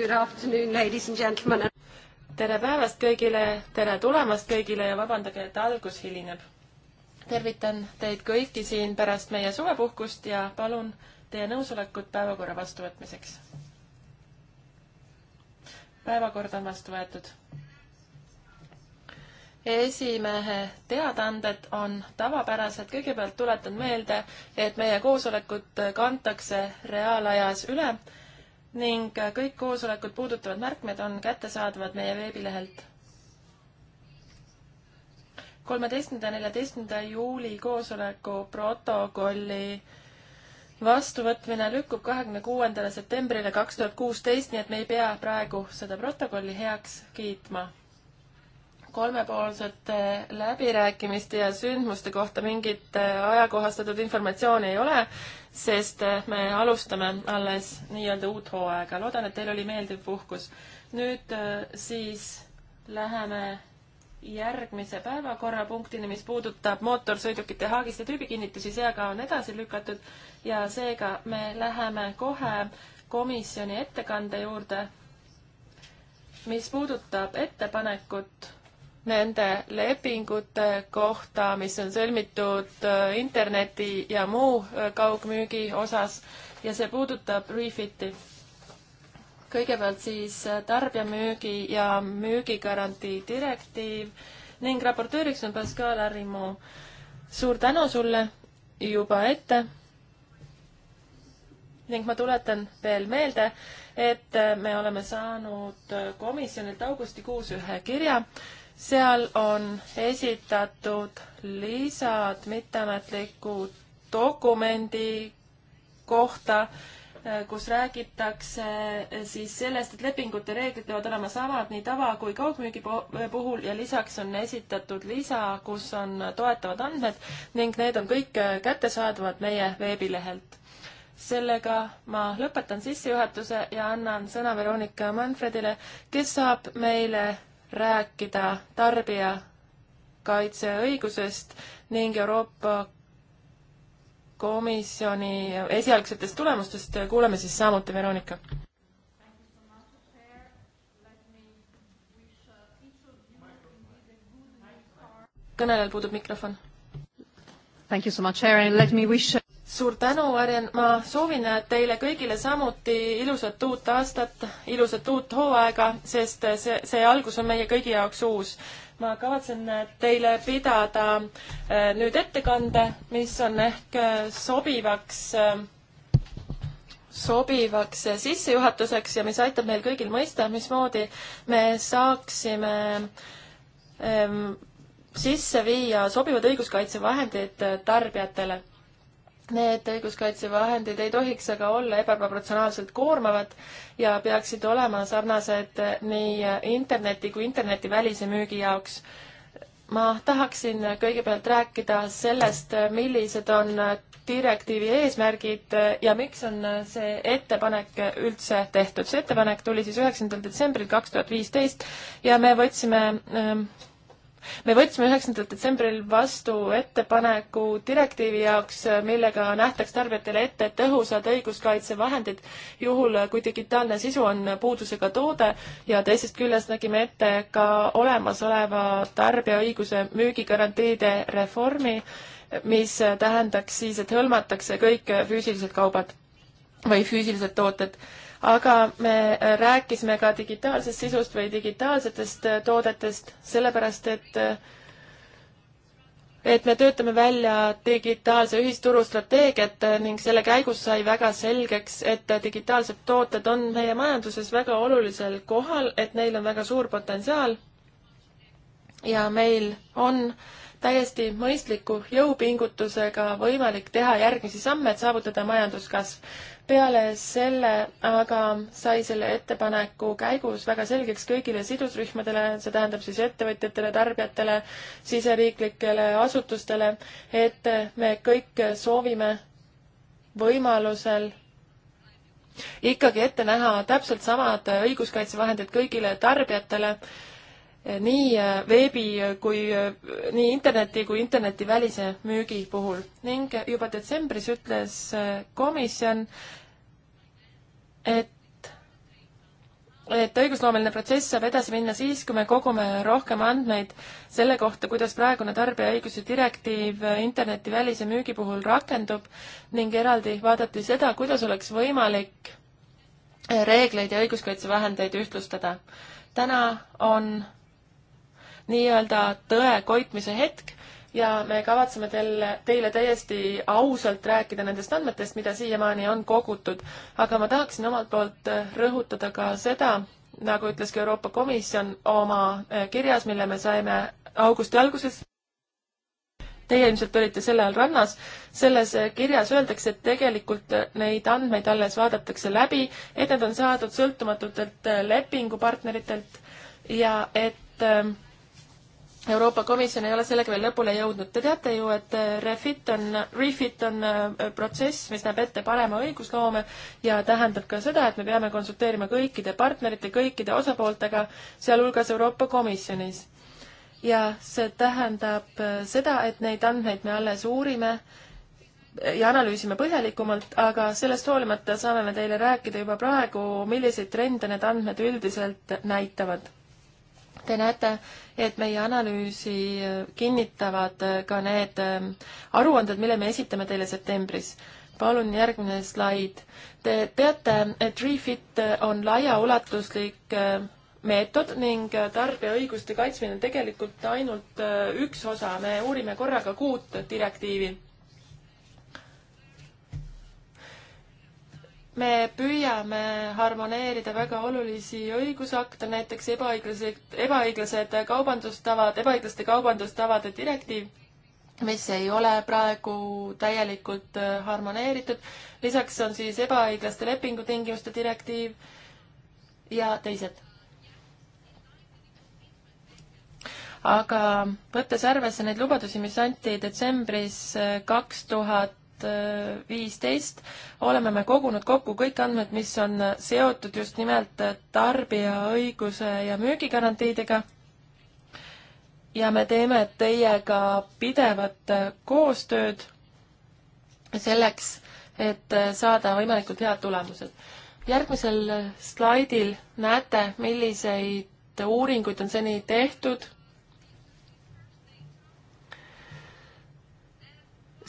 Good afternoon, ladies and gentlemen. tere päevast kõigile, tere tulemast kõigile ja vabandage, et algus hilineb. tervitan teid kõiki siin pärast meie suvepuhkust ja palun teie nõusolekut päevakorra vastuvõtmiseks. päevakord on vastu võetud. esimehe teadaanded on tavapärased, kõigepealt tuletan meelde, et meie koosolekut kantakse reaalajas üle ning kõik koosolekut puudutavad märkmed on kättesaadavad meie veebilehelt. kolmeteistkümnenda ja neljateistkümnenda juuli koosoleku protokolli vastuvõtmine lükkub kahekümne kuuendale septembrile kaks tuhat kuusteist, nii et me ei pea praegu seda protokolli heaks kiitma kolmepoolsete läbirääkimiste ja sündmuste kohta mingit äh, ajakohastatud informatsiooni ei ole, sest äh, me alustame alles nii-öelda uut hooaega. loodan, et teil oli meeldiv puhkus. nüüd äh, siis läheme järgmise päevakorrapunktini, mis puudutab mootorsõidukite haagiste tüübikinnitusi, see aga on edasi lükatud ja seega me läheme kohe komisjoni ettekande juurde, mis puudutab ettepanekut nende lepingute kohta, mis on sõlmitud äh, interneti ja muu äh, kaugmüügi osas ja see puudutab Refiti. kõigepealt siis äh, tarbijamüügi ja müügigarantii direktiiv ning raportööriks on Pascal Arrimo. suur tänu sulle juba ette ning ma tuletan veel meelde, et me oleme saanud komisjonilt augustikuus ühe kirja, seal on esitatud lisad mitteametliku dokumendi kohta, eh, kus räägitakse eh, siis sellest, et lepingute reeglid peavad olema samad nii tava- kui kaugmüügi eh, puhul ja lisaks on esitatud lisa, kus on toetavad andmed ning need on kõik kättesaadavad meie veebilehelt. sellega ma lõpetan sissejuhatuse ja annan sõna Veronika Manfredile, kes saab meile rääkida tarbijakaitseõigusest ning Euroopa Komisjoni esialgsetest tulemustest kuuleme siis samuti Veronika. kõnelejal puudub mikrofon. Thank you so much, Sharon, let me wish suur tänu, Arjen, ma soovin teile kõigile samuti ilusat uut aastat, ilusat uut hooaega, sest see, see algus on meie kõigi jaoks uus. ma kavatsen teile pidada äh, nüüd ettekande, mis on ehk äh, sobivaks, äh, sobivaks sissejuhatuseks ja mis aitab meil kõigil mõista, mismoodi me saaksime ähm, sisse viia sobivad õiguskaitsevahendid tarbijatele Need õiguskaitsevahendid ei tohiks aga olla ebaproportsionaalselt koormavad ja peaksid olema sarnased nii interneti kui internetivälise müügi jaoks. ma tahaksin kõigepealt rääkida sellest, millised on direktiivi eesmärgid ja miks on see ettepanek üldse tehtud. see ettepanek tuli siis üheksandal detsembril kaks tuhat viisteist ja me võtsime ähm, me võtsime üheksandal detsembril vastu ettepaneku direktiivi jaoks, millega nähtaks tarbijatele ette tõhusad õiguskaitsevahendid juhul, kui digitaalne sisu on puudusega toode ja teisest küljest nägime ette ka olemasoleva tarbijaõiguse müügigarantiide reformi, mis tähendaks siis, et hõlmatakse kõik füüsilised kaubad või füüsilised tooted aga me rääkisime ka digitaalsest sisust või digitaalsetest äh, toodetest, sellepärast et äh, et me töötame välja digitaalse ühisturu strateegiat äh, ning selle käigus sai väga selgeks, et digitaalsed tooted on meie majanduses väga olulisel kohal, et neil on väga suur potentsiaal ja meil on täiesti mõistliku jõupingutusega võimalik teha järgmisi samme, et saavutada majanduskasv peale selle aga sai selle ettepaneku käigus väga selgeks kõigile sidusrühmadele, see tähendab siis ettevõtjatele, tarbijatele, siseriiklikele asutustele, et me kõik soovime võimalusel ikkagi ette näha täpselt samad õiguskaitsevahendid kõigile tarbijatele, nii veebi kui, nii interneti kui internetivälise müügi puhul ning juba detsembris ütles komisjon, et, et õigusloomeline protsess saab edasi minna siis, kui me kogume rohkem andmeid selle kohta, kuidas praegune tarbijaõiguse direktiiv internetivälise müügi puhul rakendub ning eraldi vaadati seda, kuidas oleks võimalik reegleid ja õiguskaitsevahendeid ühtlustada. täna on nii-öelda tõe koitmise hetk ja me kavatseme teile, teile täiesti ausalt rääkida nendest andmetest, mida siiamaani on kogutud. aga ma tahaksin omalt poolt äh, rõhutada ka seda, nagu ütles ka Euroopa Komisjon oma äh, kirjas, mille me saime augusti alguses, teie ilmselt olite sel ajal rannas, selles äh, kirjas öeldakse, et tegelikult neid andmeid alles vaadatakse läbi, et need on saadud sõltumatutelt lepingupartneritelt ja et äh, Euroopa Komisjon ei ole sellega veel lõpule jõudnud. Te teate ju, et äh, refit on, refit on äh, protsess, mis näeb ette parema õigusloome ja tähendab ka seda, et me peame konsulteerima kõikide partnerite, kõikide osapooltega, sealhulgas Euroopa Komisjonis. ja see tähendab äh, seda, et neid andmeid me alles uurime ja analüüsime põhjalikumalt, aga sellest hoolimata saame me teile rääkida juba praegu, milliseid trende need andmed üldiselt näitavad. Te näete, et meie analüüsi äh, kinnitavad äh, ka need ähm, aruanded, mille me esitame teile septembris. palun järgmine slaid. Te teate, et Refit äh, on laiaulatuslik meetod ning tarbija õiguste kaitsmine on tegelikult ainult üks osa, me uurime korraga kuut direktiivi me püüame harmoneerida väga olulisi õigusakte, näiteks ebaõiglased, ebaõiglased kaubandustavad, ebaõiglaste kaubandustavade direktiiv, mis ei ole praegu täielikult äh, harmoneeritud. lisaks on siis ebaõiglaste lepingutingimuste direktiiv ja teised. aga võttes arvesse neid lubadusi, mis anti detsembris äh, kaks tuhat tuhat viisteist oleme me kogunud kokku kõik andmed, mis on seotud just nimelt tarbijaõiguse ja müügigarantiidega. ja me teeme teiega pidevat koostööd selleks, et saada võimalikult head tulemused. järgmisel slaidil näete, milliseid uuringuid on seni tehtud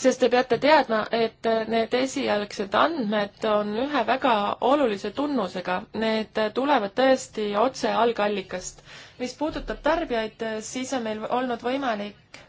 sest te peate teadma, et need esialgsed andmed on ühe väga olulise tunnusega. Need tulevad tõesti otse algallikast. mis puudutab tarbijaid, siis on meil olnud võimalik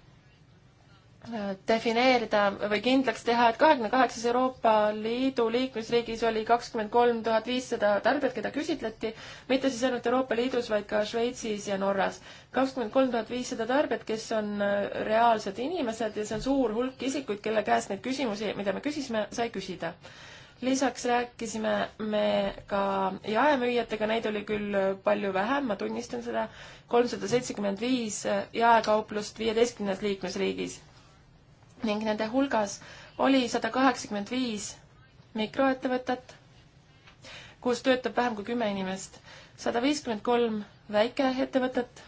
defineerida või kindlaks teha, et kahekümne kaheksas Euroopa Liidu liikmesriigis oli kakskümmend kolm tuhat viissada tarbijat, keda küsitleti, mitte siis ainult Euroopa Liidus, vaid ka Šveitsis ja Norras. kakskümmend kolm tuhat viissada tarbijat, kes on äh, reaalsed inimesed ja see on suur hulk isikuid, kelle käest neid küsimusi, mida me küsisime, sai küsida. lisaks rääkisime me ka jaemüüjatega, neid oli küll äh, palju vähem, ma tunnistan seda, kolmsada seitsekümmend viis äh, jaekauplust viieteistkümnes liikmesriigis ning nende hulgas oli sada kaheksakümmend viis mikroettevõtet, kus töötab vähem kui kümme inimest, sada viiskümmend kolm väikeettevõtet,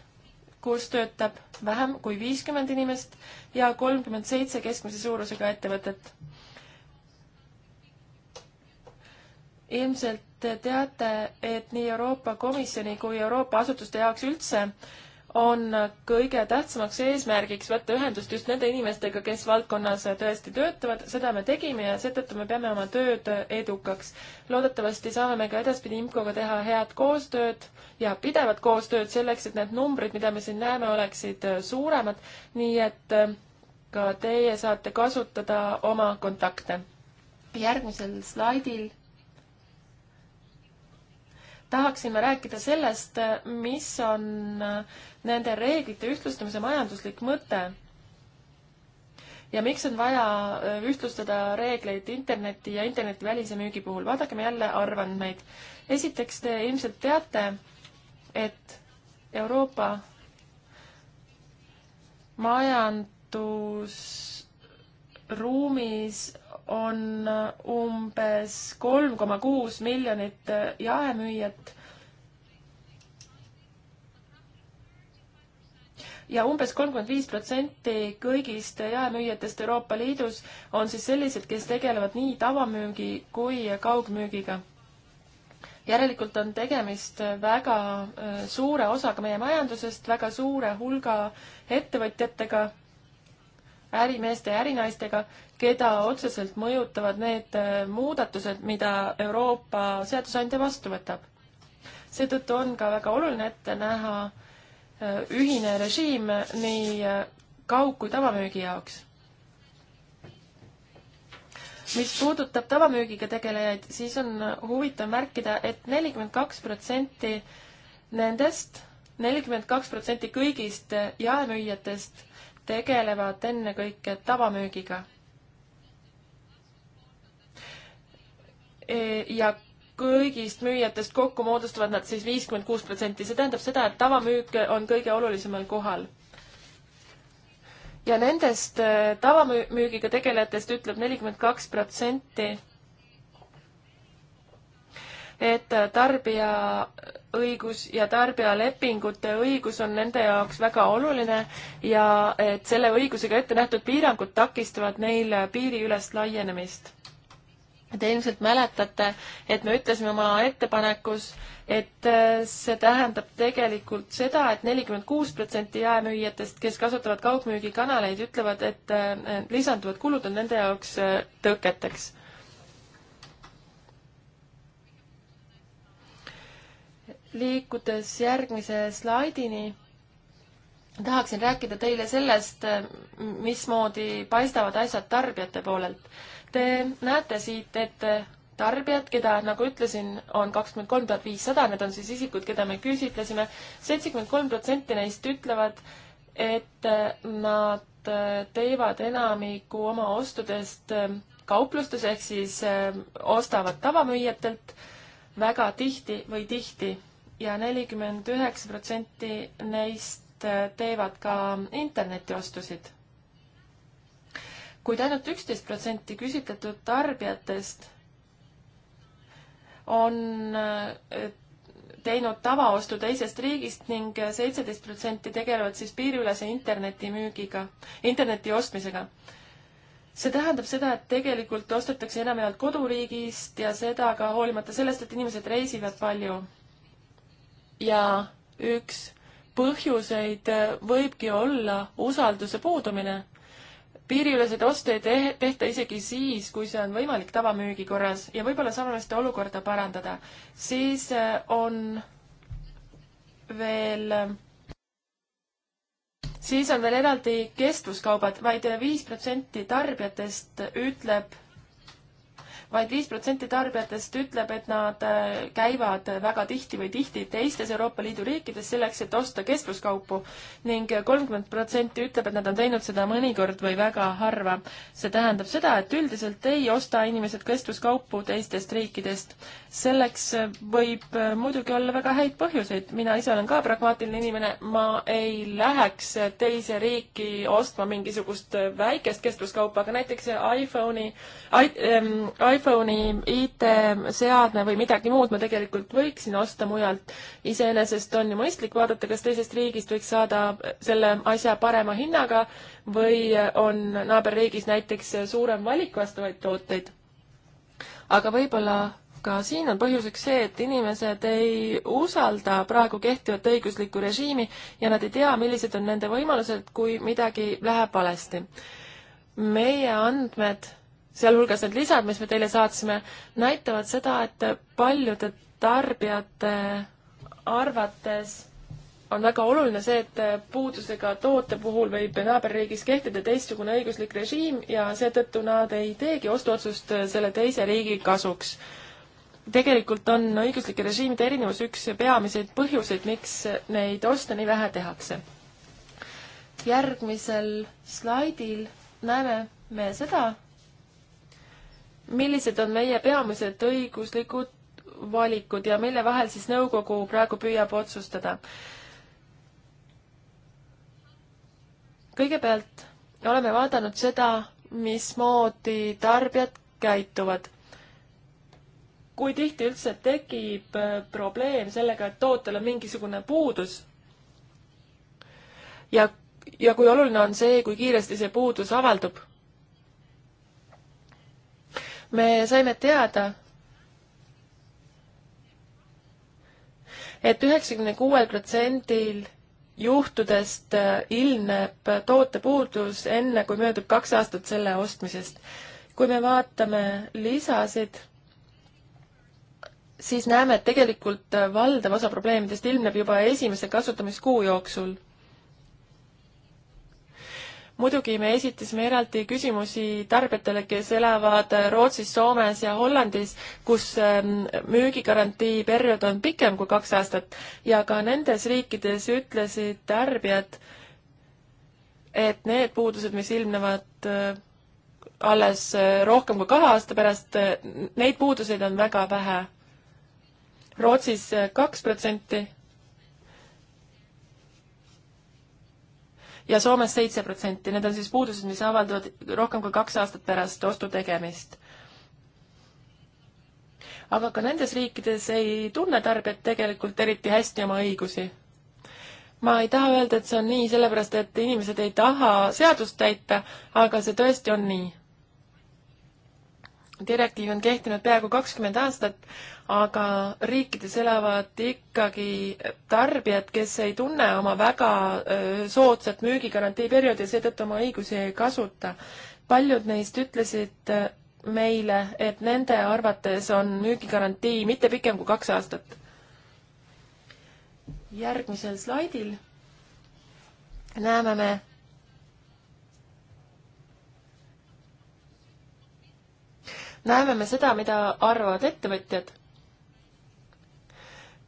kus töötab vähem kui viiskümmend inimest ja kolmkümmend seitse keskmise suurusega ettevõtet. ilmselt teate, et nii Euroopa Komisjoni kui Euroopa asutuste jaoks üldse on kõige tähtsamaks eesmärgiks võtta ühendust just nende inimestega, kes valdkonnas tõesti töötavad, seda me tegime ja seetõttu me peame oma tööd edukaks. loodetavasti saame me ka edaspidi IMCO-ga teha head koostööd ja pidevat koostööd selleks, et need numbrid, mida me siin näeme, oleksid suuremad, nii et ka teie saate kasutada oma kontakte. järgmisel slaidil tahaksime rääkida sellest, mis on nende reeglite ühtlustamise majanduslik mõte ja miks on vaja ühtlustada reegleid interneti ja internetivälise müügi puhul. vaadakem jälle arvandmeid. esiteks, te ilmselt teate, et Euroopa majandusruumis on umbes kolm koma kuus miljonit jaemüüjat. ja umbes kolmkümmend viis protsenti kõigist jaemüüjatest Euroopa Liidus on siis sellised, kes tegelevad nii tavamüügi kui kaugmüügiga. järelikult on tegemist väga äh, suure osaga meie majandusest, väga suure hulga ettevõtjatega ärimeeste ja ärinaistega, keda otseselt mõjutavad need äh, muudatused, mida Euroopa seadusandja vastu võtab. seetõttu on ka väga oluline ette näha äh, ühine režiim nii äh, kaug- kui tavamüügi jaoks. mis puudutab tavamüügiga tegelejaid, siis on huvitav märkida et, et nelikümmend kaks protsenti nendest, nelikümmend kaks protsenti kõigist jaemüüjatest tegelevad ennekõike tavamüügiga. E, ja kõigist müüjatest kokku moodustavad nad siis viiskümmend kuus protsenti, see tähendab seda, et tavamüük on kõige olulisemal kohal. ja nendest e, tavamüügiga tegelejatest ütleb nelikümmend kaks protsenti, et tarbija õigus ja tarbijalepingute õigus on nende jaoks väga oluline ja et selle õigusega ette nähtud piirangud takistavad neil piiriülest laienemist. Te ilmselt mäletate, et me ütlesime oma ettepanekus, et äh, see tähendab tegelikult seda et, et nelikümmend kuus protsenti jaemüüjatest, kes kasutavad kaugmüügikanaleid, ütlevad, et äh, lisanduvad kulud on nende jaoks äh, tõketeks liikudes järgmise slaidini, tahaksin rääkida teile sellest, mismoodi paistavad asjad tarbijate poolelt. Te näete siit, et tarbijad, keda, nagu ütlesin, on kakskümmend kolm tuhat viissada, need on siis isikud, keda me küsitlesime, seitsekümmend kolm protsenti neist ütlevad, et nad teevad enamiku oma ostudest kauplustes ehk siis ostavad tavamüüjatelt väga tihti või tihti ja nelikümmend üheksa protsenti neist äh, teevad ka internetiostusid kuid ainult üksteist protsenti küsitletud tarbijatest on äh, teinud tavaostu teisest riigist ning seitseteist protsenti tegelevad siis piiriülese internetimüügiga, interneti ostmisega. see tähendab seda, et tegelikult ostetakse enamjaolt koduriigist ja seda ka hoolimata sellest, et inimesed reisivad palju ja üks põhjuseid äh, võibki olla usalduse puudumine. piiriüleseid oste ei te tehta isegi siis, kui see on võimalik tavamüügi korras ja võib-olla saame seda olukorda parandada. siis äh, on veel äh, siis on veel eraldi kestvuskaubad vaid, vaid viis protsenti tarbijatest ütleb vaid viis protsenti tarbijatest ütleb, et nad äh, käivad väga tihti või tihti teistes Euroopa Liidu riikides selleks, et osta kestvuskaupu ning kolmkümmend protsenti ütleb, et nad on teinud seda mõnikord või väga harva. see tähendab seda, et üldiselt ei osta inimesed kestvuskaupu teistest riikidest. selleks äh, võib äh, muidugi olla väga häid põhjuseid, mina ise olen ka pragmaatiline inimene, ma ei läheks teise riiki ostma mingisugust väikest kestvuskaupa, aga näiteks iPhone'i, iPhone'i ähm, iPhone'i, IT-seadme või midagi muud ma tegelikult võiksin osta mujalt. iseenesest on ju mõistlik vaadata, kas teisest riigist võiks saada selle asja parema hinnaga või on naaberriigis näiteks suurem valik vastavaid tooteid. aga võib-olla ka siin on põhjuseks see, et inimesed ei usalda praegu kehtivat õiguslikku režiimi ja nad ei tea, millised on nende võimalused, kui midagi läheb valesti. meie andmed sealhulgas need lisad, mis me teile saatsime, näitavad seda, et paljude tarbijate arvates on väga oluline see, et puudusega toote puhul võib naaberriigis kehtida teistsugune õiguslik režiim ja seetõttu nad ei teegi ostuotsust selle teise riigi kasuks. tegelikult on õiguslike režiimide erinevus üks peamiseid põhjuseid, miks neid oste nii vähe tehakse. järgmisel slaidil näeme me seda, millised on meie peamised õiguslikud valikud ja mille vahel siis nõukogu praegu püüab otsustada? kõigepealt oleme vaadanud seda, mismoodi tarbijad käituvad. kui tihti üldse tekib äh, probleem sellega, et tootel on mingisugune puudus ja, ja kui oluline on see, kui kiiresti see puudus avaldub me saime teada, et üheksakümne kuuel protsendil juhtudest äh, ilmneb toote puudus enne, kui möödub kaks aastat selle ostmisest. kui me vaatame lisasid, siis näeme, et tegelikult äh, valdav osa probleemidest ilmneb juba esimese kasutamiskuu jooksul muidugi me esitasime eraldi küsimusi tarbijatele, kes elavad Rootsis, Soomes ja Hollandis, kus ähm, müügigarantii periood on pikem kui kaks aastat ja ka nendes riikides ütlesid tarbijad, et need puudused, mis ilmnevad äh, alles äh, rohkem kui kahe aasta pärast, äh, neid puuduseid on väga vähe. Rootsis kaks protsenti ja Soomes seitse protsenti. Need on siis puudused, mis avalduvad rohkem kui kaks aastat pärast ostu tegemist. aga ka nendes riikides ei tunne tarbijad tegelikult eriti hästi oma õigusi ma ei taha öelda, et see on nii, sellepärast et inimesed ei taha seadust täita, aga see tõesti on nii direktiiv on kehtinud peaaegu kakskümmend aastat, aga riikides elavad ikkagi tarbijad, kes ei tunne oma väga soodsat müügigarantii perioodi ja seetõttu oma õigusi ei kasuta. paljud neist ütlesid meile, et nende arvates on müügigarantii mitte pikem kui kaks aastat. järgmisel slaidil näeme me näeme me seda, mida arvavad ettevõtjad,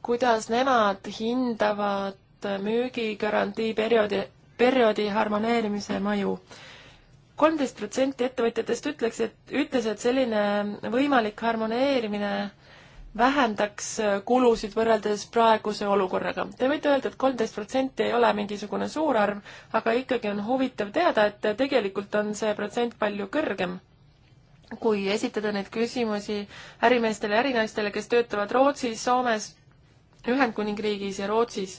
kuidas nemad hindavad müügigarantii perioodi, perioodi harmoneerimise mõju. kolmteist protsenti ettevõtjatest ütleks, et, ütles, et selline võimalik harmoneerimine vähendaks kulusid võrreldes praeguse olukorraga. Te võite öelda et, et kolmteist protsenti ei ole mingisugune suur arv, aga ikkagi on huvitav teada, et tegelikult on see protsent palju kõrgem kui esitada neid küsimusi ärimeestele ja ärinaistele, kes töötavad Rootsis, Soomes, Ühendkuningriigis ja Rootsis.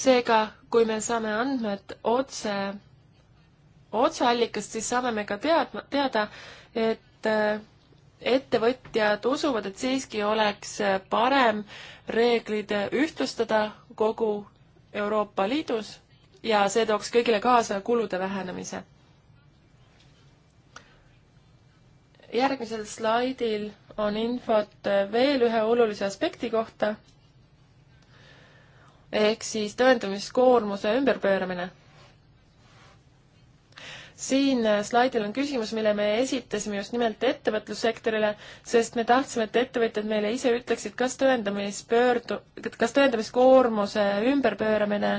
seega, kui me saame andmed otse, otseallikast, siis saame me ka teadma, teada, et äh, ettevõtjad usuvad, et siiski oleks äh, parem reeglid ühtlustada kogu Euroopa Liidus ja see tooks kõigile kaasa kulude vähenemise. järgmisel slaidil on infot veel ühe olulise aspekti kohta, ehk siis tõendamiskoormuse ümberpööramine. siin slaidil on küsimus, mille me esitasime just nimelt ettevõtlussektorile, sest me tahtsime, et ettevõtjad meile ise ütleksid, kas tõendamispöördu-, kas tõendamiskoormuse ümberpööramine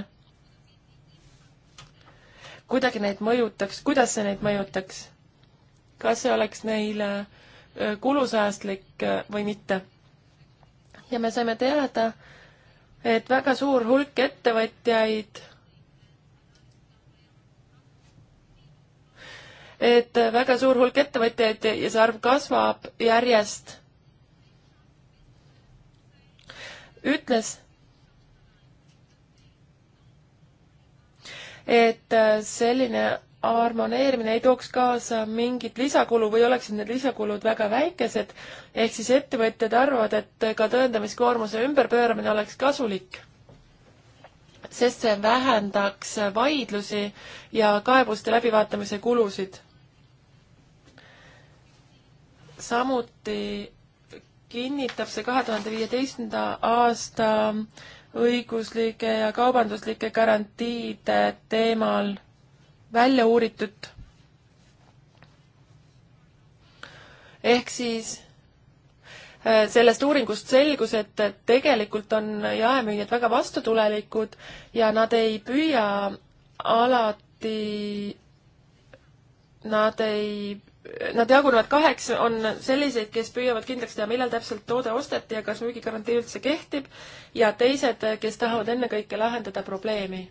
kuidagi neid mõjutaks, kuidas see neid mõjutaks? kas see oleks neile kulusäästlik või mitte? ja me saime teada, et väga suur hulk ettevõtjaid et väga suur hulk ettevõtjaid ja see arv kasvab järjest, ütles, et äh, selline harmoneerimine ei tooks kaasa mingit lisakulu või oleksid need lisakulud väga väikesed, ehk siis ettevõtjad arvavad, et ka tõendamiskoormuse ümberpööramine oleks kasulik, sest see vähendaks vaidlusi ja kaebuste läbivaatamise kulusid. samuti kinnitab see kahe tuhande viieteistkümnenda aasta õiguslike ja kaubanduslike garantiide teemal välja uuritud. ehk siis äh, sellest uuringust selgus, et tegelikult on jaemüüjad väga vastutulelikud ja nad ei püüa alati, nad ei nad jagunevad kaheks, on selliseid, kes püüavad kindlaks teha, millal täpselt toode osteti ja kas müügigarantii üldse kehtib, ja teised, kes tahavad ennekõike lahendada probleemi.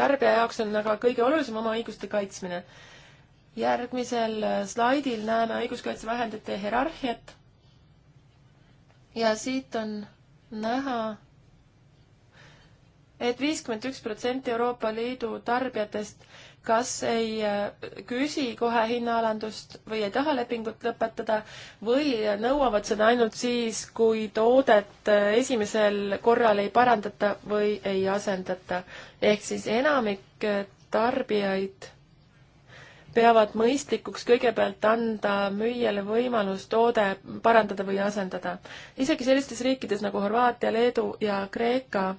tarbija jaoks on aga kõige olulisem oma õiguste kaitsmine. järgmisel slaidil näeme õiguskaitsevahendite hierarhiat ja siit on näha et, et viiskümmend üks protsenti Euroopa Liidu tarbijatest kas ei äh, küsi kohe hinnaalandust või ei taha lepingut lõpetada või nõuavad seda ainult siis, kui toodet äh, esimesel korral ei parandata või ei asendata. ehk siis enamik äh, tarbijaid peavad mõistlikuks kõigepealt anda müüjale võimalus toode parandada või asendada. isegi sellistes riikides nagu Horvaatia, Leedu ja Kreeka äh,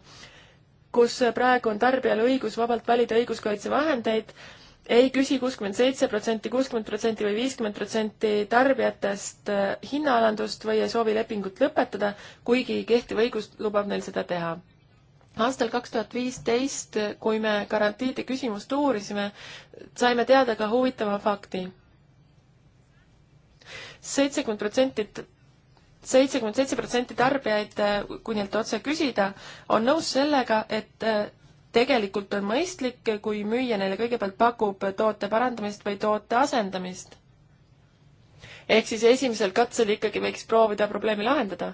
kus praegu on tarbijal õigus vabalt valida õiguskaitsevahendeid, ei küsi kuuskümmend seitse protsenti, kuuskümmend protsenti või viiskümmend protsenti tarbijatest äh, hinnaalandust või ei soovi lepingut lõpetada, kuigi kehtiv õigus lubab neil seda teha aastal kaks tuhat viisteist, kui me garantiide küsimust uurisime, saime teada ka huvitava fakti. seitsekümmend protsenti seitsekümmend seitse protsenti tarbijaid, eh, kui neilt otse küsida, on nõus sellega, et eh, tegelikult on mõistlik, kui müüja neile kõigepealt pakub toote parandamist või toote asendamist. ehk siis esimesel katsel ikkagi võiks proovida probleemi lahendada.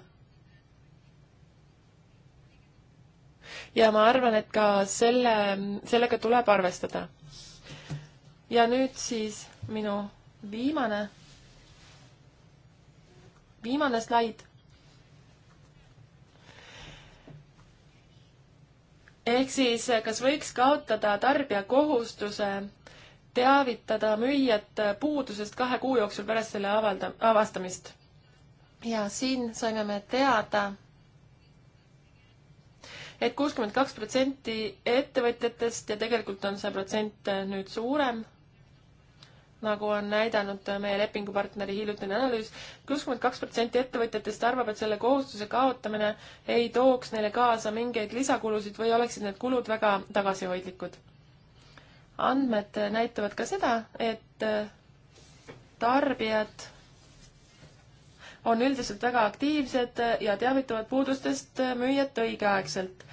ja ma arvan, et ka selle, sellega tuleb arvestada. ja nüüd siis minu viimane viimane slaid. ehk siis, kas võiks kaotada tarbija kohustuse teavitada müüjat puudusest kahe kuu jooksul pärast selle avalda-, avastamist? ja siin saime me teada, et kuuskümmend kaks protsenti ettevõtjatest ja tegelikult on see protsent nüüd suurem nagu on näidanud meie lepingupartneri hiljutine analüüs, kuuskümmend kaks protsenti ettevõtjatest arvab, et selle kohustuse kaotamine ei tooks neile kaasa mingeid lisakulusid või oleksid need kulud väga tagasihoidlikud. andmed näitavad ka seda, et äh, tarbijad on üldiselt väga aktiivsed ja teavitavad puudustest äh, müüjat õigeaegselt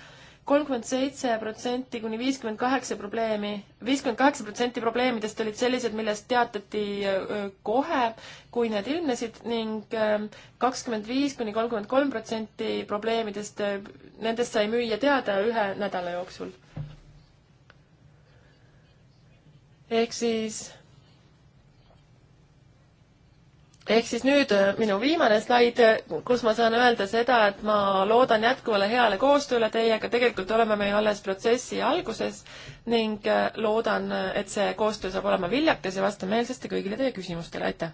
kolmkümmend seitse protsenti kuni viiskümmend kaheksa probleemi, viiskümmend kaheksa protsenti probleemidest olid sellised, millest teatati kohe, kui need ilmnesid ning kakskümmend viis kuni kolmkümmend kolm protsenti probleemidest, nendest sai müüja teada ühe nädala jooksul. ehk siis ehk siis nüüd äh, minu viimane slaid, äh, kus ma saan öelda seda, et ma loodan jätkuvale heale koostööle teiega, tegelikult oleme me ju alles protsessi alguses ning äh, loodan, et see koostöö saab olema viljakas ja vastan meelsasti kõigile teie küsimustele, aitäh!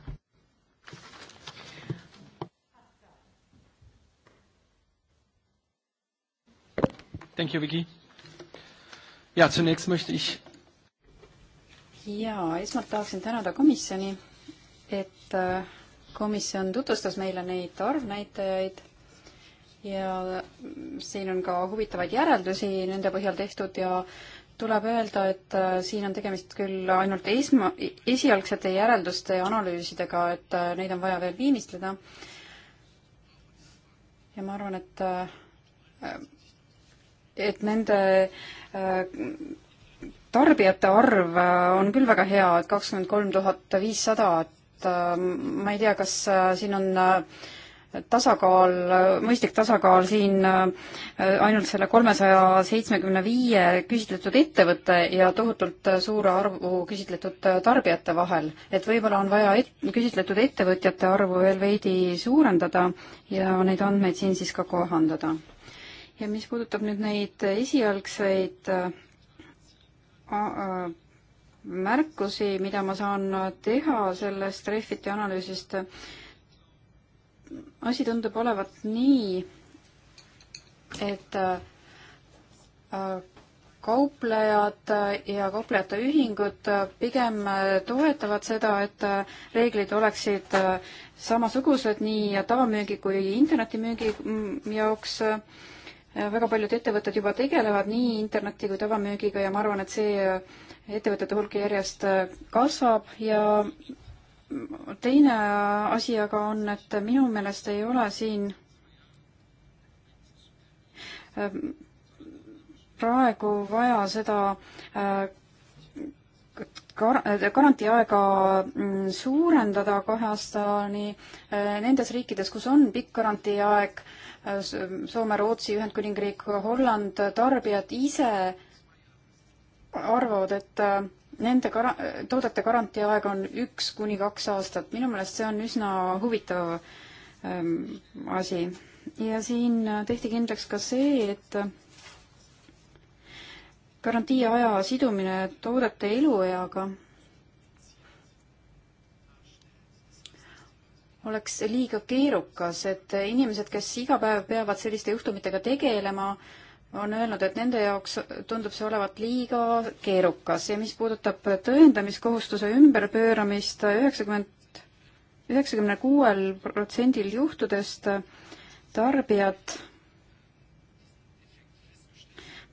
Thank you, Vicky. Ja, zunächst möchte ich ja esmalt tahaksin tänada komisjoni, et äh, komisjon tutvustas meile neid arvnäitajaid ja siin on ka huvitavaid järeldusi nende põhjal tehtud ja tuleb öelda, et äh, siin on tegemist küll ainult esma, esialgsete järelduste ja analüüsidega, et äh, neid on vaja veel viimistleda. ja ma arvan, et äh, et nende tarbijate arv on küll väga hea, et kakskümmend kolm tuhat viissada, et et ähm, ma ei tea, kas äh, siin on äh, tasakaal, mõistlik tasakaal siin äh, ainult selle kolmesaja seitsmekümne viie küsitletud ettevõtte ja tohutult suure arvu küsitletud tarbijate vahel. et võib-olla on vaja et, küsitletud ettevõtjate arvu veel veidi suurendada ja neid andmeid siin siis ka kohandada. ja mis puudutab nüüd neid esialgseid märkusi, mida ma saan teha sellest Refiti analüüsist. asi tundub olevat nii, et äh, kauplejad ja kauplejate ühingud pigem toetavad seda, et äh, reeglid oleksid äh, samasugused nii tavamüügi kui internetimüügi mm, jaoks väga paljud ettevõtted juba tegelevad nii interneti kui tavamüügiga ja ma arvan, et see ettevõtete hulk järjest äh, kasvab ja teine asi aga on, et minu meelest ei ole siin ähm, praegu vaja seda gar-, äh, äh, garantiiaega mm, suurendada kahe aastani nendes riikides, kus on pikk garantiiaeg, Soome, Rootsi, Ühendkuningriik, Holland, tarbijad ise arvavad, et äh, nende gara-, toodete garantiiaeg on üks kuni kaks aastat. minu meelest see on üsna huvitav ähm, asi. ja siin äh, tehti kindlaks ka see, et äh, garantiiaja sidumine toodete elueaga oleks liiga keerukas, et inimesed, kes iga päev peavad selliste juhtumitega tegelema, äh, on öelnud, et nende jaoks tundub see olevat liiga keerukas ja mis puudutab tõendamiskohustuse ümberpööramist üheksakümmend, üheksakümne kuuel protsendil juhtudest tarbijad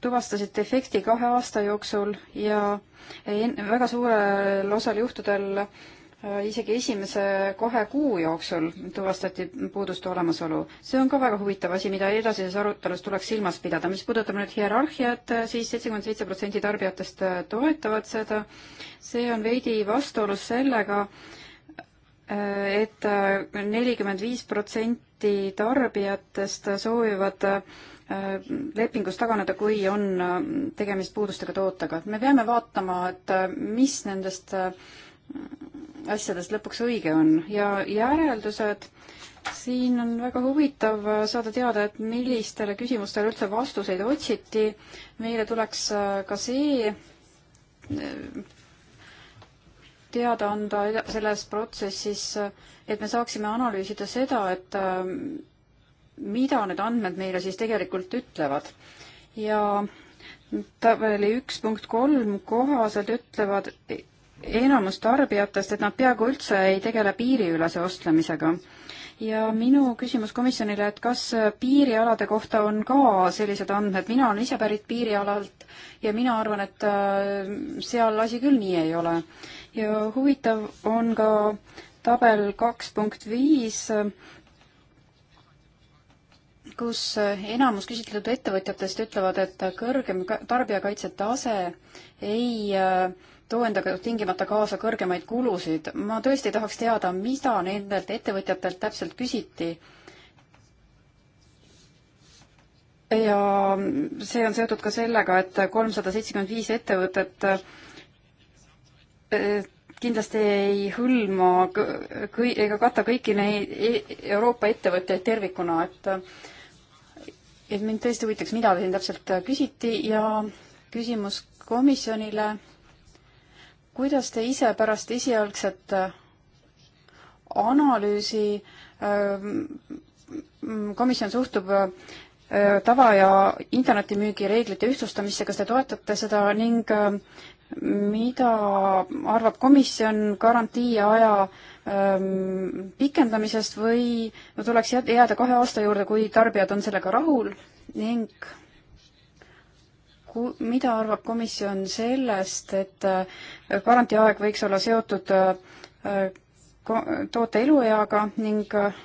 tuvastasid defekti kahe aasta jooksul ja väga suurel osal juhtudel Äh, isegi esimese kahe kuu jooksul tuvastati puuduste olemasolu. see on ka väga huvitav asi, mida edasises arutelus tuleks silmas pidada. mis puudutab nüüd hierarhiat siis, äh, siis seitsekümmend seitse protsenti tarbijatest äh, toetavad seda. see on veidi vastuolus sellega, et nelikümmend viis protsenti tarbijatest soovivad lepingust taganeda, kui on tegemist puudustega tootega. me peame vaatama, et mis nendest asjadest lõpuks õige on ja järeldused, siin on väga huvitav saada teada, et millistele küsimustele üldse vastuseid otsiti. meile tuleks äh, ka see äh, teada anda selles protsessis, äh, et me saaksime analüüsida seda, et mida need andmed meile siis tegelikult ütlevad. ja tabeli üks punkt kolm kohaselt ütlevad enamus tarbijatest, et nad peaaegu üldse ei tegele piiriülese ostlemisega. ja minu küsimus komisjonile, et kas piirialade kohta on ka sellised andmed, mina olen ise pärit piirialalt ja mina arvan, et äh, seal asi küll nii ei ole. ja huvitav on ka tabel kaks punkt viis, kus enamus küsitletud ettevõtjatest ütlevad, et kõrgem tarbijakaitse tase ei äh, too endaga tingimata kaasa kõrgemaid kulusid. ma tõesti tahaks teada, mida nendelt ettevõtjatelt täpselt küsiti. ja see on seotud ka sellega, et kolmsada seitsekümmend viis ettevõtet eh, kindlasti ei hõlma kõi-, ega kata kõiki neid e-, Euroopa ettevõtteid tervikuna, et et mind tõesti huvitaks, mida siin täpselt küsiti ja küsimus komisjonile kuidas te ise pärast esialgset äh, analüüsi äh, komisjon suhtub äh, tava- ja internetimüügi reeglite ühtlustamisse, kas te toetate seda ning mida arvab komisjon garantii aja ähm, pikendamisest või no tuleks jääda kahe aasta juurde, kui tarbijad on sellega rahul ning ku-, mida arvab komisjon sellest, et äh, garantiaeg võiks olla seotud äh, ko-, toote elueaga ning äh,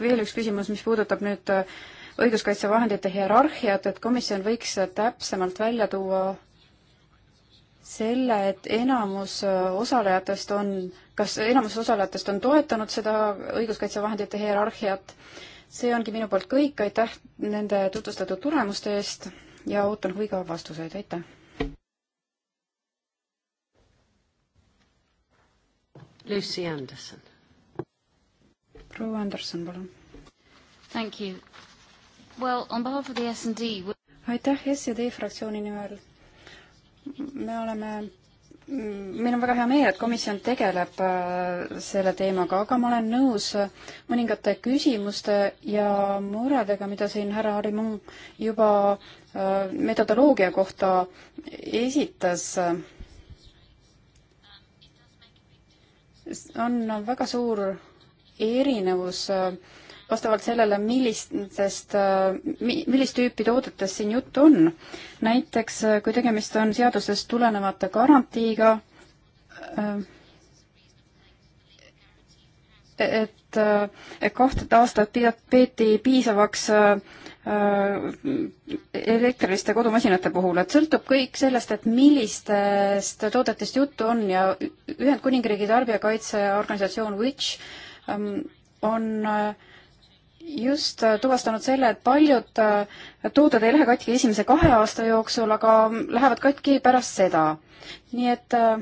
veel üks küsimus, mis puudutab nüüd õiguskaitsevahendite hierarhiat, et komisjon võiks täpsemalt välja tuua selle, et enamus osalejatest on, kas enamus osalejatest on toetanud seda õiguskaitsevahendite hierarhiat, see ongi minu poolt kõik, aitäh nende tutvustatud tulemuste eest ja ootan huviga vastuseid, aitäh! Lucy Anderson. proua Anderson, palun. Thank you. Well, on behalf of the S&D aitäh S&D fraktsiooni nimel. me oleme Mm, meil on väga hea meel, et komisjon tegeleb äh, selle teemaga, aga ma olen nõus äh, mõningate küsimuste ja muredega, mida siin härra Harimon juba äh, metodoloogia kohta esitas. on väga suur erinevus äh, vastavalt sellele, millistest, äh, millist tüüpi toodetest siin juttu on. näiteks äh, kui tegemist on seadusest tulenevate garantiiga, äh, et kahte aastat peeti piisavaks elektriliste kodumasinate puhul, et sõltub kõik sellest, et millistest toodetest juttu on ja Ühendkuningriigi tarbijakaitseorganisatsioon Which ähm, on äh, just äh, tuvastanud selle, et paljud äh, tooted ei lähe katki esimese kahe aasta jooksul, aga lähevad katki pärast seda. nii et äh,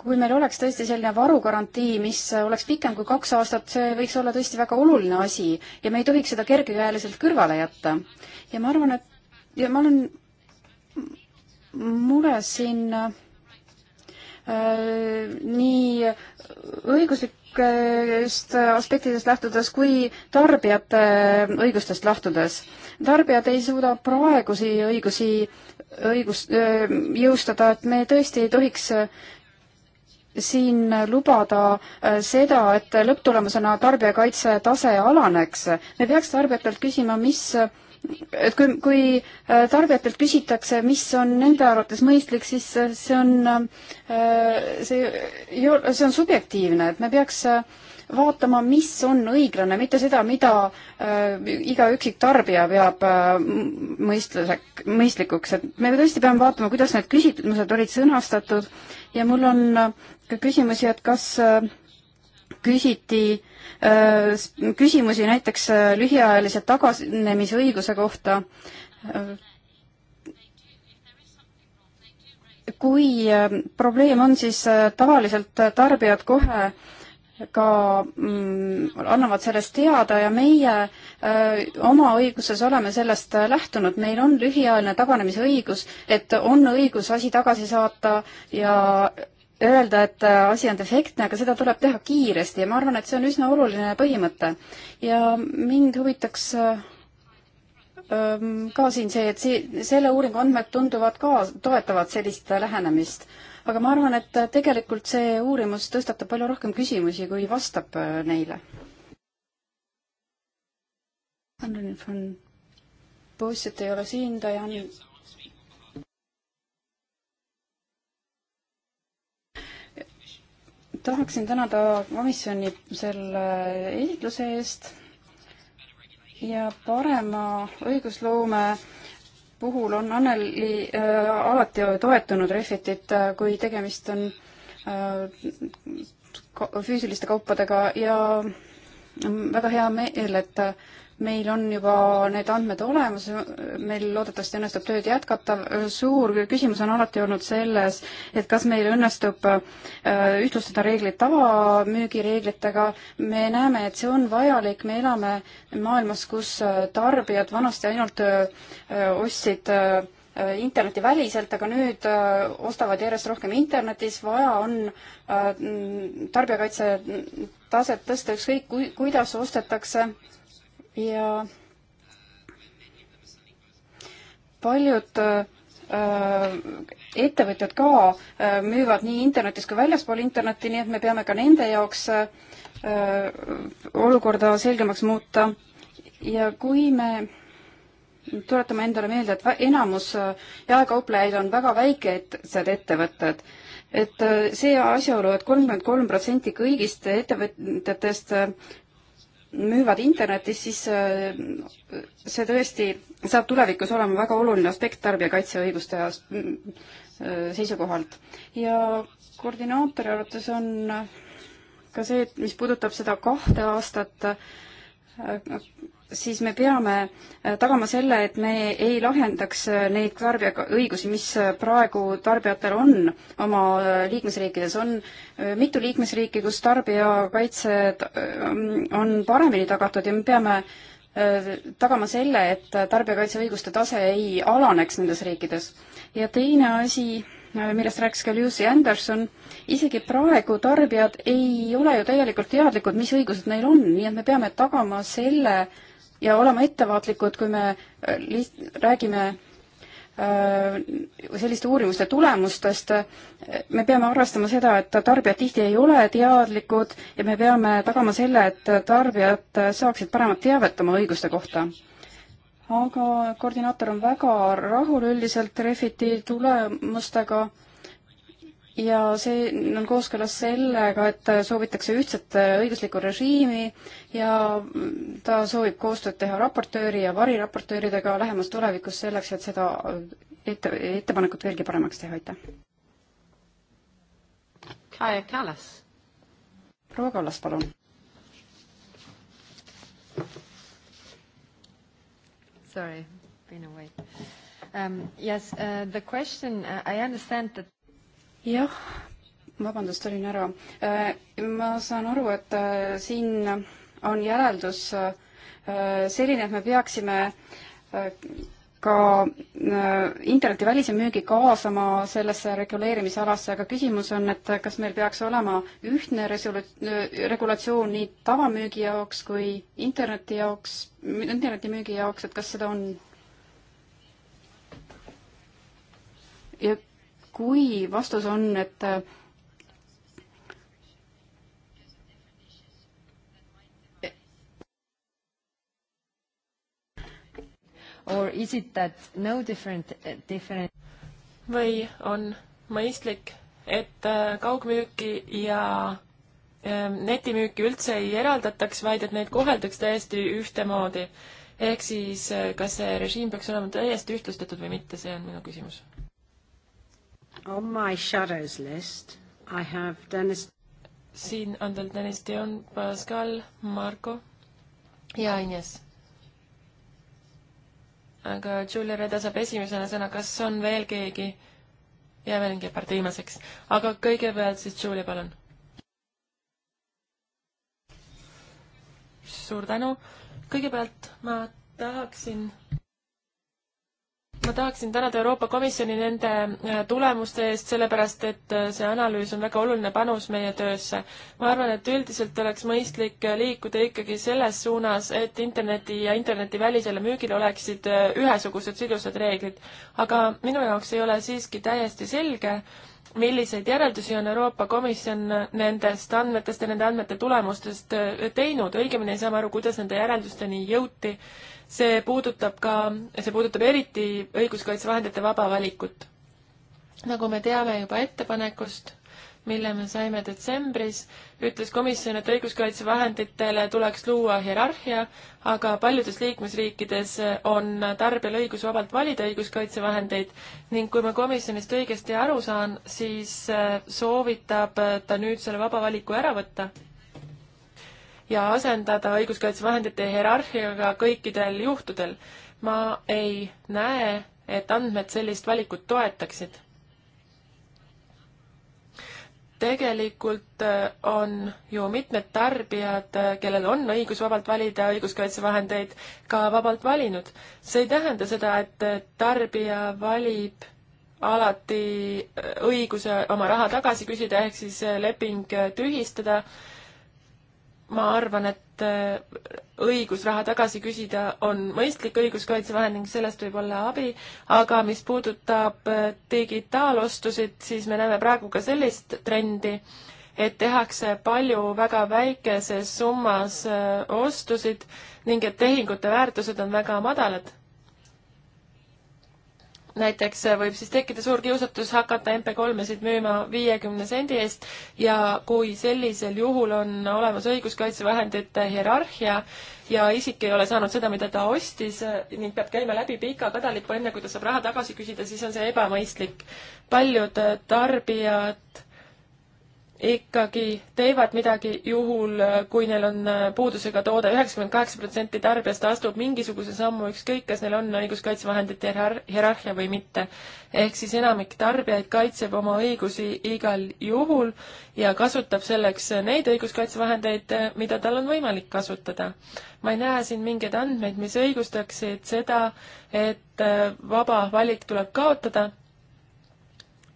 kui meil oleks tõesti selline varugarantii, mis oleks pikem kui kaks aastat, see võiks olla tõesti väga oluline asi ja me ei tohiks seda kergekäeliselt kõrvale jätta. ja ma arvan, et ja ma olen mures siin äh, nii õiguslik õiguslikest aspektidest lähtudes kui tarbijate õigustest lähtudes. tarbijad ei suuda praegusi õigusi õigus, jõustada, et me tõesti ei tohiks siin lubada äh, seda, et lõpptulemusena tarbijakaitse tase alaneks. me peaks tarbijatelt küsima, mis et kui, kui äh, tarbijatelt küsitakse, mis on nende arvates mõistlik, siis äh, see on, äh, see, see on subjektiivne, et me peaks vaatama, mis on õiglane, mitte seda, mida äh, iga üksik tarbija peab äh, mõistlusek, mõistlikuks, et me tõesti peame vaatama, kuidas need küsitlused olid sõnastatud ja mul on ka küsimusi, et kas äh, küsiti äh, küsimusi näiteks äh, lühiajalise taganemisõiguse kohta. kui äh, probleem on, siis tavaliselt tarbijad kohe ka mm, annavad sellest teada ja meie öö, oma õiguses oleme sellest lähtunud, meil on lühiajaline taganemisõigus, et on õigus asi tagasi saata ja öelda, et äh, asi on defektne, aga seda tuleb teha kiiresti ja ma arvan, et see on üsna oluline põhimõte. ja mind huvitaks äh, ähm, ka siin see, et see, selle uuringu andmed tunduvad ka, toetavad sellist lähenemist. aga ma arvan, et äh, tegelikult see uurimus tõstatab palju rohkem küsimusi, kui vastab neile. Andrei von Bosset ei ole siin, ta ei andnud tahaksin tänada komisjoni selle esitluse eest ja parema õigusloome puhul on Anneli äh, alati toetanud Refitit äh,, kui tegemist on äh, ka füüsiliste kaupadega ja väga hea meel, et äh, meil on juba need andmed olemas, meil loodetavasti õnnestub tööd jätkata, suur küsimus on alati olnud selles, et kas meil õnnestub äh, ühtlustada reeglid tavamüügireeglitega, me näeme, et see on vajalik, me elame maailmas, kus äh, tarbijad vanasti ainult äh, ostsid internetiväliselt, aga nüüd ostavad järjest rohkem internetis, vaja on tarbijakaitse taset tõsta ükskõik kui, kuidas ostetakse ja paljud äh, ettevõtjad ka äh, müüvad nii internetis kui väljaspool internetti, nii et me peame ka nende jaoks äh, olukorda selgemaks muuta. ja kui me tuletame endale meelde, et enamus jaekauplejaid on väga väikesed ettevõtted, et see asjaolu et, et kolmkümmend kolm protsenti kõigist ettevõtjatest müüvad internetis, siis äh, see tõesti saab tulevikus olema väga oluline aspekt tarbijakaitseõiguste äh, seisukohalt. ja koordinaatori arvates on ka see, et mis puudutab seda kahte aastat, siis me peame äh, tagama selle, et me ei lahendaks äh, neid tarbija õigusi, mis äh, praegu tarbijatel on oma liikmesriikides. on mitu liikmesriiki, kus tarbijakaitse on paremini tagatud ja me peame tagama selle, et tarbijakaitseõiguste tase ei alaneks nendes riikides. ja teine asi Äh, millest rääkis ka Lucy Anderson, isegi praegu tarbijad ei ole ju tegelikult teadlikud, mis õigused neil on, nii et me peame tagama selle ja olema ettevaatlikud, kui me äh, räägime äh, selliste uurimuste tulemustest, me peame arvestama seda, et tarbijad tihti ei ole teadlikud ja me peame tagama selle, et tarbijad saaksid paremat teavet oma õiguste kohta aga koordinaator on väga rahul üldiselt Refiti tulemustega ja see on kooskõlas sellega, et soovitakse ühtset õiguslikku režiimi ja ta soovib koostööd teha raportööri ja variraportööridega lähemas tulevikus selleks, et seda ette, ettepanekut veelgi paremaks teha, aitäh. Kaja Kallas. proua Kallas, palun Sorry, been away. Um, yes, uh, the question, uh, I understand that jah, vabandust, olin ära. Uh, ma saan aru, et uh, siin on järeldus uh, selline, et me peaksime ka äh, internetivälise müügi kaasama sellesse reguleerimisalasse, aga küsimus on, et kas meil peaks olema ühtne resolu-, äh, regulatsioon nii tavamüügi jaoks kui interneti jaoks, internetimüügi jaoks, et kas seda on? ja kui vastus on, et äh, or is it that no different, eh, different või on mõistlik, et eh, kaugmüüki ja eh, netimüüki üldse ei eraldataks, vaid et neid koheldaks täiesti ühtemoodi. ehk siis, kas see režiim peaks olema täiesti ühtlustatud või mitte, see on minu küsimus. On my shadows list I have Dennis siin on tal Dennis Dion, Pascal, Marko ja Ines aga Julia Reda saab esimesena sõna, kas on veel keegi? Evelyn Kepard viimaseks, aga kõigepealt siis Julia, palun. suur tänu, kõigepealt ma tahaksin ma tahaksin tänada Euroopa Komisjoni nende äh, tulemuste eest, sellepärast et äh, see analüüs on väga oluline panus meie töösse. ma arvan, et üldiselt oleks mõistlik äh, liikuda ikkagi selles suunas, et interneti ja internetivälisele müügile oleksid ühesugused sidusad reeglid. aga minu jaoks ei ole siiski täiesti selge, milliseid järeldusi on Euroopa Komisjon nendest andmetest ja nende andmete tulemustest teinud, õigemini ei saa ma aru, kuidas nende järeldusteni jõuti see puudutab ka, see puudutab eriti õiguskaitsevahendite vaba valikut. nagu me teame juba ettepanekust, mille me saime detsembris, ütles komisjon, et õiguskaitsevahenditele tuleks luua hierarhia, aga paljudes liikmesriikides on tarbijal õigus vabalt valida õiguskaitsevahendeid ning kui ma komisjonist õigesti aru saan, siis soovitab ta nüüd selle vaba valiku ära võtta ja asendada õiguskaitsevahendite hierarhiaga kõikidel juhtudel. ma ei näe, et andmed sellist valikut toetaksid. tegelikult äh, on ju mitmed tarbijad, äh, kellel on õigus vabalt valida õiguskaitsevahendeid, ka vabalt valinud. see ei tähenda seda, et äh, tarbija valib alati õiguse oma raha tagasi küsida, ehk siis leping tühistada äh, ma arvan, et äh, õigus raha tagasi küsida on mõistlik õiguskaitsevahend ning sellest võib olla abi, aga mis puudutab äh, digitaalostusid, siis me näeme praegu ka sellist trendi, et tehakse palju väga väikeses summas äh, ostusid ning et tehingute väärtused on väga madalad näiteks äh, võib siis tekkida suur kiusatus hakata MP3-esid müüma viiekümne sendi eest ja kui sellisel juhul on olemas õiguskaitsevahendite hierarhia ja isik ei ole saanud seda, mida ta ostis äh, ning peab käima läbi pika kadalipu, enne kui ta saab raha tagasi küsida, siis on see ebamõistlik. paljud äh, tarbijad ikkagi teevad midagi juhul, kui neil on puudusega toode, üheksakümmend kaheksa protsenti tarbijast astub mingisuguse sammu, ükskõik, kas neil on õiguskaitsevahendite hierarhia või mitte. ehk siis enamik tarbijaid kaitseb oma õigusi igal juhul ja kasutab selleks neid õiguskaitsevahendeid, mida tal on võimalik kasutada. ma ei näe siin mingeid andmeid, mis õigustaksid seda, et vaba valik tuleb kaotada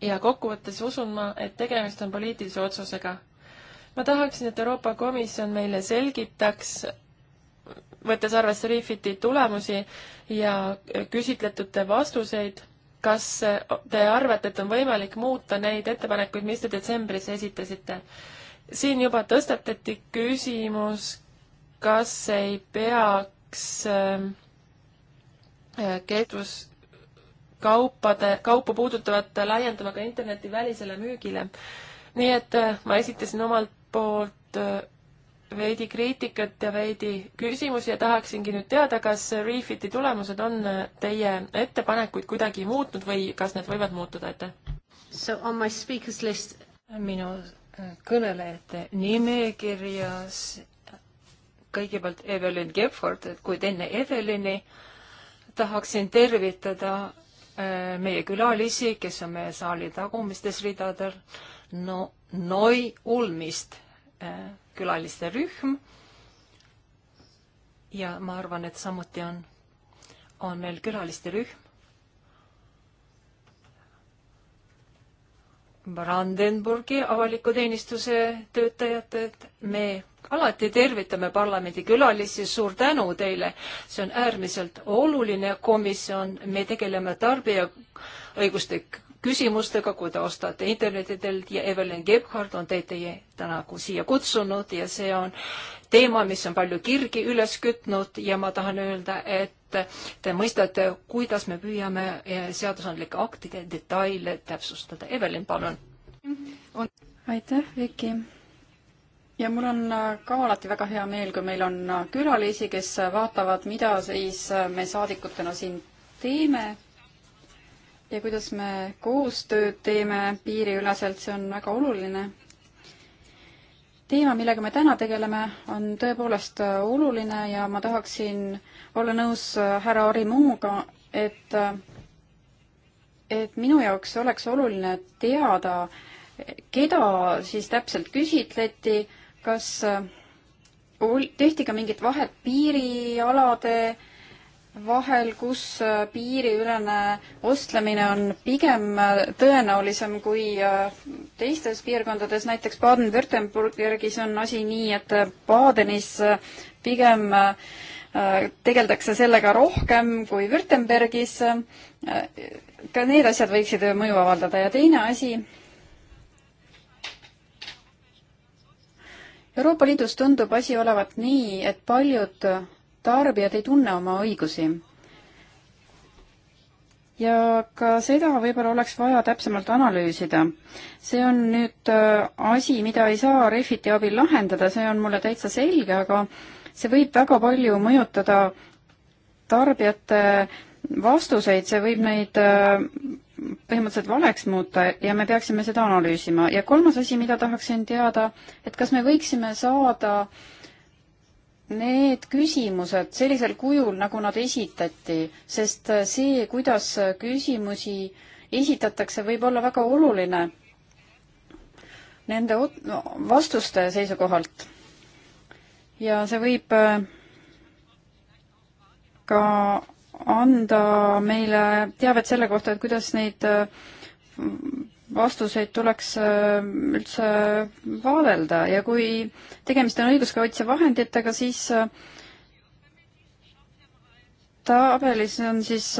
ja kokkuvõttes usun ma, et tegemist on poliitilise otsusega. ma tahaksin, et Euroopa Komisjon meile selgitaks, võttes arvesse Refiti tulemusi ja küsitletute vastuseid, kas te arvate, et on võimalik muuta neid ettepanekuid, mis te detsembris esitasite? siin juba tõstatati küsimus, kas ei peaks äh, kestvus, kaupade, kaupu puudutavat laiendama ka internetivälisele müügile. nii et äh, ma esitasin omalt poolt äh, veidi kriitikat ja veidi küsimusi ja tahaksingi nüüd teada, kas Refiti tulemused on äh, teie ettepanekuid kuidagi muutnud või kas need võivad muutuda, aitäh! So on my speakers list minu kõnelejate nimekirjas kõigepealt Evelyn Gebhardt, et kuid enne Evelyni tahaksin tervitada Äh, meie külalisi, kes on meie saali tagumistes ridadel, no Noi ulmist äh, külaliste rühm. ja ma arvan, et samuti on, on meil külaliste rühm. Brandenburgi avaliku teenistuse töötajatelt me alati tervitame parlamendi külalisi, suur tänu teile. see on äärmiselt oluline komisjon, me tegeleme tarbijaõiguste küsimustega, kui te ostate internetidelt ja Evelyn Gebhard on teid teie täna siia kutsunud ja see on teema, mis on palju kirgi üles kütnud ja ma tahan öelda, et te mõistate, kuidas me püüame eh, seadusandlike aktide detaile täpsustada. Evelyn, palun. aitäh, Viki ja mul on äh, ka alati väga hea meel, kui meil on äh, külalisi, kes äh, vaatavad, mida siis me saadikutena siin teeme ja kuidas me koostööd teeme piiriüleselt, see on väga oluline. teema, millega me täna tegeleme, on tõepoolest oluline ja ma tahaksin olla nõus härra Harri Muuga, et, et minu jaoks oleks oluline teada, keda siis täpselt küsitleti kas äh, tehti ka mingit vahet piirialade vahel, kus äh, piiriülene ostlemine on pigem äh, tõenäolisem kui teistes piirkondades, näiteks Baden-Württembergis on asi nii, et Badenis pigem tegeldakse sellega rohkem kui Württembergis. ka need asjad võiksid mõju avaldada ja teine asi Euroopa Liidus tundub asi olevat nii, et paljud tarbijad ei tunne oma õigusi. ja ka seda võib-olla oleks vaja täpsemalt analüüsida. see on nüüd äh, asi, mida ei saa Refiti abil lahendada, see on mulle täitsa selge, aga see võib väga palju mõjutada tarbijate vastuseid, see võib neid äh, põhimõtteliselt valeks muuta ja me peaksime seda analüüsima. ja kolmas asi, mida tahaksin teada, et kas me võiksime saada need küsimused sellisel kujul, nagu nad esitati, sest see, kuidas küsimusi esitatakse, võib olla väga oluline nende no, vastuste seisukohalt. ja see võib äh, ka anda meile teavet selle kohta, et kuidas neid äh, vastuseid tuleks äh, üldse vaadelda ja kui tegemist on õiguskaitsevahenditega, siis äh, tabelis on siis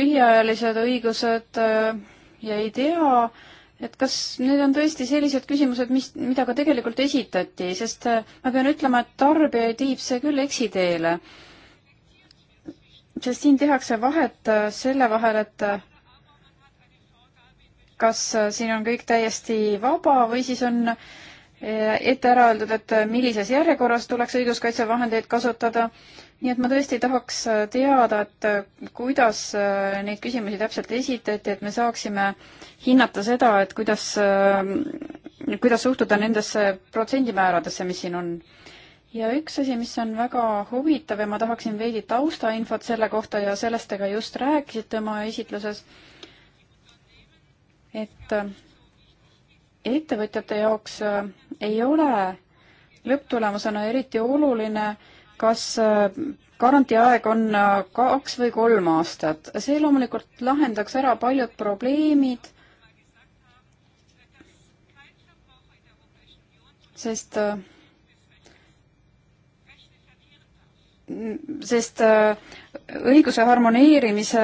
lühiajalised õigused ja ei tea, et kas need on tõesti sellised küsimused, mis, mida ka tegelikult esitati, sest ma pean ütlema, et tarbijaid viib see küll eksiteele sest siin tehakse vahet äh, selle vahel, et äh, kas äh, siin on kõik täiesti vaba või siis on ette ära öeldud, et millises järjekorras tuleks õiguskaitsevahendeid kasutada. nii et ma tõesti tahaks teada, et kuidas neid küsimusi täpselt esitati, et me saaksime hinnata seda, et kuidas, kuidas suhtuda nendesse protsendimääradesse, mis siin on ja üks asi, mis on väga huvitav ja ma tahaksin veidi taustainfot selle kohta ja sellest te ka just rääkisite oma esitluses, et äh, ettevõtjate jaoks äh, ei ole lõpptulemusena eriti oluline, kas äh, garantiaeg on kaks või kolm aastat. see loomulikult lahendaks ära paljud probleemid, sest äh, sest äh, õiguse harmoneerimise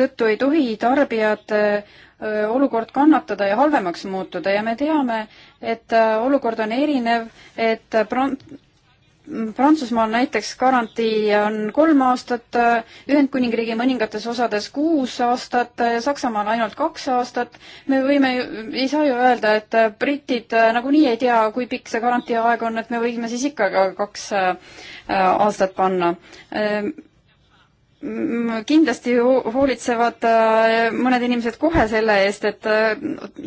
tõttu ei tohi tarbijate äh, olukord kannatada ja halvemaks muutuda ja me teame, et äh, olukord on erinev, et Prant-, Prantsusmaal näiteks garantii on kolm aastat, Ühendkuningriigi mõningates osades kuus aastat, Saksamaal ainult kaks aastat. me võime, ei saa ju öelda, et britid nagunii ei tea, kui pikk see garantii aeg on, et me võime siis ikka ka kaks äh, aastat panna ehm, kindlasti hoolitsevad äh, mõned inimesed kohe selle eest, et,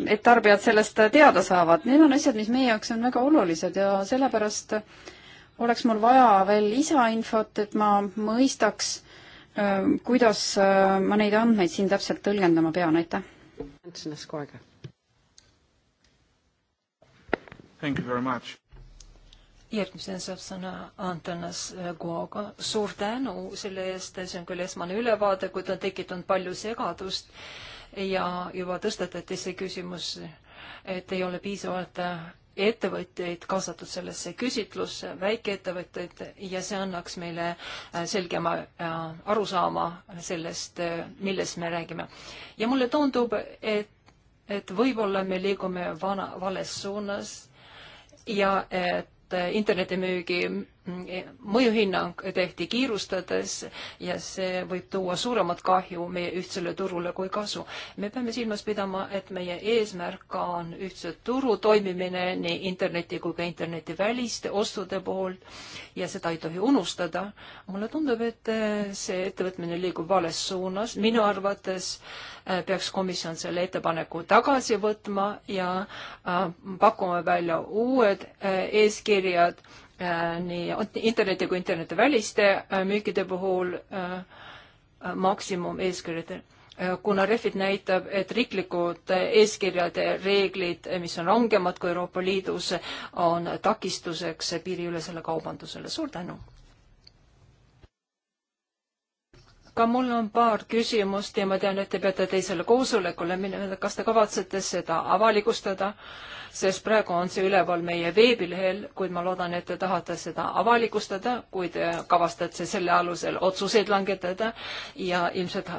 et tarbijad sellest teada saavad. Need on asjad, mis meie jaoks on väga olulised ja sellepärast äh, oleks mul vaja veel lisainfot, et ma mõistaks, äh, kuidas äh, ma neid andmeid siin täpselt tõlgendama pean, aitäh. järgmisena saab sõna Antanas Goaga. suur tänu selle eest, see on küll esmane ülevaade, kuid on tekitanud palju segadust ja juba tõstatati see küsimus, et ei ole piisavalt ettevõtjaid kaasatud sellesse küsitlusse, väikeettevõtteid ja see annaks meile äh, selgema äh, arusaama sellest, äh, millest me räägime. ja mulle tundub, et, et võib-olla me liigume vana, vales suunas ja et internetimüügi mõjuhinnang tehti kiirustades ja see võib tuua suuremat kahju meie ühtsele turule kui kasu. me peame silmas pidama, et meie eesmärk on ühtse turu toimimine nii interneti kui ka internetiväliste ostude puhul ja seda ei tohi unustada. mulle tundub, et eh, see ettevõtmine liigub vales suunas. minu arvates eh, peaks komisjon selle ettepaneku tagasi võtma ja eh, pakkuma välja uued eeskirjad Äh, nii interneti kui internetiväliste äh, müükide puhul äh, maksimumeeskirjadel. kuna Refit näitab, et riiklikud eeskirjade reeglid, mis on rangemad kui Euroopa Liidus, on takistuseks piiriülesele kaubandusele. suur tänu! ka mul on paar küsimust ja ma tean, et te peate teisele koosolekule minema, kas te kavatsete seda avalikustada äh, sest praegu on see üleval meie veebilehel, kuid ma loodan, et te tahate seda avalikustada, kui te kavastate selle alusel otsuseid langetada ja ilmselt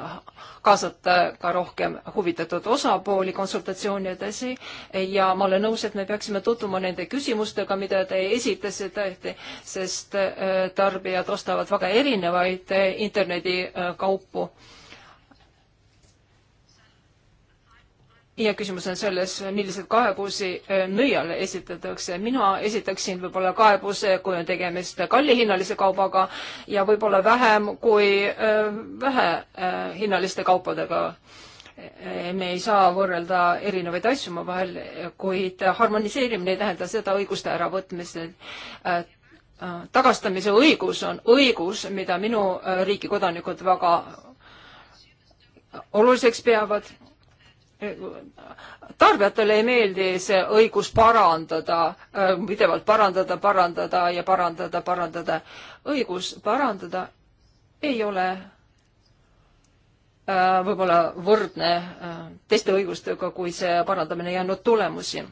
kaasata ka rohkem huvitatud osapooli konsultatsioonidesse ja ma olen nõus, et me peaksime tutvuma nende küsimustega, mida te esitasite, sest äh, tarbijad ostavad väga erinevaid internetikaupu äh, äh ja küsimus on selles, milliseid kaebusi äh, nõiale esitatakse. mina esitaksin võib-olla kaebuse, kui on tegemist kallihinnalise kaubaga ja võib-olla vähem kui äh, vähehinnaliste äh, kaupadega. me ei saa võrrelda erinevaid asju omavahel, kuid harmoniseerimine ei tähenda seda õiguste äravõtmist tagastamise õigus on õigus, mida minu riigi kodanikud väga oluliseks peavad tarbijatele ei meeldi see õigus parandada, äh, pidevalt parandada, parandada ja parandada, parandada. õigus parandada ei ole äh, võib-olla võrdne äh, teiste õigustega, kui see parandamine ei andnud tulemusi.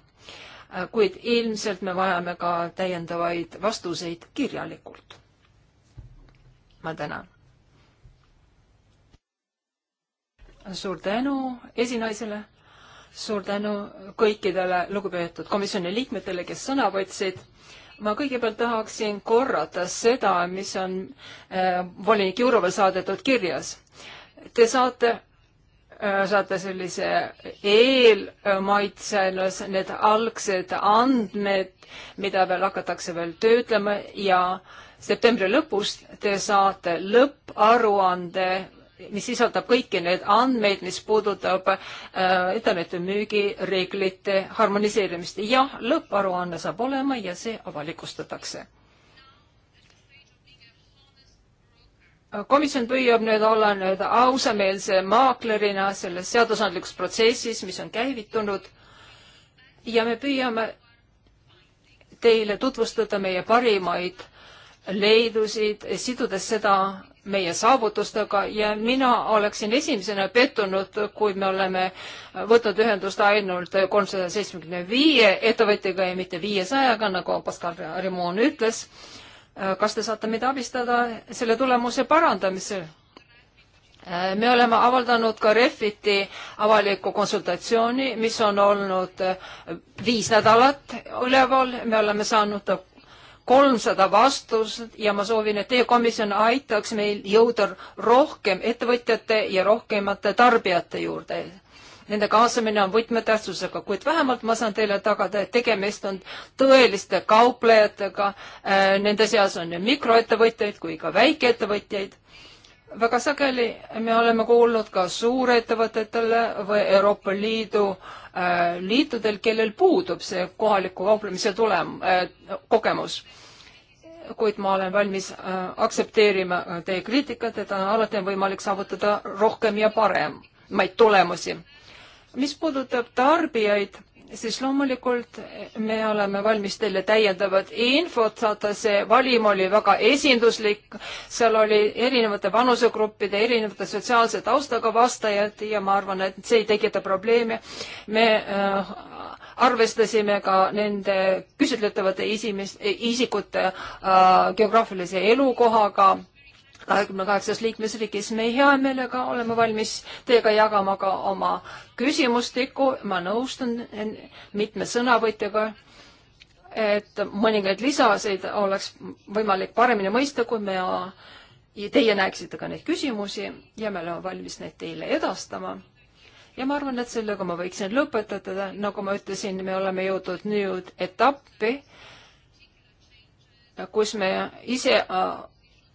kuid ilmselt me vajame ka täiendavaid vastuseid kirjalikult. ma tänan suur tänu esinaisele, suur tänu kõikidele lugupeetud komisjoni liikmetele, kes sõna võtsid. ma kõigepealt tahaksin korrata seda, mis on äh, volinik Jurovale saadetud kirjas. Te saate äh, saate sellise eelmaitse, need algsed andmed, mida veel hakatakse veel töötlema ja septembri lõpus te saate lõpparuande mis sisaldab kõiki neid andmeid, mis puudutab äh, internetimüügi reeglite harmoniseerimist. jah, lõpparuanne saab olema ja see avalikustatakse. komisjon püüab nüüd olla nüüd ausameelse maaklerina selles seadusandlikus protsessis, mis on käivitunud ja me püüame teile tutvustada meie parimaid leidusid, sidudes seda meie saavutustega ja mina oleksin esimesena pettunud, kui me oleme võtnud ühendust ainult kolmsaja seitsmekümne viie ettevõtjaga ja mitte viiesajaga, nagu Pascal Rimon ütles. kas te saate meid abistada selle tulemuse parandamisel? me oleme avaldanud ka Refiti avalikku konsultatsiooni, mis on olnud viis nädalat üleval, me oleme saanud kolmsada vastust ja ma soovin, et teie komisjon aitaks meil jõuda rohkem ettevõtjate ja rohkemate tarbijate juurde. Nende kaasamine on võtmetähtsusega, kuid vähemalt ma saan teile tagada, et tegemist on tõeliste kauplejatega, äh, nende seas on nii mikroettevõtjaid kui ka väikeettevõtjaid väga sageli me oleme kuulnud ka suurettevõtetele või Euroopa Liidu äh, liitudel, kellel puudub see kohaliku kauplemise tulem- äh,, kogemus. kuid ma olen valmis äh, aktsepteerima äh, teie kriitikat, et alati on võimalik saavutada rohkem ja paremaid tulemusi. mis puudutab tarbijaid siis loomulikult me oleme valmis teile täiendavat infot saata, see valim oli väga esinduslik, seal oli erinevate vanusegruppide, erinevate sotsiaalse taustaga vastajad ja ma arvan, et see ei tekita probleeme. me äh, arvestasime ka nende küsitletavate isimis, isikute äh, geograafilise elukohaga kahekümne kaheksas liikmesriigis. me hea meelega oleme valmis teiega jagama ka oma küsimustikku, ma nõustun mitme sõnavõtjaga, et mõningaid lisasid oleks võimalik paremini mõista, kui me ja teie näeksite ka neid küsimusi ja me oleme valmis neid teile edastama. ja ma arvan, et sellega ma võiksin lõpetada, nagu ma ütlesin, me oleme jõudnud nüüd etappi, kus me ise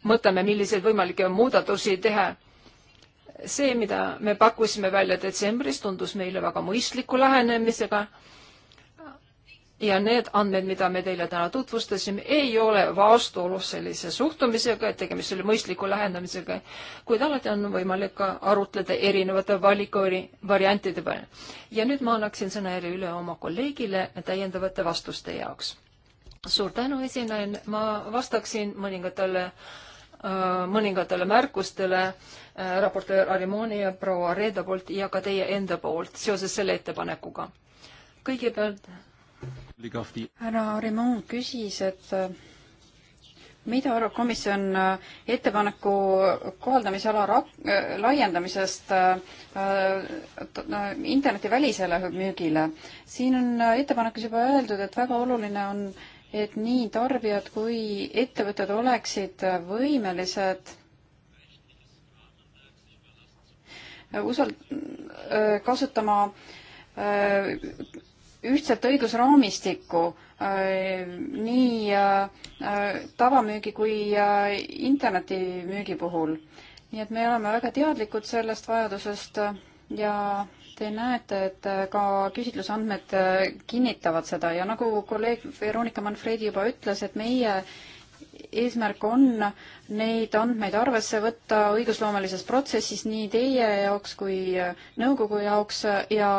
mõtleme, milliseid võimalikke muudatusi teha. see, mida me pakkusime välja detsembris, tundus meile väga mõistliku lähenemisega. ja need andmed, mida me teile täna tutvustasime, ei ole vastuolus sellise suhtumisega, et tegemist oli mõistliku lähenemisega, kuid alati on võimalik ka arutleda erinevate valikuvariantide peale. ja nüüd ma annaksin sõna üle oma kolleegile täiendavate vastuste jaoks suur tänu, esinaine. ma vastaksin mõningatele Äh, mõningatele märkustele äh, raportöör Arimoni ja proua Reeda poolt ja ka teie enda poolt seoses selle ettepanekuga. kõigepealt härra Arimon küsis, et äh, mida arvab komisjon ettepaneku kohaldamisala rak-, laiendamisest internetivälisele müügile? siin on ettepanekus juba öeldud, et väga oluline on äh, et nii tarbijad kui ettevõtted oleksid võimelised usald-, äh, kasutama äh, ühtset õigusraamistikku äh, nii tavamüügi kui internetimüügi puhul. nii et me oleme väga teadlikud sellest vajadusest ja Te näete, et äh, ka küsitlusandmed äh, kinnitavad seda ja nagu kolleeg Veronika Manfredi juba ütles, et meie eesmärk on neid andmeid arvesse võtta õigusloomelises protsessis nii teie jaoks kui äh, nõukogu jaoks ja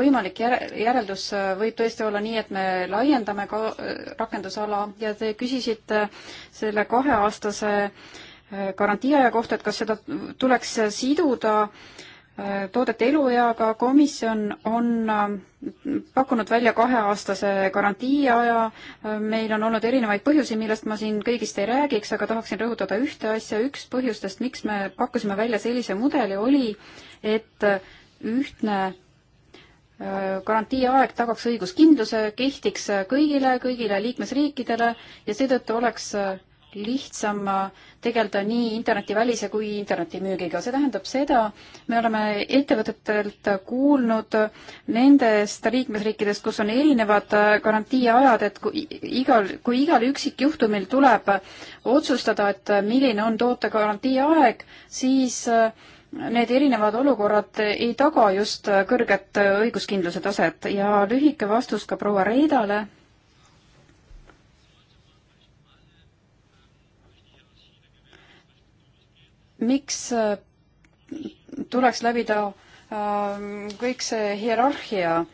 võimalik järeldus võib tõesti olla nii, et me laiendame ka rakendusala ja te küsisite selle kaheaastase garantiiaja kohta, et kas seda tuleks siduda äh, toodete elueaga, komisjon on äh, pakkunud välja kaheaastase garantiiaja, meil on olnud erinevaid põhjusi, millest ma siin kõigist ei räägiks, aga tahaksin rõhutada ühte asja, üks põhjustest, miks me pakkusime välja sellise mudeli, oli, et ühtne äh, garantiiaeg tagaks õiguskindluse, kehtiks kõigile, kõigile liikmesriikidele ja seetõttu oleks äh, lihtsam äh, tegeleda nii internetivälise kui internetimüügiga. see tähendab seda, me oleme ettevõtetelt kuulnud nendest liikmesriikidest, kus on erinevad äh, garantiiajad, et kui igal, kui igal üksikjuhtumil tuleb otsustada, et äh, milline on toote garantiiaeg, siis need erinevad olukorrad ei taga just kõrget õiguskindluse taset ja lühike vastus ka proua Reidale miks äh, tuleks läbida äh, kõik see hierarhia.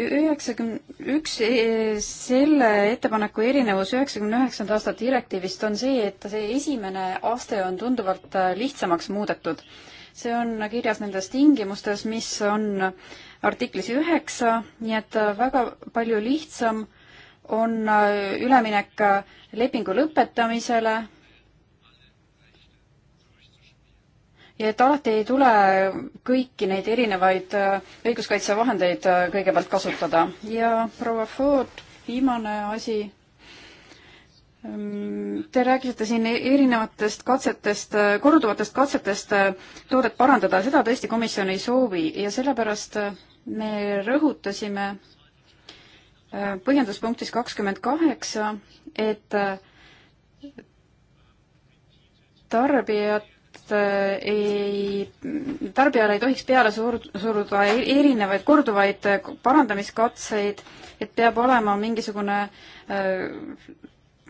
üheksakümne, üks e, selle ettepaneku erinevus üheksakümne üheksanda aasta direktiivist on see, et see esimene aste on tunduvalt äh, lihtsamaks muudetud. see on kirjas nendes tingimustes, mis on artiklis üheksa, nii et väga palju lihtsam on üleminek lepingu lõpetamisele ja et alati ei tule kõiki neid erinevaid äh, õiguskaitsevahendeid äh, kõigepealt kasutada. ja proua Ford, viimane asi. Ähm, te rääkisite siin erinevatest katsetest, äh, korduvatest katsetest toodet parandada, seda tõesti komisjon ei soovi ja sellepärast me rõhutasime põhjenduspunktis kakskümmend kaheksa, et tarbijat et äh, ei, tarbijale ei tohiks peale sur-, suruda e-, erinevaid korduvaid äh, parandamiskatseid, et peab olema mingisugune äh,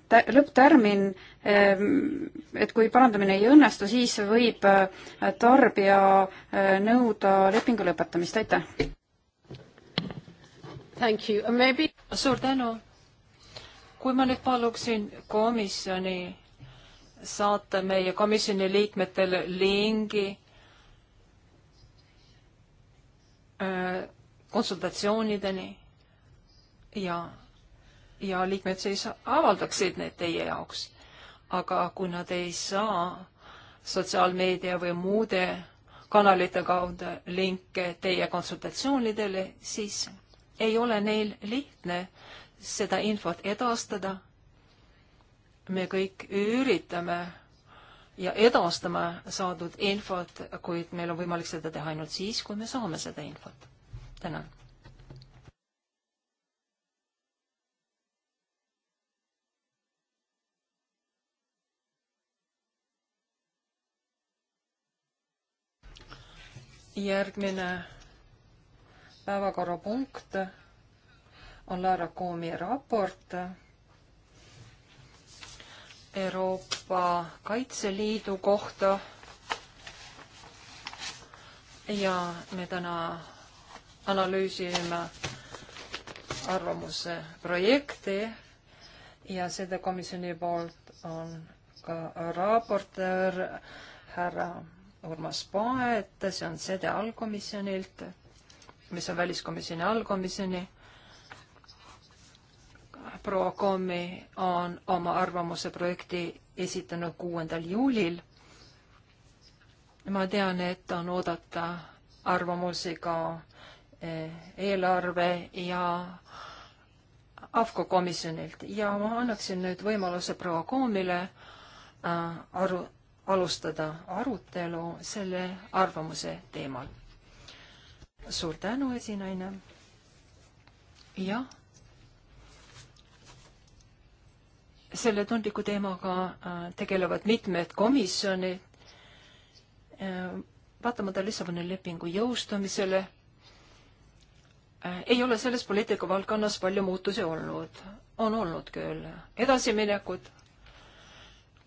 tä-, lõpptärmin, ähm, et kui parandamine ei õnnestu, siis võib tarbija nõuda lepingu lõpetamist, aitäh! Maybe... suur tänu! kui ma nüüd paluksin komisjoni saata meie komisjoni liikmetele lingi äh, konsultatsioonideni ja, ja liikmed siis avaldaksid need teie jaoks. aga kui nad ei saa sotsiaalmeedia või muude kanalite kaudu linke teie konsultatsioonidele, siis ei ole neil lihtne seda infot edastada me kõik üritame ja edastame saadud infot, kuid meil on võimalik seda teha ainult siis, kui me saame seda infot. tänan. järgmine päevakorrapunkt on Laara Koomi raport Euroopa Kaitseliidu kohta. ja me täna analüüsime arvamuse projekti ja seda komisjoni poolt on ka raportöör härra Urmas Paet, see on sede allkomisjonilt, mis on väliskomisjoni allkomisjoni proua Kommi on oma arvamuse projekti esitanud kuuendal juulil. ma tean, et on oodata arvamusi ka eh, eelarve ja AFCO komisjonilt ja ma annaksin nüüd võimaluse proua Koomile äh, aru, alustada arutelu selle arvamuse teemal. suur tänu, esinaine. jah selle tundliku teemaga äh, tegelevad mitmed komisjonid. Äh, vaatamata Lissaboni lepingu jõustumisele äh, ei ole selles poliitikavaldkonnas palju muutusi olnud. on olnud küll edasiminekut,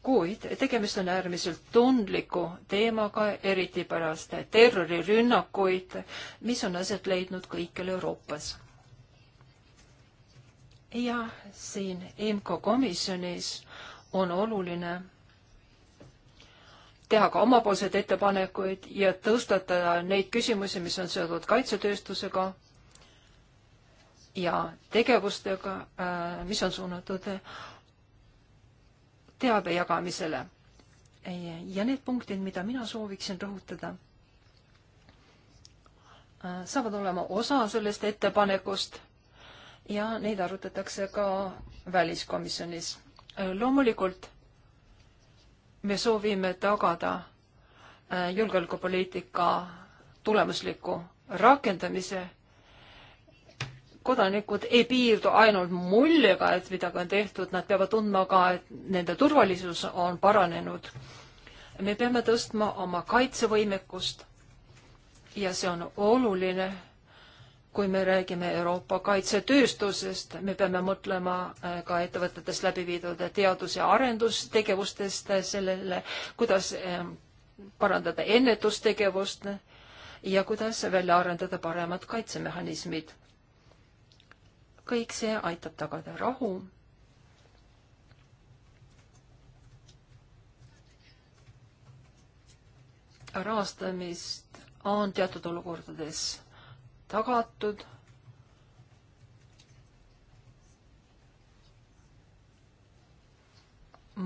kuid tegemist on äärmiselt tundliku teemaga, eriti pärast terrorirünnakuid, mis on aset leidnud kõikjal Euroopas ja siin IMCO komisjonis on oluline teha ka omapoolseid ettepanekuid ja tõstatada neid küsimusi, mis on seotud kaitsetööstusega ja tegevustega, äh, mis on suunatud teabe jagamisele. ja need punktid, mida mina sooviksin rõhutada, äh, saavad olema osa sellest ettepanekust ja neid arutatakse ka väliskomisjonis. loomulikult me soovime tagada äh, julgeolekupoliitika tulemusliku rakendamise. kodanikud ei piirdu ainult muljega, et midagi on tehtud, nad peavad tundma ka, et nende turvalisus on paranenud. me peame tõstma oma kaitsevõimekust ja see on oluline kui me räägime Euroopa kaitsetööstusest, me peame mõtlema äh, ka ettevõtetes läbi viidud teadus- ja arendustegevustest äh, sellele, kuidas ähm, parandada ennetustegevust äh, ja kuidas välja arendada paremad kaitsemehhanismid. kõik see aitab tagada rahu. rahastamist on teatud olukordades tagatud.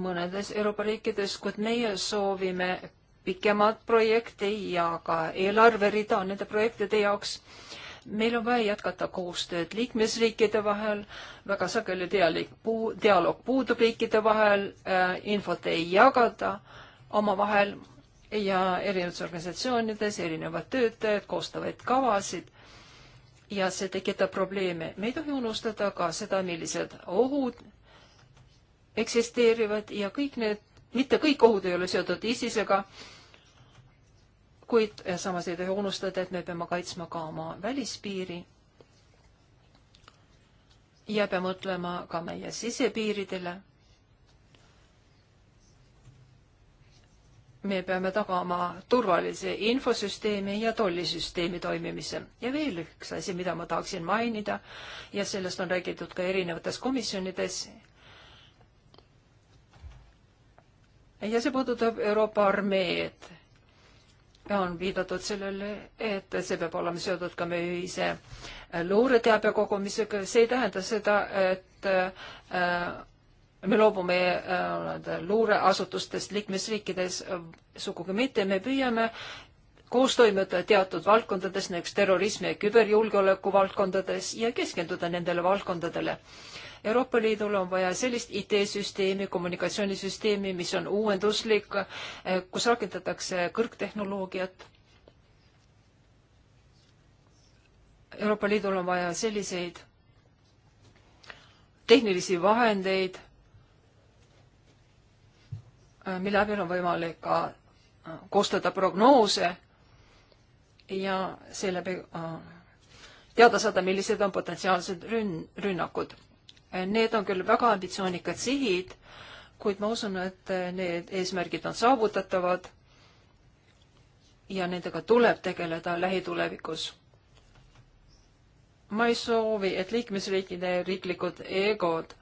mõnedes Euroopa riikides, kuid meie soovime pikemat projekti ja ka eelarverida nende projektide jaoks meil on vaja jätkata koostööd liikmesriikide vahel, väga sageli dialoog puu-, dialoog puudub riikide vahel äh,, infot ei jagata omavahel ja erinevates organisatsioonides erinevad töötajad koostavad kavasid ja see tekitab probleeme. me ei tohi unustada ka seda, millised ohud eksisteerivad ja kõik need, mitte kõik ohud ei ole seotud ISISega, kuid samas ei tohi unustada, et me peame kaitsma ka oma välispiiri ja peame mõtlema ka meie sisepiiridele me peame tagama turvalise infosüsteemi ja tollisüsteemi toimimise. ja veel üks asi, mida ma tahaksin mainida ja sellest on räägitud ka erinevates komisjonides. ja see puudutab Euroopa armeed. on viidatud sellele, et see peab olema seotud ka meie ühise äh, luureteabe kogumisega, see ei tähenda seda, et äh, me loobume äh, luureasutustest liikmesriikides äh, sugugi mitte, me püüame koos toimetada teatud valdkondades, näiteks terrorismi ja küberjulgeoleku valdkondades ja keskenduda nendele valdkondadele. Euroopa Liidul on vaja sellist IT-süsteemi, kommunikatsioonisüsteemi, mis on uuenduslik, äh, kus rakendatakse kõrgtehnoloogiat. Euroopa Liidul on vaja selliseid tehnilisi vahendeid Äh, mille abil on võimalik ka äh, koostada prognoose ja seeläbi äh, teada saada, millised on potentsiaalsed rünn-, rünnakud. Need on küll väga ambitsioonikad sihid, kuid ma usun, et need eesmärgid on saavutatavad ja nendega tuleb tegeleda lähitulevikus. ma ei soovi, et liikmesriikide riiklikud egod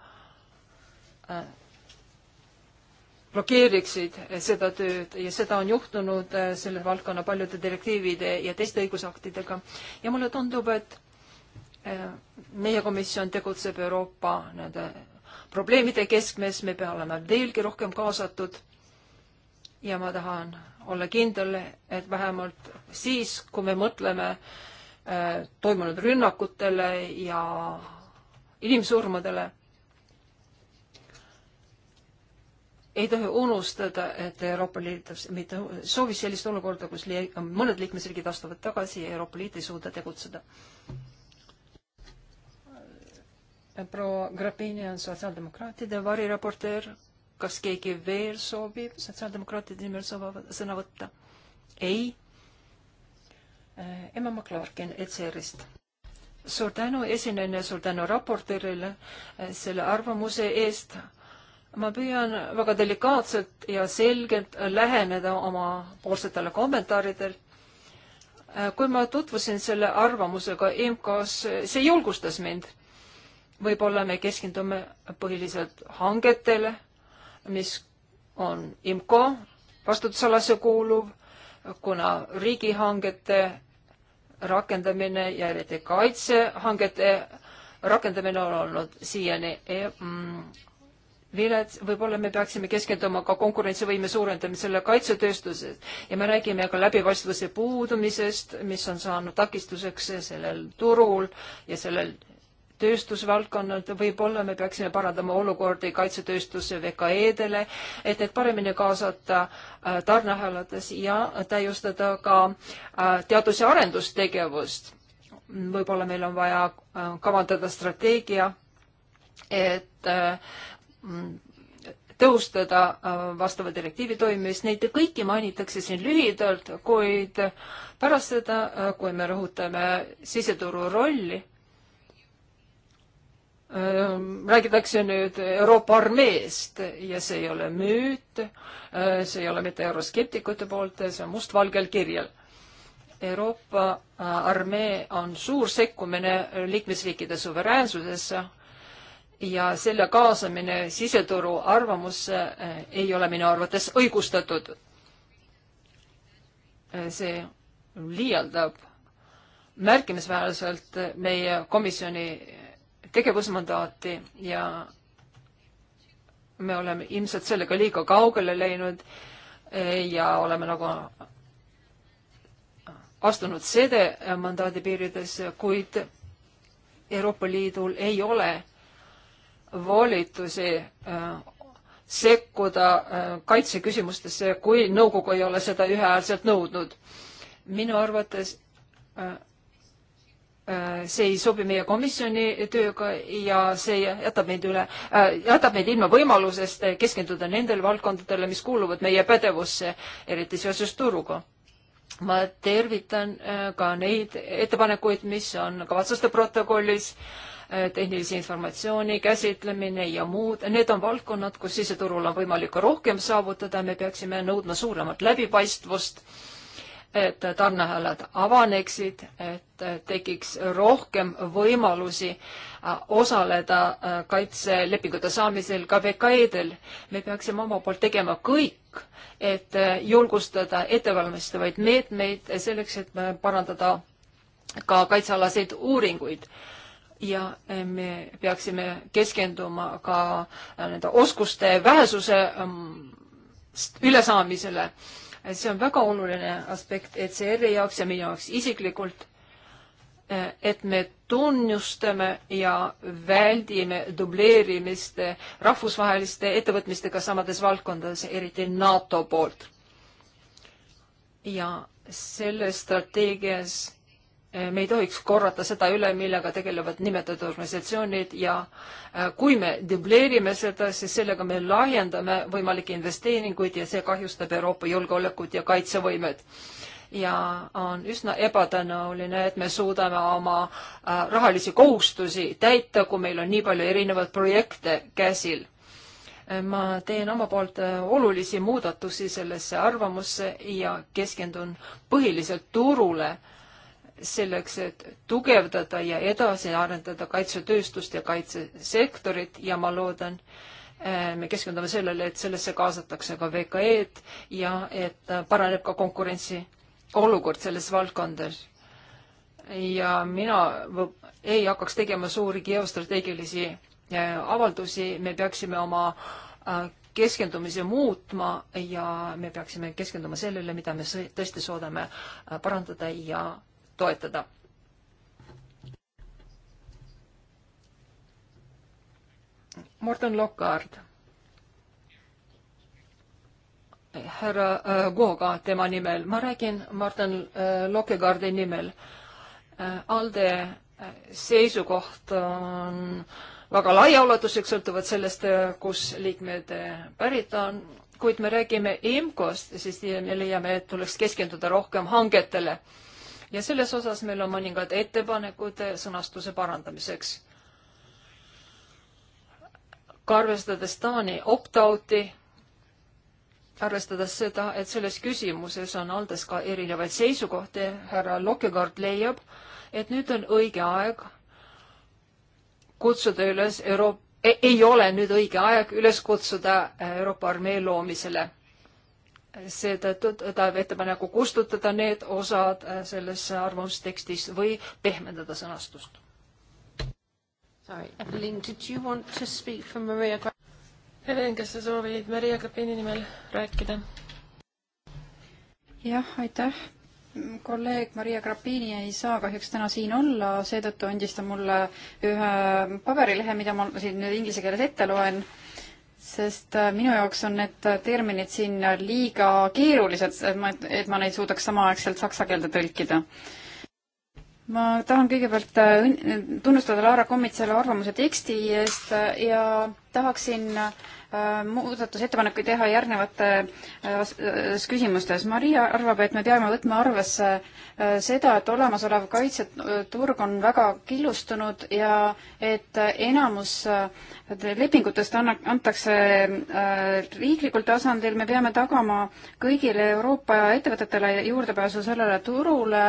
blokeeriksid seda tööd ja seda on juhtunud äh, selle valdkonna paljude direktiivide ja teiste õigusaktidega. ja mulle tundub, et äh, meie komisjon tegutseb Euroopa nende probleemide keskmes, me peame olema veelgi rohkem kaasatud ja ma tahan olla kindel, et vähemalt siis, kui me mõtleme äh, toimunud rünnakutele ja inimsurmadele ei tohi unustada, et Euroopa Liit mitte soovis sellist olukorda, kus li mõned liikmesriigid astuvad tagasi ja Euroopa Liit ei suuda tegutseda. proua Grapini on sotsiaaldemokraatide variraporteer. kas keegi veel soovib sotsiaaldemokraatide nimel sõna võtta? ei. Äh, Emma McClarkin ECR-ist suur tänu esinejale, suur tänu raportöörile äh, selle arvamuse eest ma püüan väga delikaatselt ja selgelt läheneda oma poolsetele kommentaaridel. kui ma tutvusin selle arvamusega EMKO-s, see julgustas mind. võib-olla me keskendume põhiliselt hangetele, mis on EMKO vastutusalasse kuuluv, kuna riigihangete rakendamine ja eriti kaitsehangete rakendamine on olnud siiani e mm, vilets, võib-olla me peaksime keskenduma ka konkurentsivõime suurendamisele kaitsetööstuses ja me räägime ka läbipaistvuse puudumisest, mis on saanud takistuseks sellel turul ja sellel tööstusvaldkonnad, võib-olla me peaksime parandama olukordi kaitsetööstuse VKE-dele, et need paremini kaasata äh, tarneahelates ja täiustada ka äh, teadus- ja arendustegevust. võib-olla meil on vaja äh, kavandada strateegia, et tõhustada äh, vastava direktiivi toimimist, neid kõiki mainitakse siin lühidalt, kuid pärast seda, äh, kui me rõhutame siseturu rolli, ähm, räägitakse nüüd Euroopa armeest ja see ei ole müüt, äh, see ei ole mitte euroskeptikute poolt, see on mustvalgel kirjel. Euroopa armee on suur sekkumine liikmesriikide suveräänsusesse ja selle kaasamine siseturu arvamusse eh, ei ole minu arvates õigustatud. Eh, see liialdab märkimisväärselt meie komisjoni tegevusmandaati ja me oleme ilmselt sellega liiga kaugele läinud eh, ja oleme nagu astunud sede mandaadi piirides, kuid Euroopa Liidul ei ole volitusi äh, sekkuda äh, kaitseküsimustesse, kui nõukogu ei ole seda ühehäälselt nõudnud. minu arvates äh, see ei sobi meie komisjoni tööga ja see jätab meid üle, jätab meid ilma võimalusest keskenduda nendele valdkondadele, mis kuuluvad meie pädevusse, eriti seoses turuga. ma tervitan ka neid ettepanekuid, mis on kavatsuste protokollis äh, Äh, tehnilise informatsiooni käsitlemine ja muud, need on valdkonnad, kus siseturul on võimalik rohkem saavutada, me peaksime nõudma suuremat läbipaistvust, et tarneahelad avaneksid, et äh, tekiks rohkem võimalusi äh, osaleda kaitselepingute saamisel ka VKE-del. me peaksime oma poolt tegema kõik, et julgustada ettevalmistavaid meetmeid selleks, et parandada ka kaitsealaseid uuringuid ja eh, me peaksime keskenduma ka eh, nende oskuste vähesuse mm, ülesaamisele. Eh, see on väga oluline aspekt ECR-i jaoks ja minu jaoks isiklikult, et me tunnustame ja väldime dubleerimist rahvusvaheliste ettevõtmistega samades valdkondades, eriti NATO poolt. ja selles strateegias Eh, me ei tohiks korrata seda üle, millega tegelevad nimetatud organisatsioonid ja eh, kui me dubleerime seda, siis sellega me lahjendame võimalikke investeeringuid ja see kahjustab Euroopa julgeolekut ja kaitsevõimet ja on üsna ebatõenäoline, et me suudame oma eh, rahalisi kohustusi täita, kui meil on nii palju erinevaid projekte käsil. ma teen oma poolt olulisi muudatusi sellesse arvamusse ja keskendun põhiliselt turule selleks, et tugevdada ja edasi arendada kaitsetööstust ja kaitsesektorit ja ma loodan, äh, me keskendume sellele, et sellesse kaasatakse ka VKE-d ja et paraneb ka konkurentsi olukord selles valdkondas. ja mina ei hakkaks tegema suuri geostrateegilisi äh, avaldusi, me peaksime oma äh, keskendumise muutma ja me peaksime keskenduma sellele, mida me tõesti soodame parandada ja toetada. Morten Lockhart. härra äh, Googa tema nimel, ma räägin Martin äh, Lokkegaardi nimel äh,. ALDE äh, seisukoht on väga laiaulatuslik, sõltuvalt sellest, äh, kus liikmed äh, pärit on, kuid me räägime IMCO-st, siis me leiame, et tuleks keskenduda rohkem hangetele äh, ja selles osas meil on mõningad ettepanekud sõnastuse parandamiseks. ka arvestades Taani opt-out'i, arvestades seda, et selles küsimuses on Aldes ka erinevaid seisukohti, härra Lokkegaard leiab, et nüüd on õige aeg kutsuda üles Euroopa e-, ei ole nüüd õige aeg üles kutsuda Euroopa armee loomisele seetõttu tahab ettepaneku kustutada need osad äh, selles arvamustekstis või pehmendada sõnastust. Evelyn, kas sa soovid Maria Grapini nimel rääkida? jah, aitäh. kolleeg Maria Grapini ei saa kahjuks täna siin olla, seetõttu andis ta mulle ühe paberilehe, mida ma siin nüüd inglise keeles ette loen sest äh, minu jaoks on need äh, terminid siin äh, liiga keerulised, et ma, et ma neid suudaks samaaegselt saksa keelde tõlkida. ma tahan kõigepealt tunnustada Laara Kommit selle arvamuse teksti eest ja tahaksin Äh, muudatusettepanekuid teha järgnevates äh, äh, küsimustes. Maria arvab, et me peame võtma arvesse seda, et olemasolev kaitseturg on väga killustunud ja et enamus lepingutest anna-, antakse riiklikul tasandil, me peame tagama kõigile Euroopa ettevõtetele juurdepääsu sellele turule.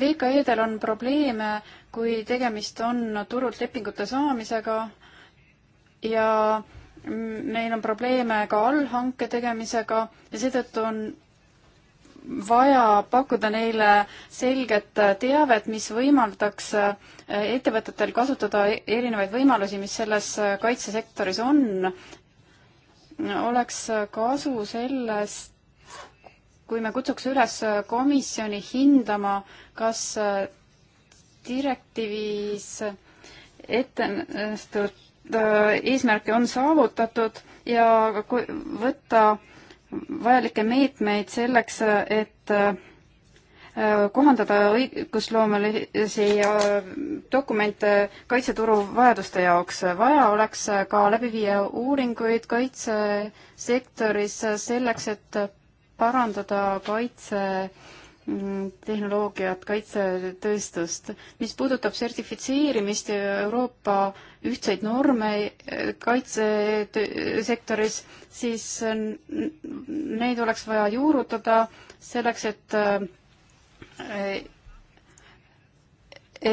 VKE-del on probleeme, kui tegemist on turult lepingute saamisega ja meil on probleeme ka allhanke tegemisega ja seetõttu on vaja pakkuda neile selget teavet, mis võimaldaks äh, ettevõtetel kasutada e-, erinevaid võimalusi, mis selles äh, kaitsesektoris on. oleks äh, kasu sellest, kui me kutsuks üles komisjoni hindama, kas direktiivis ette nähtud Äh, eesmärke on saavutatud ja võtta vajalikke meetmeid selleks, et äh, kohandada õigusloomelisi äh, dokumente kaitseturu vajaduste jaoks. vaja oleks ka läbi viia uuringuid kaitsesektoris selleks, et parandada kaitse Mm, tehnoloogiat, kaitsetööstust. mis puudutab sertifitseerimist ja Euroopa ühtseid norme eh, kaitsesektoris, siis mm, neid oleks vaja juurutada selleks, et eh,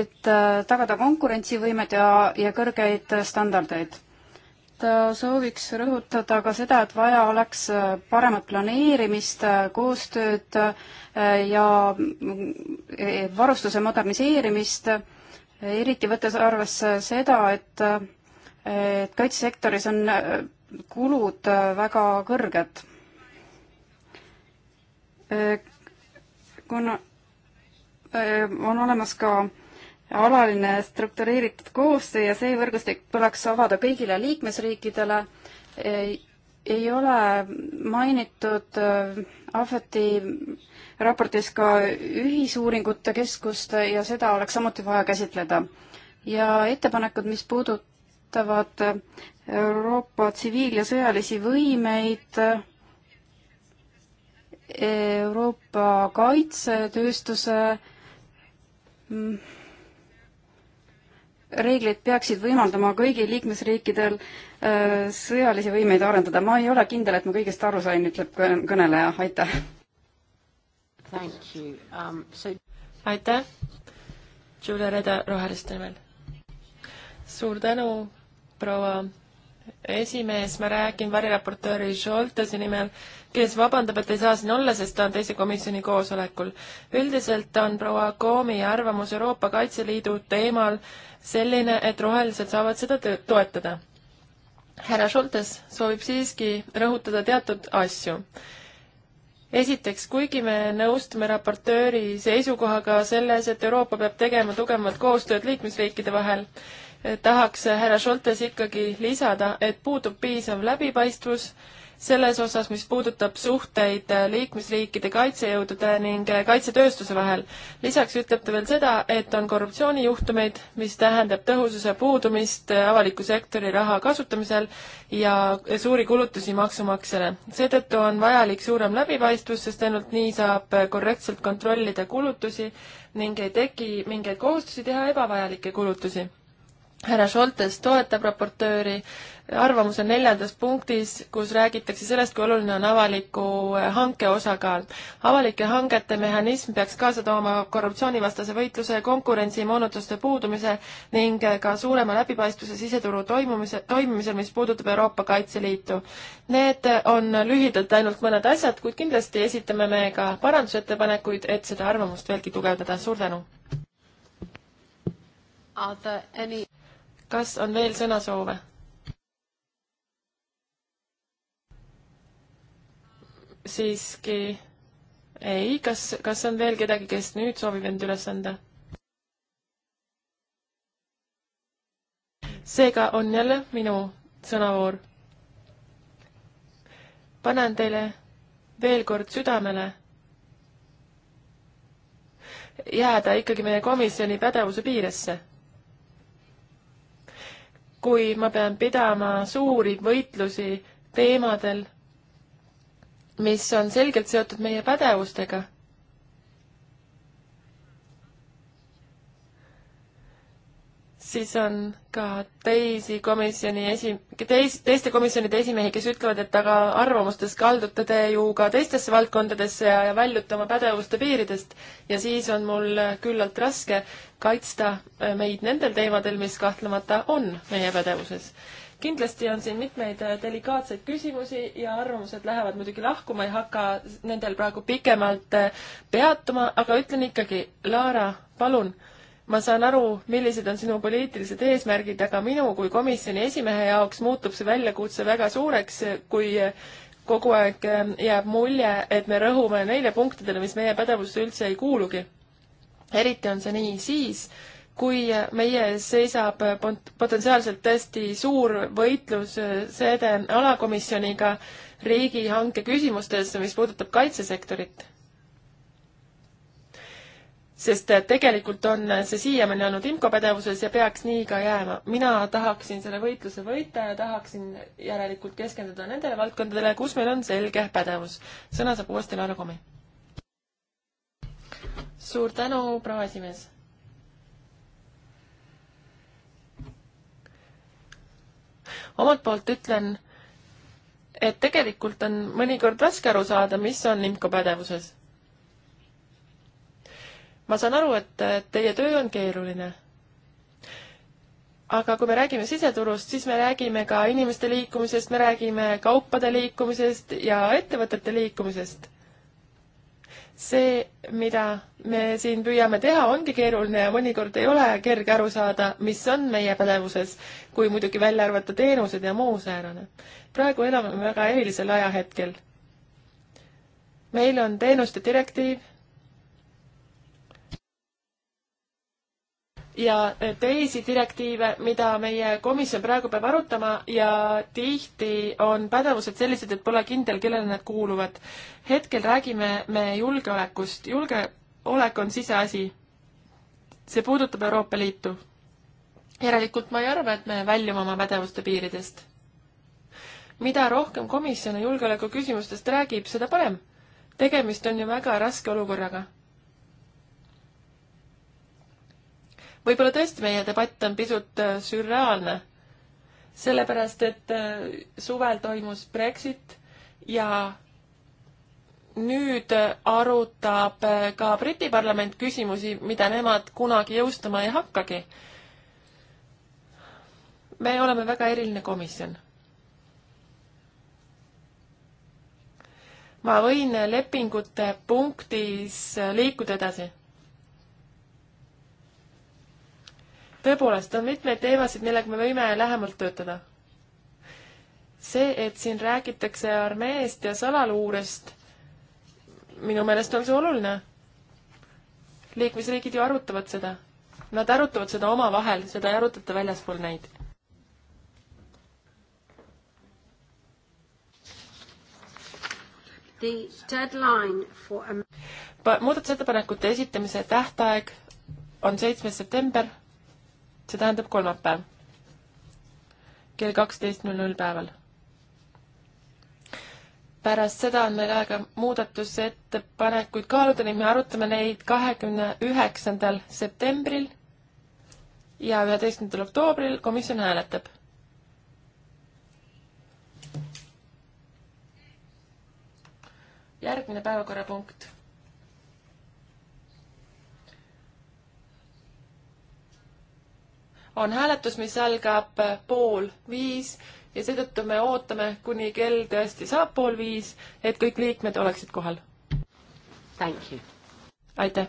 et eh, tagada konkurentsivõimet ja, ja kõrgeid standardeid Äh, sooviks rõhutada ka seda, et vaja oleks äh, paremat planeerimist, äh, koostööd ja varustuse moderniseerimist, eriti võttes arvesse seda, et, et kaitsesektoris on kulud väga kõrged. kuna on olemas ka alaline struktureeritud koostöö ja see võrgustik tuleks avada kõigile liikmesriikidele. ei ole mainitud äh, Ahveti raportis ka ühisuuringute keskust ja seda oleks samuti vaja käsitleda. ja ettepanekud, mis puudutavad äh, Euroopa tsiviil- ja sõjalisi võimeid, äh, Euroopa kaitsetööstuse mm, reeglid peaksid võimaldama kõigil liikmesriikidel äh, sõjalisi võimeid arendada. ma ei ole kindel, et ma kõigest aru sain, ütleb kõneleja, aitäh. Um, so... aitäh, Julia Reda Roheliste nimel. suur tänu, proua esimees, ma räägin variraportööri Šoltese nimel, kes vabandab, et ei saa siin olla, sest ta on teise komisjoni koosolekul. üldiselt on proua Koomi arvamus Euroopa Kaitseliidu teemal selline, et rohelised saavad seda toetada. härra Šoltes soovib siiski rõhutada teatud asju esiteks, kuigi me nõustume raportööri seisukohaga selles, et Euroopa peab tegema tugevamat koostööd liikmesriikide vahel, tahaks härra Šoltes ikkagi lisada, et puudub piisav läbipaistvus selles osas, mis puudutab suhteid liikmesriikide kaitsejõudude ning kaitsetööstuse vahel. lisaks ütleb ta veel seda, et on korruptsioonijuhtumeid, mis tähendab tõhususe puudumist avaliku sektori raha kasutamisel ja suuri kulutusi maksumaksjale. seetõttu on vajalik suurem läbipaistvus, sest ainult nii saab korrektselt kontrollida kulutusi ning ei teki mingeid kohustusi teha ebavajalikke kulutusi härra Šoltes toetab raportööri arvamuse neljandas punktis, kus räägitakse sellest, kui oluline on avaliku eh, hanke osakaal. avalike hangete mehhanism peaks kaasa tooma korruptsioonivastase võitluse, konkurentsimoonutuste puudumise ning eh, ka suurema läbipaistvuse siseturu toimumise, toimimisel, mis puudutab Euroopa Kaitseliitu. Need on lühidalt ainult mõned asjad, kuid kindlasti esitame me ka parandusettepanekuid, et seda arvamust veelgi tugevdada. suur tänu! Are there any kas on veel sõnasoove? siiski ei, kas, kas on veel kedagi, kes nüüd soovib end üles anda? seega on jälle minu sõnavoor. panen teile veel kord südamele jääda ikkagi meie komisjoni pädevuse piiresse kui ma pean pidama suuri võitlusi teemadel, mis on selgelt seotud meie pädevustega siis on ka teisi komisjoni esi-, teis-, teiste komisjonide esimehi, kes ütlevad, et aga arvamustes kaldute te ju ka teistesse valdkondadesse ja, ja väljute oma pädevuste piiridest. ja siis on mul küllalt raske kaitsta äh, meid nendel teemadel, mis kahtlemata on meie pädevuses. kindlasti on siin mitmeid äh, delikaatseid küsimusi ja arvamused lähevad muidugi lahku, ma ei hakka nendel praegu pikemalt äh, peatuma, aga ütlen ikkagi, Laara, palun ma saan aru, millised on sinu poliitilised eesmärgid, aga minu kui komisjoni esimehe jaoks muutub see väljakutse väga suureks, kui kogu aeg ähm, jääb mulje, et me rõhume neile punktidele, mis meie pädevusse üldse ei kuulugi. eriti on see nii siis, kui meie ees seisab potentsiaalselt täiesti suur võitlus äh, sede alakomisjoniga riigihanke küsimustes, mis puudutab kaitsesektorit sest tegelikult on see siiamaani olnud IMCO pädevuses ja peaks nii ka jääma. mina tahaksin selle võitluse võita ja tahaksin järelikult keskenduda nendele valdkondadele, kus meil on selge pädevus. sõna saab uuesti Laura Komi. suur tänu, proua esimees. omalt poolt ütlen, et tegelikult on mõnikord raske aru saada, mis on IMCO pädevuses ma saan aru, et teie töö on keeruline. aga kui me räägime siseturust, siis me räägime ka inimeste liikumisest, me räägime kaupade liikumisest ja ettevõtete liikumisest. see, mida me siin püüame teha, ongi keeruline ja mõnikord ei ole kerge aru saada, mis on meie pädevuses, kui muidugi välja arvata teenused ja muu säärane. praegu elame väga erilisel ajahetkel. meil on teenuste direktiiv ja teisi direktiive, mida meie komisjon praegu peab arutama ja tihti on pädevused sellised, et pole kindel, kellele need kuuluvad. hetkel räägime me julgeolekust. julgeolek on siseasi. see puudutab Euroopa Liitu. järelikult ma ei arva, et me väljume oma pädevuste piiridest. mida rohkem komisjon julgeolekuküsimustest räägib, seda parem. tegemist on ju väga raske olukorraga võib-olla tõesti meie debatt on pisut äh, sürreaalne, sellepärast et äh, suvel toimus Brexit ja nüüd äh, arutab ka Briti parlament küsimusi, mida nemad kunagi jõustama ei hakkagi. me oleme väga eriline komisjon. ma võin lepingute punktis liikuda edasi tõepoolest, on mitmeid teemasid, millega me võime lähemalt töötada. see, et siin räägitakse armeest ja salaluurest, minu meelest on see oluline. liikmesriigid ju arutavad seda. Nad arutavad seda omavahel, seda ei arutata väljaspool neid For... muudatusettepanekute esitamise tähtaeg on seitsmes september see tähendab kolmapäev kell kaksteist null null päeval. pärast seda on meil aega muudatusettepanekuid kaaluda ning me arutame neid kahekümne üheksandal septembril ja üheteistkümnendal oktoobril komisjon hääletab. järgmine päevakorrapunkt on hääletus, mis algab pool viis ja seetõttu me ootame, kuni kell tõesti saab pool viis, et kõik liikmed oleksid kohal. aitäh!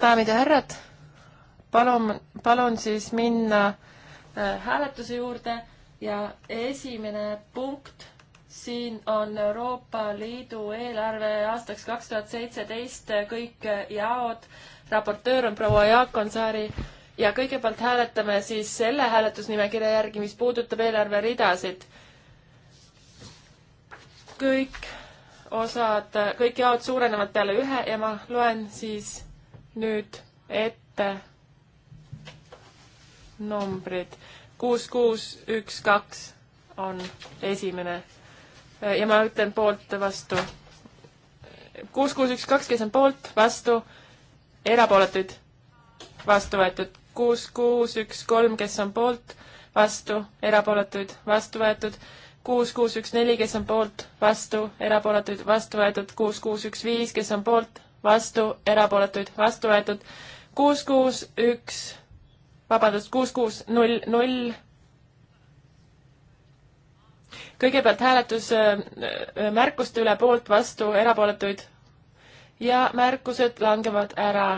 daamid ja härrad, palun, palun siis minna äh, hääletuse juurde ja esimene punkt siin on Euroopa Liidu eelarve aastaks kaks tuhat seitseteist, äh, kõik äh, jaod. raportöör on proua Jaakonsaari ja kõigepealt hääletame siis selle hääletusnimekirja järgi, mis puudutab eelarveridasid. kõik osad, kõik jaod suurenevad peale ühe ja ma loen siis nüüd ette numbrid. kuus, kuus, üks, kaks on esimene. ja ma ütlen poolt, vastu. kuus, kuus, üks, kaks, kes on poolt, vastu, erapooletuid, vastu võetud. kuus, kuus, üks, kolm, kes on poolt, vastu, erapooletuid, vastu võetud kuus, kuus, üks, neli, kes on poolt, vastu, erapooletuid, vastu võetud, kuus, kuus, üks, viis, kes on poolt, vastu, erapooletuid, vastu võetud, kuus, kuus, üks, vabandust, kuus, kuus, null, null. kõigepealt hääletus äh, äh, märkuste üle poolt, vastu, erapooletuid ja märkused langevad ära.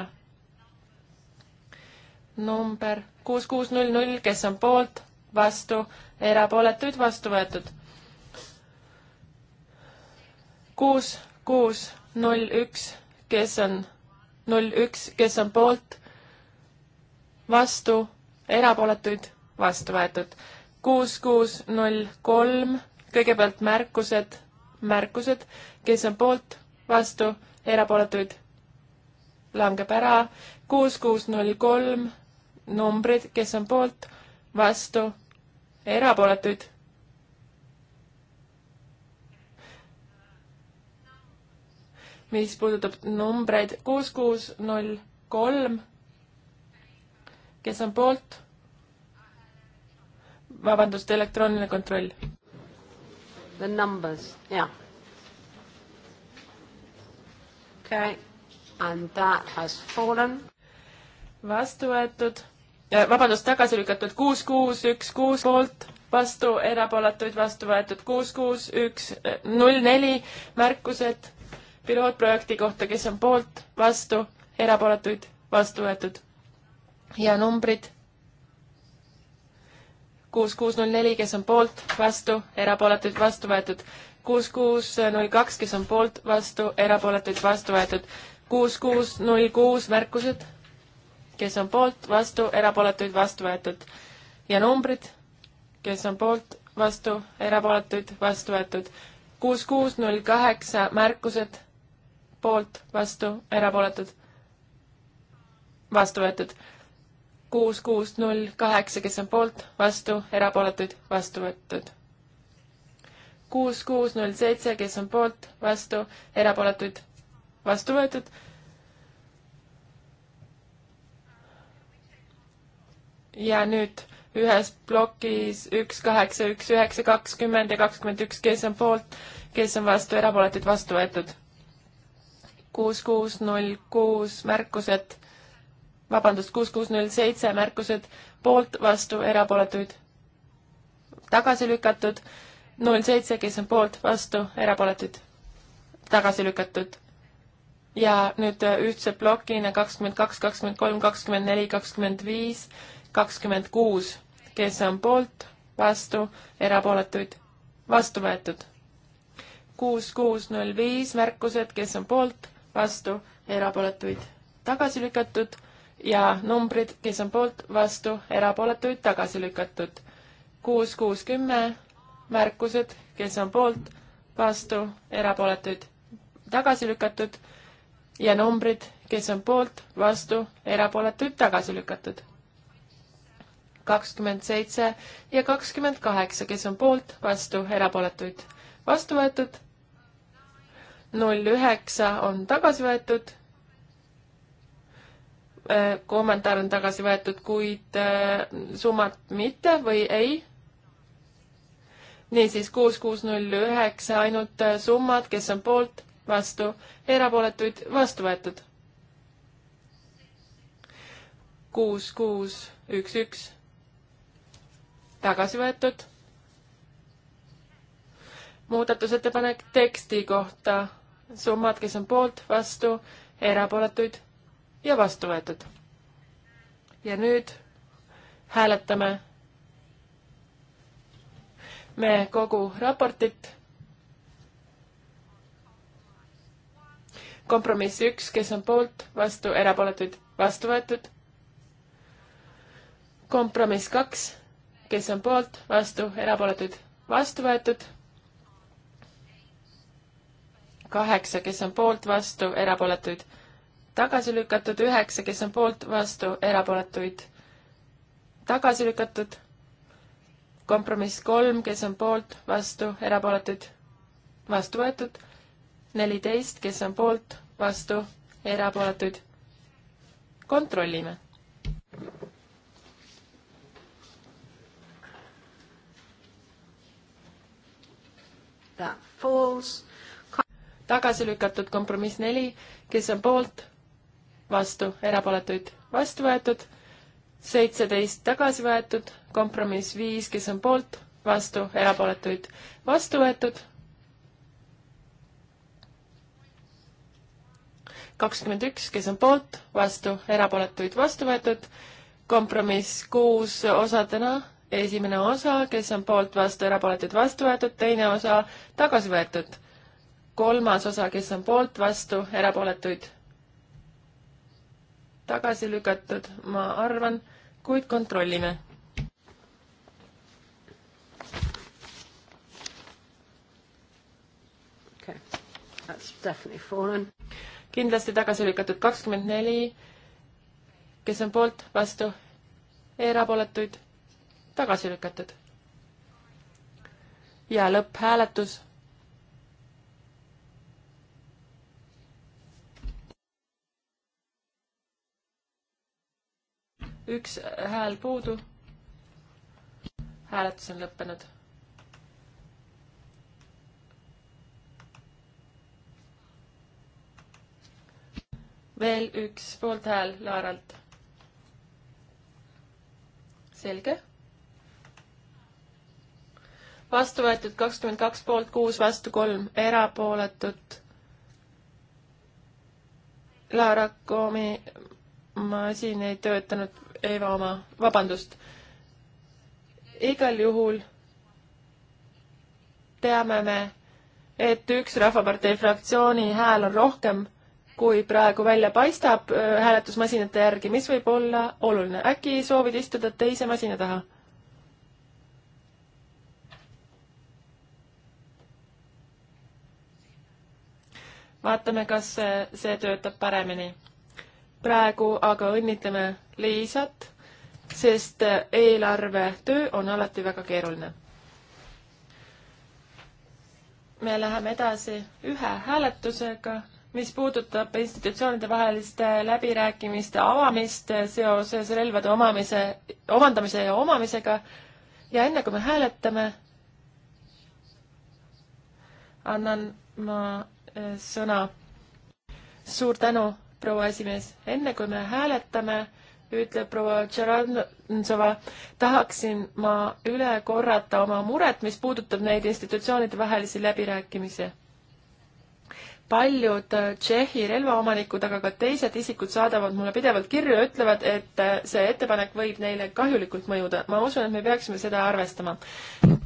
number kuus, kuus, null, null, kes on poolt, vastu, erapooletuid vastu võetud. kuus, kuus, null, üks, kes on, null, üks, kes on poolt, vastu, erapooletuid vastu võetud. kuus, kuus, null, kolm, kõigepealt märkused, märkused, kes on poolt, vastu, erapooletuid langeb ära, kuus, kuus, null, kolm, numbrid, kes on poolt, vastu, erapooletuid. mis puudutab numbreid kuus, kuus, null, kolm. kes on poolt? vabandust, elektrooniline kontroll. The numbers, jah yeah.. Okay, and that has fallen. vastu võetud vabandust, tagasi lükatud kuus, kuus, üks, kuus poolt, vastu, erapooletuid vastu võetud kuus, kuus, üks, null, neli, märkused pilootprojekti kohta, kes on poolt, vastu, erapooletuid vastu võetud ja numbrid kuus, kuus, null, neli, kes on poolt, vastu, erapooletuid vastu võetud, kuus, kuus, null, kaks, kes on poolt, vastu, erapooletuid vastu võetud, kuus, kuus, null, kuus, märkused kes on poolt, vastu, erapooletuid, vastu võetud. ja numbrid, kes on poolt, vastu, erapooletuid, vastu võetud. kuus, kuus, null, kaheksa, märkused, poolt, vastu, erapooletud, vastu võetud. kuus, kuus, null, kaheksa, kes on poolt, vastu, erapooletuid, vastu võetud kuus, kuus, null, seitse, kes on poolt, vastu, erapooletuid, vastu võetud ja nüüd ühes plokis üks, kaheksa, üks, üheksa, kakskümmend ja kakskümmend üks, kes on poolt, kes on vastu, erapooletuid vastu võetud. kuus, kuus, null, kuus märkused, vabandust, kuus, kuus, null, seitse märkused, poolt, vastu, erapooletuid tagasi lükatud, null seitse, kes on poolt, vastu, erapooletuid tagasi lükatud. ja nüüd ühtse plokina kakskümmend kaks, kakskümmend kolm, kakskümmend neli, kakskümmend viis kakskümmend kuus, kes on poolt, vastu, erapooletuid, vastu võetud. kuus, kuus, null, viis märkused, kes on poolt, vastu, erapooletuid, tagasi lükatud ja numbrid, kes on poolt, vastu, erapooletuid, tagasi lükatud. kuus, kuus, kümme märkused, kes on poolt, vastu, erapooletuid, tagasi lükatud ja numbrid, kes on poolt, vastu, erapooletuid, tagasi lükatud kakskümmend seitse ja kakskümmend kaheksa, kes on poolt, vastu, erapooletuid vastu võetud. null üheksa on tagasi võetud. Äh, kommentaar on tagasi võetud, kuid äh, summat mitte või ei. niisiis kuus, kuus, null üheksa, ainult äh, summad, kes on poolt, vastu, erapooletuid, vastu võetud kuus, kuus, üks, üks tagasi võetud. muudatusettepanek teksti kohta, summad, kes on poolt, vastu, erapooletuid ja vastu võetud. ja nüüd hääletame me kogu raportit. kompromiss üks, kes on poolt, vastu, erapooletuid, vastu võetud. kompromiss kaks kes on poolt, vastu, erapooletuid, vastu võetud. kaheksa, kes on poolt, vastu, erapooletuid, tagasi lükatud. üheksa, kes on poolt, vastu, erapooletuid, tagasi lükatud. kompromiss kolm, kes on poolt, vastu, erapooletuid, vastu võetud. neliteist, kes on poolt, vastu, erapooletuid. kontrollime that falls. tagasi lükatud kompromiss neli, kes on poolt, vastu, erapooletuid vastu võetud, seitseteist tagasi võetud, kompromiss viis, kes on poolt, vastu, erapooletuid vastu võetud, kakskümmend üks, kes on poolt, vastu, erapooletuid vastu võetud, kompromiss kuus osadena, esimene osa, kes on poolt, vastu, erapooletud, vastu võetud, teine osa tagasi võetud. kolmas osa, kes on poolt, vastu, erapooletuid, tagasi lükatud, ma arvan, kuid kontrollime. kindlasti tagasi lükatud kakskümmend neli, kes on poolt, vastu, erapooletuid tagasi lükatud. ja lõpphääletus. üks hääl puudu. hääletus on lõppenud veel üks poolthääl Laaralt. selge vastu võetud kakskümmend kaks poolt, kuus vastu kolm erapooletut. Laara Koomi masin ei töötanud, Eva oma, vabandust. igal juhul teame me, et üks Rahvapartei fraktsiooni hääl on rohkem, kui praegu välja paistab äh, hääletusmasinate järgi, mis võib olla oluline. äkki soovid istuda teise masina taha? vaatame, kas see, see töötab paremini. praegu aga õnnitleme Liisat, sest eelarve töö on alati väga keeruline. me läheme edasi ühe hääletusega, mis puudutab institutsioonide vaheliste läbirääkimiste avamist seoses relvade omamise, omandamise ja omamisega. ja enne kui me hääletame, annan ma sõna. suur tänu, proua esimees. enne kui me hääletame, ütleb proua Tšerandova, tahaksin ma üle korrata oma muret, mis puudutab neid institutsioonide vahelisi läbirääkimisi. paljud Tšehhi relvaomanikud, aga ka teised isikud saadavad mulle pidevalt kirju ja ütlevad, et see ettepanek võib neile kahjulikult mõjuda. ma usun, et me peaksime seda arvestama.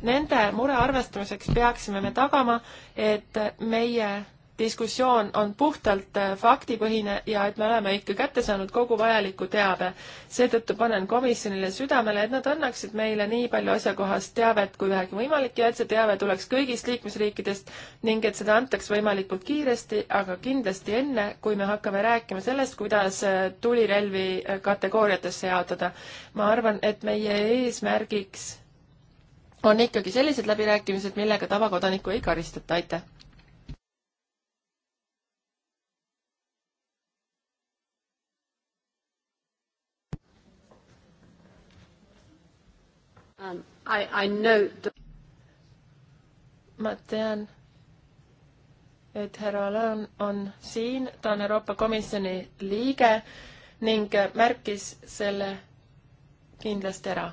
Nende mure arvestamiseks peaksime me tagama, et meie diskussioon on puhtalt äh, faktipõhine ja et me oleme ikka kätte saanud kogu vajaliku teabe. seetõttu panen komisjonile südamele, et nad annaksid meile nii palju asjakohast teavet kui vähegi võimalik ja et see teave tuleks kõigist liikmesriikidest ning et seda antaks võimalikult kiiresti, aga kindlasti enne, kui me hakkame rääkima sellest, kuidas äh, tulirelvi äh, kategooriatesse jaotada. ma arvan, et meie eesmärgiks on ikkagi sellised läbirääkimised, millega tavakodanikku ei karistata, aitäh! Um, I, I note that ma tean, et härra Alain on siin, ta on Euroopa Komisjoni liige ning märkis selle kindlasti ära.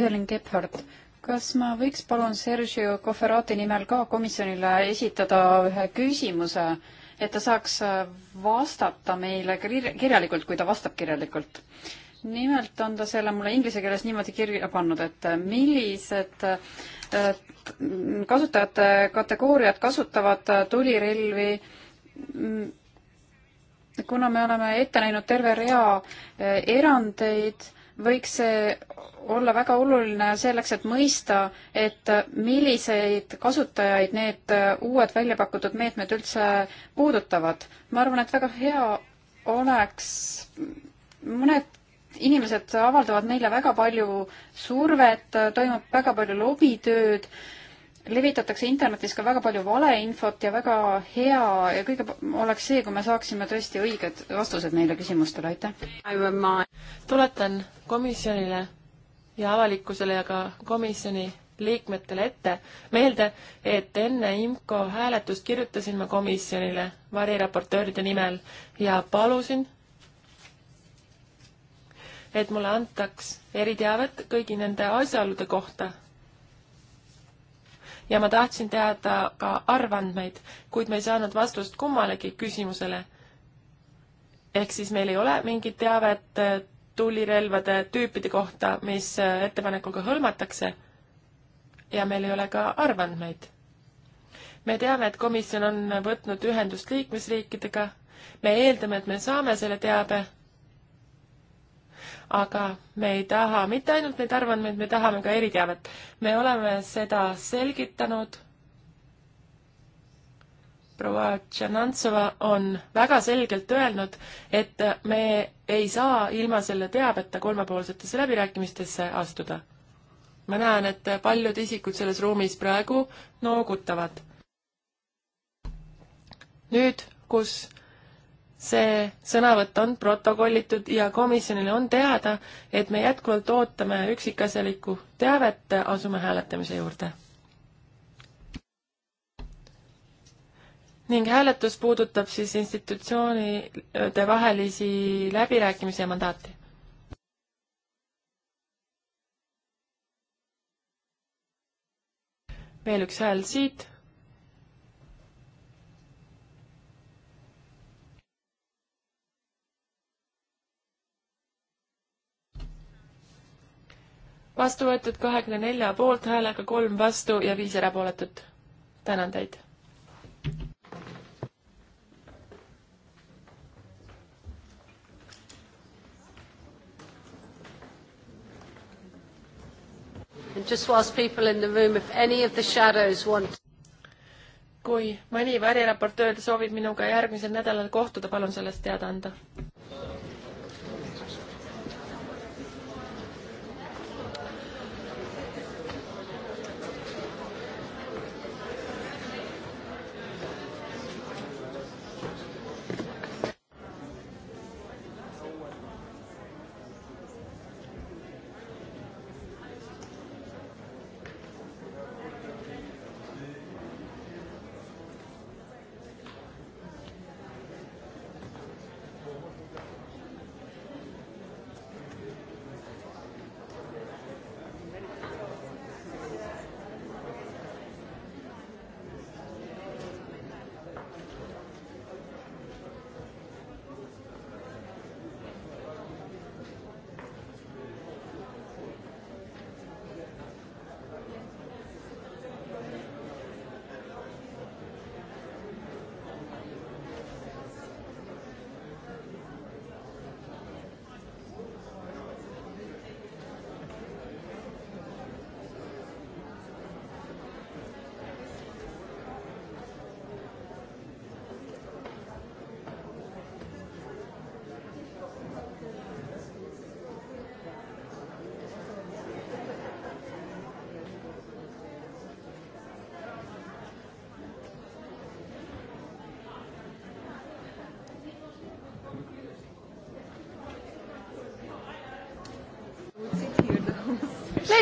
Evelyn Gebhardt, kas ma võiks palun Sergio Cofferati nimel ka komisjonile esitada ühe küsimuse, et ta saaks vastata meile kirjalikult, kui ta vastab kirjalikult? nimelt on ta selle mulle inglise keeles niimoodi kirja pannud, et äh, millised äh, kasutajate kategooriad kasutavad äh, tulirelvi. Mm, kuna me oleme ette näinud terve rea erandeid, võiks see olla väga oluline selleks, et mõista, et milliseid kasutajaid need uued välja pakutud meetmed üldse puudutavad. ma arvan, et väga hea oleks mõned inimesed avaldavad meile väga palju survet, toimub väga palju lobitööd, levitatakse internetis ka väga palju valeinfot ja väga hea ja kõige oleks see, kui me saaksime tõesti õiged vastused neile küsimustele, aitäh! tuletan komisjonile ja avalikkusele ja ka komisjoni liikmetele ette meelde, et enne IMCO hääletust kirjutasin ma komisjonile variraportööride nimel ja palusin, et mulle antaks eriteavet kõigi nende asjaolude kohta. ja ma tahtsin teada ka arvandmeid, kuid me ei saanud vastust kummalegi küsimusele. ehk siis meil ei ole mingit teavet äh, tulirelvade tüüpide kohta, mis äh, ettepanekuga hõlmatakse ja meil ei ole ka arvandmeid. me teame, et komisjon on võtnud ühendust liikmesriikidega, me eeldame, et me saame selle teabe aga me ei taha mitte ainult neid arvandmeid, me tahame ka eriteavet. me oleme seda selgitanud. proua Tšernantsova on väga selgelt öelnud, et me ei saa ilma selle teabeta kolmepoolsetesse läbirääkimistesse astuda. ma näen, et paljud isikud selles ruumis praegu noogutavad. nüüd, kus see sõnavõtt on protokollitud ja komisjonile on teada, et me jätkuvalt ootame üksikasjalikku teavet, asume hääletamise juurde. ning hääletus puudutab siis institutsioonide vahelisi läbirääkimisi ja mandaati. veel üks hääl siit vastu võetud kahekümne nelja poolthäälega, kolm vastu ja viis erapooletut. tänan teid! And just whilst people in the room, if any of the shadows want kui mõni variraportöör soovib minuga järgmisel nädalal kohtuda, palun sellest teada anda.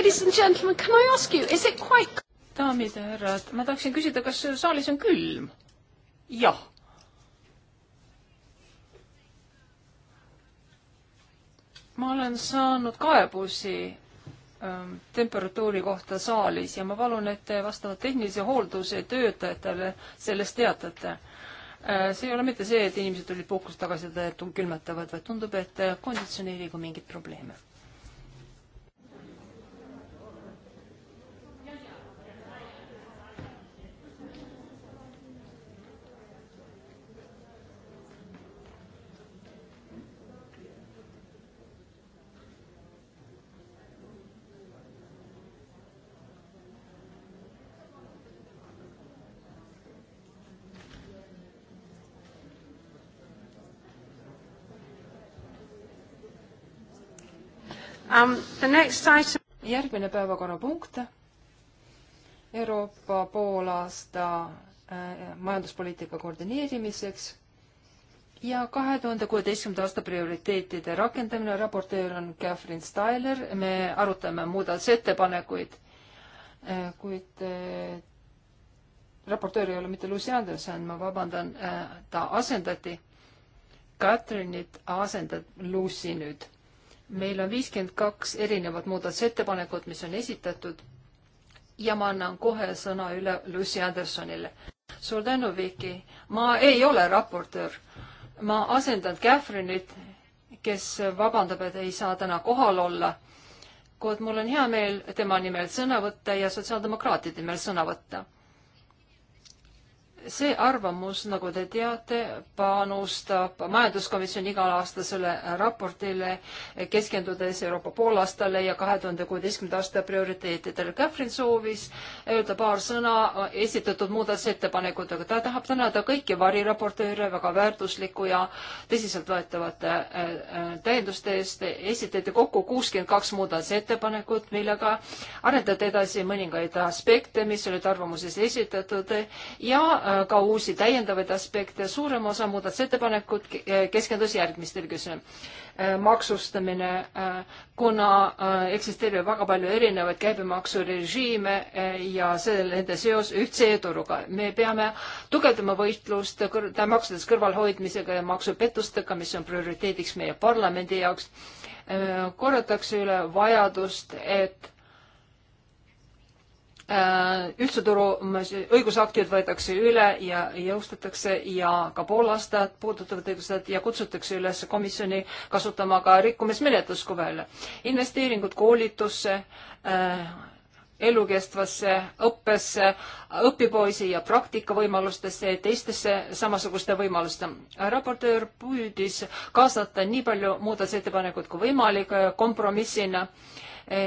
Ladies and gentlemen, can I ask you, is it quite... daamid ja härrad, ma tahaksin küsida, kas saalis on külm? jah. ma olen saanud kaebusi ähm, temperatuuri kohta saalis ja ma palun, et te vastavad tehnilise hoolduse töötajatele sellest teatate äh,. see ei ole mitte see, et inimesed tulid puhkust tagasi, et külmetavad, vaid tundub, et konditsioneeriga on mingeid probleeme Um, the next item... järgmine päevakorrapunkt, Euroopa poolaasta äh, majanduspoliitika koordineerimiseks ja kahe tuhande kuueteistkümnenda aasta prioriteetide rakendamine, raportöör on Catherine Styler, me arutame muudatusettepanekuid äh,, kuid äh, raportöör ei ole mitte Lucy Anderson, ma vabandan, äh, ta asendati, Catherine'it asendab Lucy nüüd meil on viiskümmend kaks erinevat muudatusettepanekut, mis on esitatud ja ma annan kohe sõna üle Lucy Andersonile. suur tänu, Viki. ma ei ole raportöör. ma asendan Catherine'it, kes vabandab, et ei saa täna kohal olla, kuid mul on hea meel tema nimel sõna võtta ja sotsiaaldemokraatide nimel sõna võtta see arvamus, nagu te teate, panustab majanduskomisjoni igalaastasele raportile, keskendudes Euroopa poolaastale ja kahe tuhande kuueteistkümnenda aasta prioriteetidele. Catherine soovis öelda paar sõna esitatud muudatusettepanekutega. ta tahab tänada kõiki variraportööre väga väärtusliku ja tõsiseltvõetavate äh, äh, täienduste eest. esitati kokku kuuskümmend kaks muudatusettepanekut, millega arendati edasi mõningaid aspekte, mis olid arvamuses esitatud ja äh, ka uusi täiendavaid aspekte, suurem osa muudatusettepanekud keskendus järgmistele küsimustele. Äh, maksustamine, äh, kuna äh, eksisteerib väga palju erinevaid käibemaksurežiime ja see, nende seos ühtse e-turuga. me peame tugevdama võitlust kõr-, maksudest kõrvalhoidmisega ja maksupettustega, mis on prioriteediks meie parlamendi jaoks. korratakse üle vajadust, et Äh, ühtse turu õigusaktid võetakse üle ja jõustatakse ja ka pool aastat puudutavad õigused ja kutsutakse üles komisjoni kasutama ka rikkumismenetlust kui välja. investeeringud koolitusse äh,, elukestvasse õppesse, õpipoisi ja praktikavõimalustesse ja teistesse samasuguste võimaluste. raportöör püüdis kaasata nii palju muudatusettepanekuid kui võimalik kompromissina äh,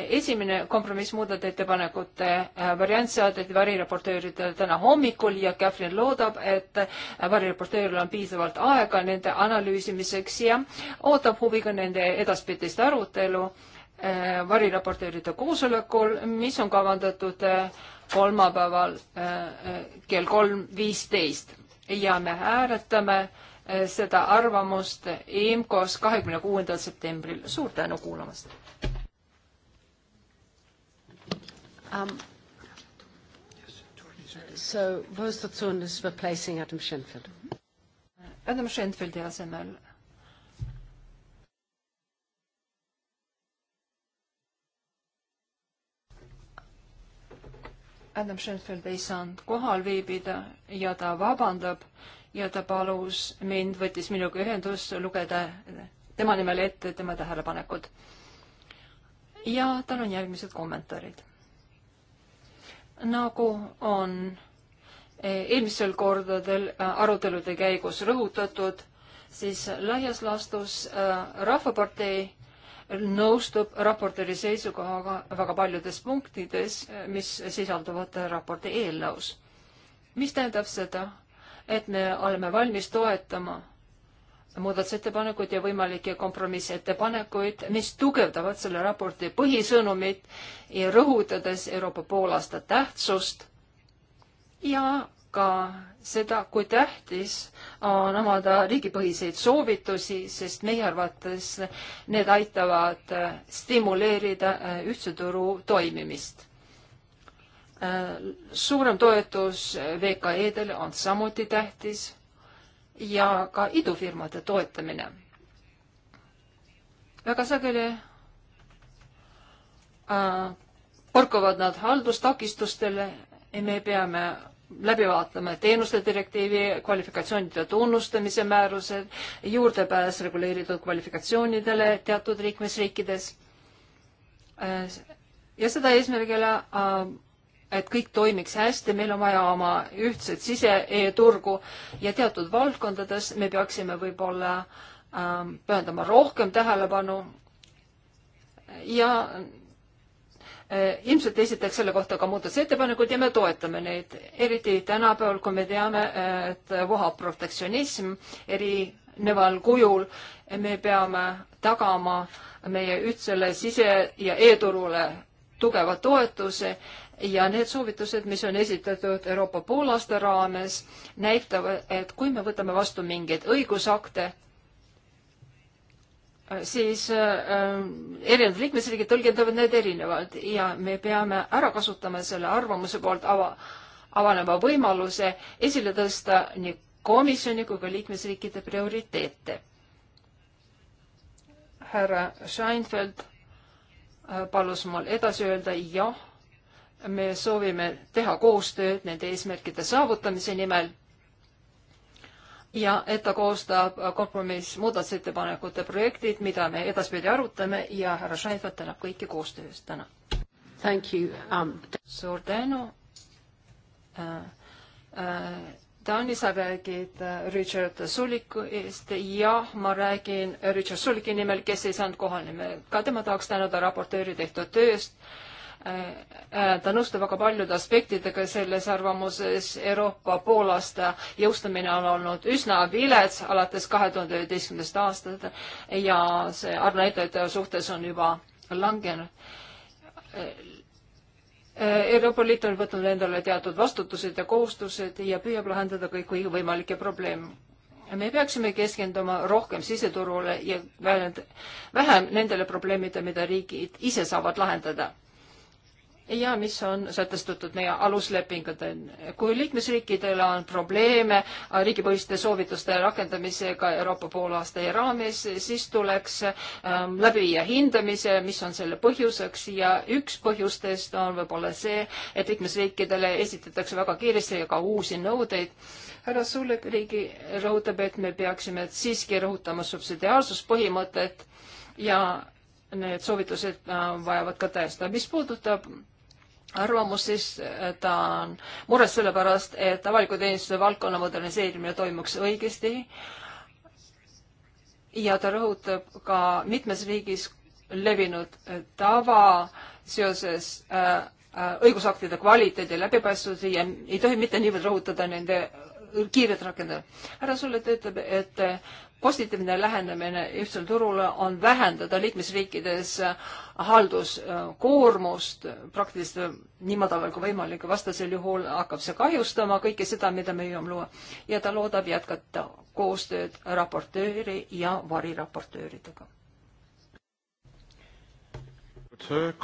esimene kompromissmuudatusettepanekute eh, variant saadeti variraportööridele täna hommikul ja Catherine loodab, et eh, variraportööril on piisavalt aega nende analüüsimiseks ja ootab huviga nende edaspidist arutelu eh, variraportööride koosolekul, mis on kavandatud kolmapäeval kell kolm viisteist ja me hääletame seda arvamust EMKO-s kahekümne kuuendal septembril. suur tänu kuulamast! Um, so Rose Tatsun is replacing Adam Schenfeld. Adam Schenfeldi asemel Adam Schenfeld ei saanud kohal viibida ja ta vabandab ja ta palus mind, võttis minuga ühendust, lugeda tema nimel ette tema tähelepanekud. ja tal on järgmised kommentaarid nagu on e, eelmistel kordadel e, arutelude käigus rõhutatud, siis laias laastus e, Rahvapartei nõustub raportööri seisukohaga väga paljudes punktides, mis sisalduvad raporti eelnõus. mis tähendab seda, et me oleme valmis toetama muudatusettepanekuid ja võimalikke kompromissettepanekuid, mis tugevdavad selle raporti põhisõnumit ja rõhutades Euroopa poolaasta tähtsust ja ka seda, kui tähtis on omada riigipõhiseid soovitusi, sest meie arvates need aitavad stimuleerida äh, ühtse turu toimimist. Äh, suurem toetus VKE-dele on samuti tähtis ja ka idufirmade toetamine. väga sageli äh, põrkuvad nad haldustakistustele ja me peame läbi vaatama teenuste direktiivi, kvalifikatsioonide tunnustamise määrused, juurdepääs reguleeritud kvalifikatsioonidele teatud liikmesriikides äh,. ja seda eesmärgile äh, et kõik toimiks hästi, meil on vaja oma ühtset siseturgu e ja teatud valdkondades me peaksime võib-olla ähm, pöördama rohkem tähelepanu ja äh, ilmselt esiteks selle kohta ka muudatusettepanekud ja me toetame neid, eriti tänapäeval, kui me teame, et vohab protektsionism erineval kujul, me peame tagama meie ühtsele sise- ja e-turule tugeva toetuse äh, ja need soovitused, mis on esitatud Euroopa poolaasta raames, näitavad, et kui me võtame vastu mingeid õigusakte, siis äh, erinevad liikmesriigid tõlgendavad need erinevalt ja me peame ära kasutama selle arvamuse poolt ava, avaneva võimaluse esile tõsta nii komisjoni kui ka liikmesriikide prioriteete. härra Scheinfeld äh, palus mul edasi öelda jah me soovime teha koostööd nende eesmärkide saavutamise nimel ja et ta koostab kompromiss muudatusettepanekute projektid, mida me edaspidi arutame ja härra Scheinfeld tänab kõiki koostöö eest täna. Um... suur tänu äh,. Äh, Taani, sa räägid äh, Richard Suliku eest ja ma räägin Richard Suliki nimel, kes ei saanud kohale. ka tema tahaks tänada raportööri tehtud tööst äh, Äh, äh, ta nõustub väga paljude aspektidega selles arvamuses. Euroopa poolaasta jõustamine on olnud üsna vilets alates kahe tuhande üheteistkümnendast aastast ja see arv näitajate suhtes on juba langenud. Äh, Euroopa Liit on võtnud endale teatud vastutused ja kohustused ja püüab lahendada kõiki võimalikke probleeme me peaksime keskenduma rohkem siseturule ja vähem nendele probleemidele, mida riigid ise saavad lahendada ja mis on sätestatud meie aluslepingutel. kui liikmesriikidel on probleeme riigipõhiste soovituste rakendamisega Euroopa poolaasta raames, siis tuleks ähm, läbi viia hindamise, mis on selle põhjuseks ja üks põhjustest on võib-olla see, et liikmesriikidele esitatakse väga kiiresti ka uusi nõudeid. härra Sullek riigi rõhutab, et me peaksime siiski rõhutama subsidiaarsuspõhimõtet ja need soovitused äh, vajavad ka täiesti. mis puudutab arvamus, siis äh, ta on mures sellepärast, et avaliku teenistuse valdkonna moderniseerimine toimuks õigesti. ja ta rõhutab ka mitmes riigis levinud tava seoses äh, äh õigusaktide kvaliteedi ja läbipaistvuse ja ei tohi mitte niivõrd rõhutada nende kiiret rakendada. härra Sullet ütleb, et positiivne lähenemine ühtsel turule on vähendada liikmesriikides halduskoormust praktiliselt nii madalal kui võimalik, vastasel juhul hakkab see kahjustama kõike seda, mida me jõuame luua. ja ta loodab jätkata koostööd raportööri ja variraportööridega.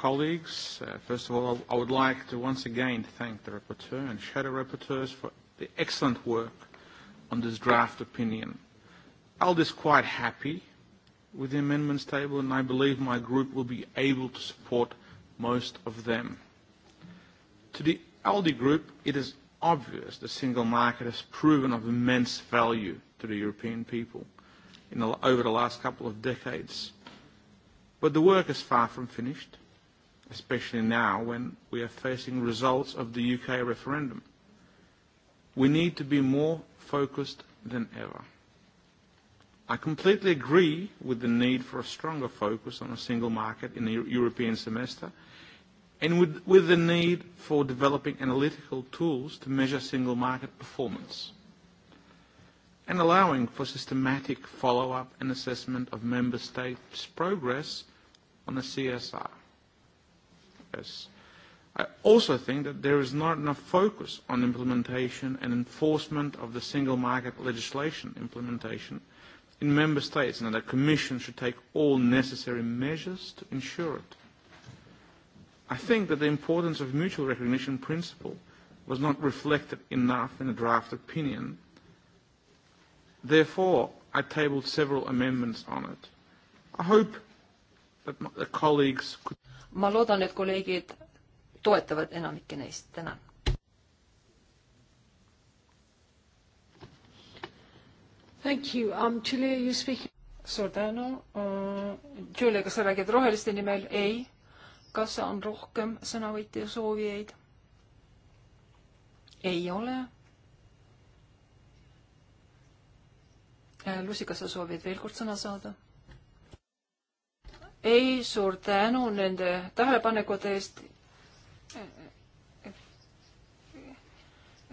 Colleagues, uh, first of all, I would like to once again thank the rapporteur and shadow rapporteurs for the excellent work on this draft opinion. ALDE's quite happy with the amendments table, and I believe my group will be able to support most of them. To the ALDE group, it is obvious the single market has proven of immense value to the European people in the, over the last couple of decades. But the work is far from finished, especially now when we are facing results of the UK referendum. We need to be more focused than ever. I completely agree with the need for a stronger focus on a single market in the European semester and with, with the need for developing analytical tools to measure single market performance and allowing for systematic follow-up and assessment of member states' progress on the CSR. Yes. I also think that there is not enough focus on implementation and enforcement of the single market legislation implementation in member states and that the commission should take all necessary measures to ensure it. I think that the importance of mutual recognition principle was not reflected enough in the draft opinion. Therefore, I tabled several amendments on it. I hope that the colleagues could ma loodan, et kolleegid toetavad enamikke neist, tänan. Thank you. Um, Julia, you speak? suur tänu uh,. Julia, kas sa räägid roheliste nimel? ei. kas on rohkem sõnavõtja soovijaid? ei ole. Uh, Lusi, kas sa soovid veel kord sõna saada? ei, suur tänu nende tähelepanekute eest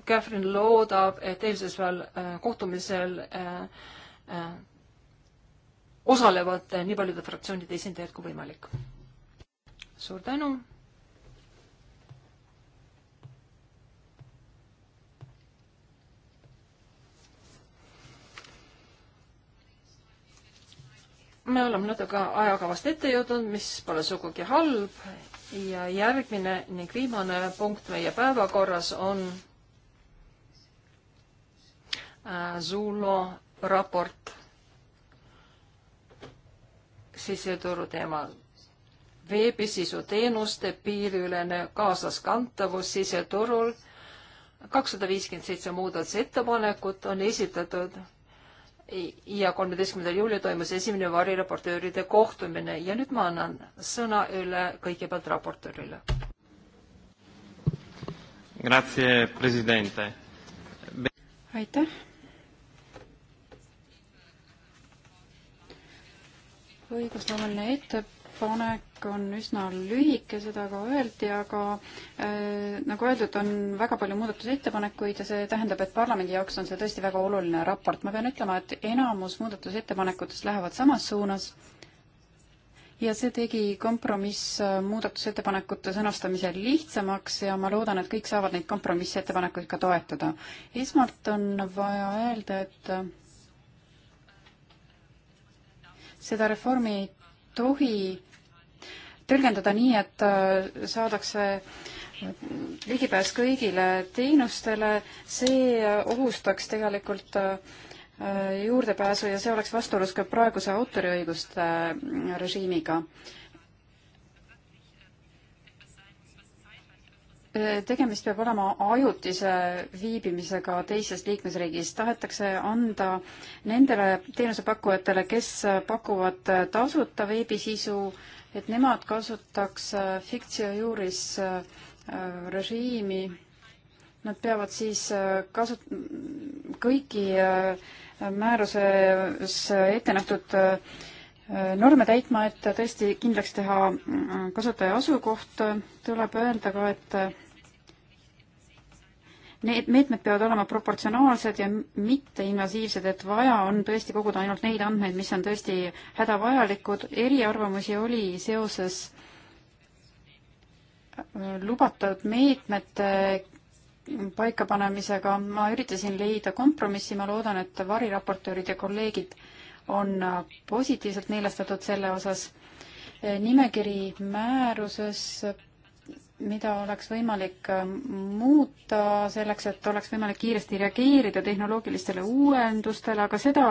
Catherine loodab, et eilsel äh, kohtumisel äh, äh, osalevad nii paljude fraktsioonide esindajad kui võimalik. suur tänu. me oleme natuke ajakavast ette jõudnud, mis pole sugugi halb ja järgmine ning viimane punkt meie päevakorras on Zulo raport siseturu teemal. veebisisu teenuste piiriülene kaasaskantavus siseturul. kakssada viiskümmend seitse muudatusettepanekut on esitatud ja kolmeteistkümnendal juulil toimus esimene variraportööride kohtumine ja nüüd ma annan sõna üle kõigepealt raportöörile. aitäh õigusloomeline ettepanek on üsna lühike, seda ka öeldi, aga äh, nagu öeldud, on väga palju muudatusettepanekuid ja see tähendab, et parlamendi jaoks on see tõesti väga oluline raport. ma pean ütlema, et enamus muudatusettepanekutest lähevad samas suunas ja see tegi kompromiss äh, muudatusettepanekute sõnastamise lihtsamaks ja ma loodan, et kõik saavad neid kompromissettepanekuid ka toetada. esmalt on vaja öelda, et seda reformi ei tohi tõlgendada nii, et äh, saadakse ligipääs kõigile teenustele, see äh, ohustaks tegelikult äh, juurdepääsu ja see oleks vastuolus ka praeguse autoriõiguste režiimiga. tegemist peab olema ajutise viibimisega teises liikmesriigis. tahetakse anda nendele teenusepakkujatele, kes pakuvad tasuta veebisisu, et nemad kasutaks fictio juris äh, režiimi. Nad peavad siis äh, kasut-, kõiki äh, määruses ette nähtud norme täitma, et tõesti kindlaks teha kasutaja asukoht, tuleb öelda ka, et need meetmed peavad olema proportsionaalsed ja mitteinvasiivsed, et vaja on tõesti koguda ainult neid andmeid, mis on tõesti hädavajalikud. eriarvamusi oli seoses äh, lubatud meetmete paikapanemisega. ma üritasin leida kompromissi, ma loodan, et variraportöörid ja kolleegid on äh, positiivselt meelestatud selle osas. Äh, nimekiri määruses mida oleks võimalik äh, muuta selleks, et oleks võimalik kiiresti reageerida tehnoloogilistele uuendustele, aga seda,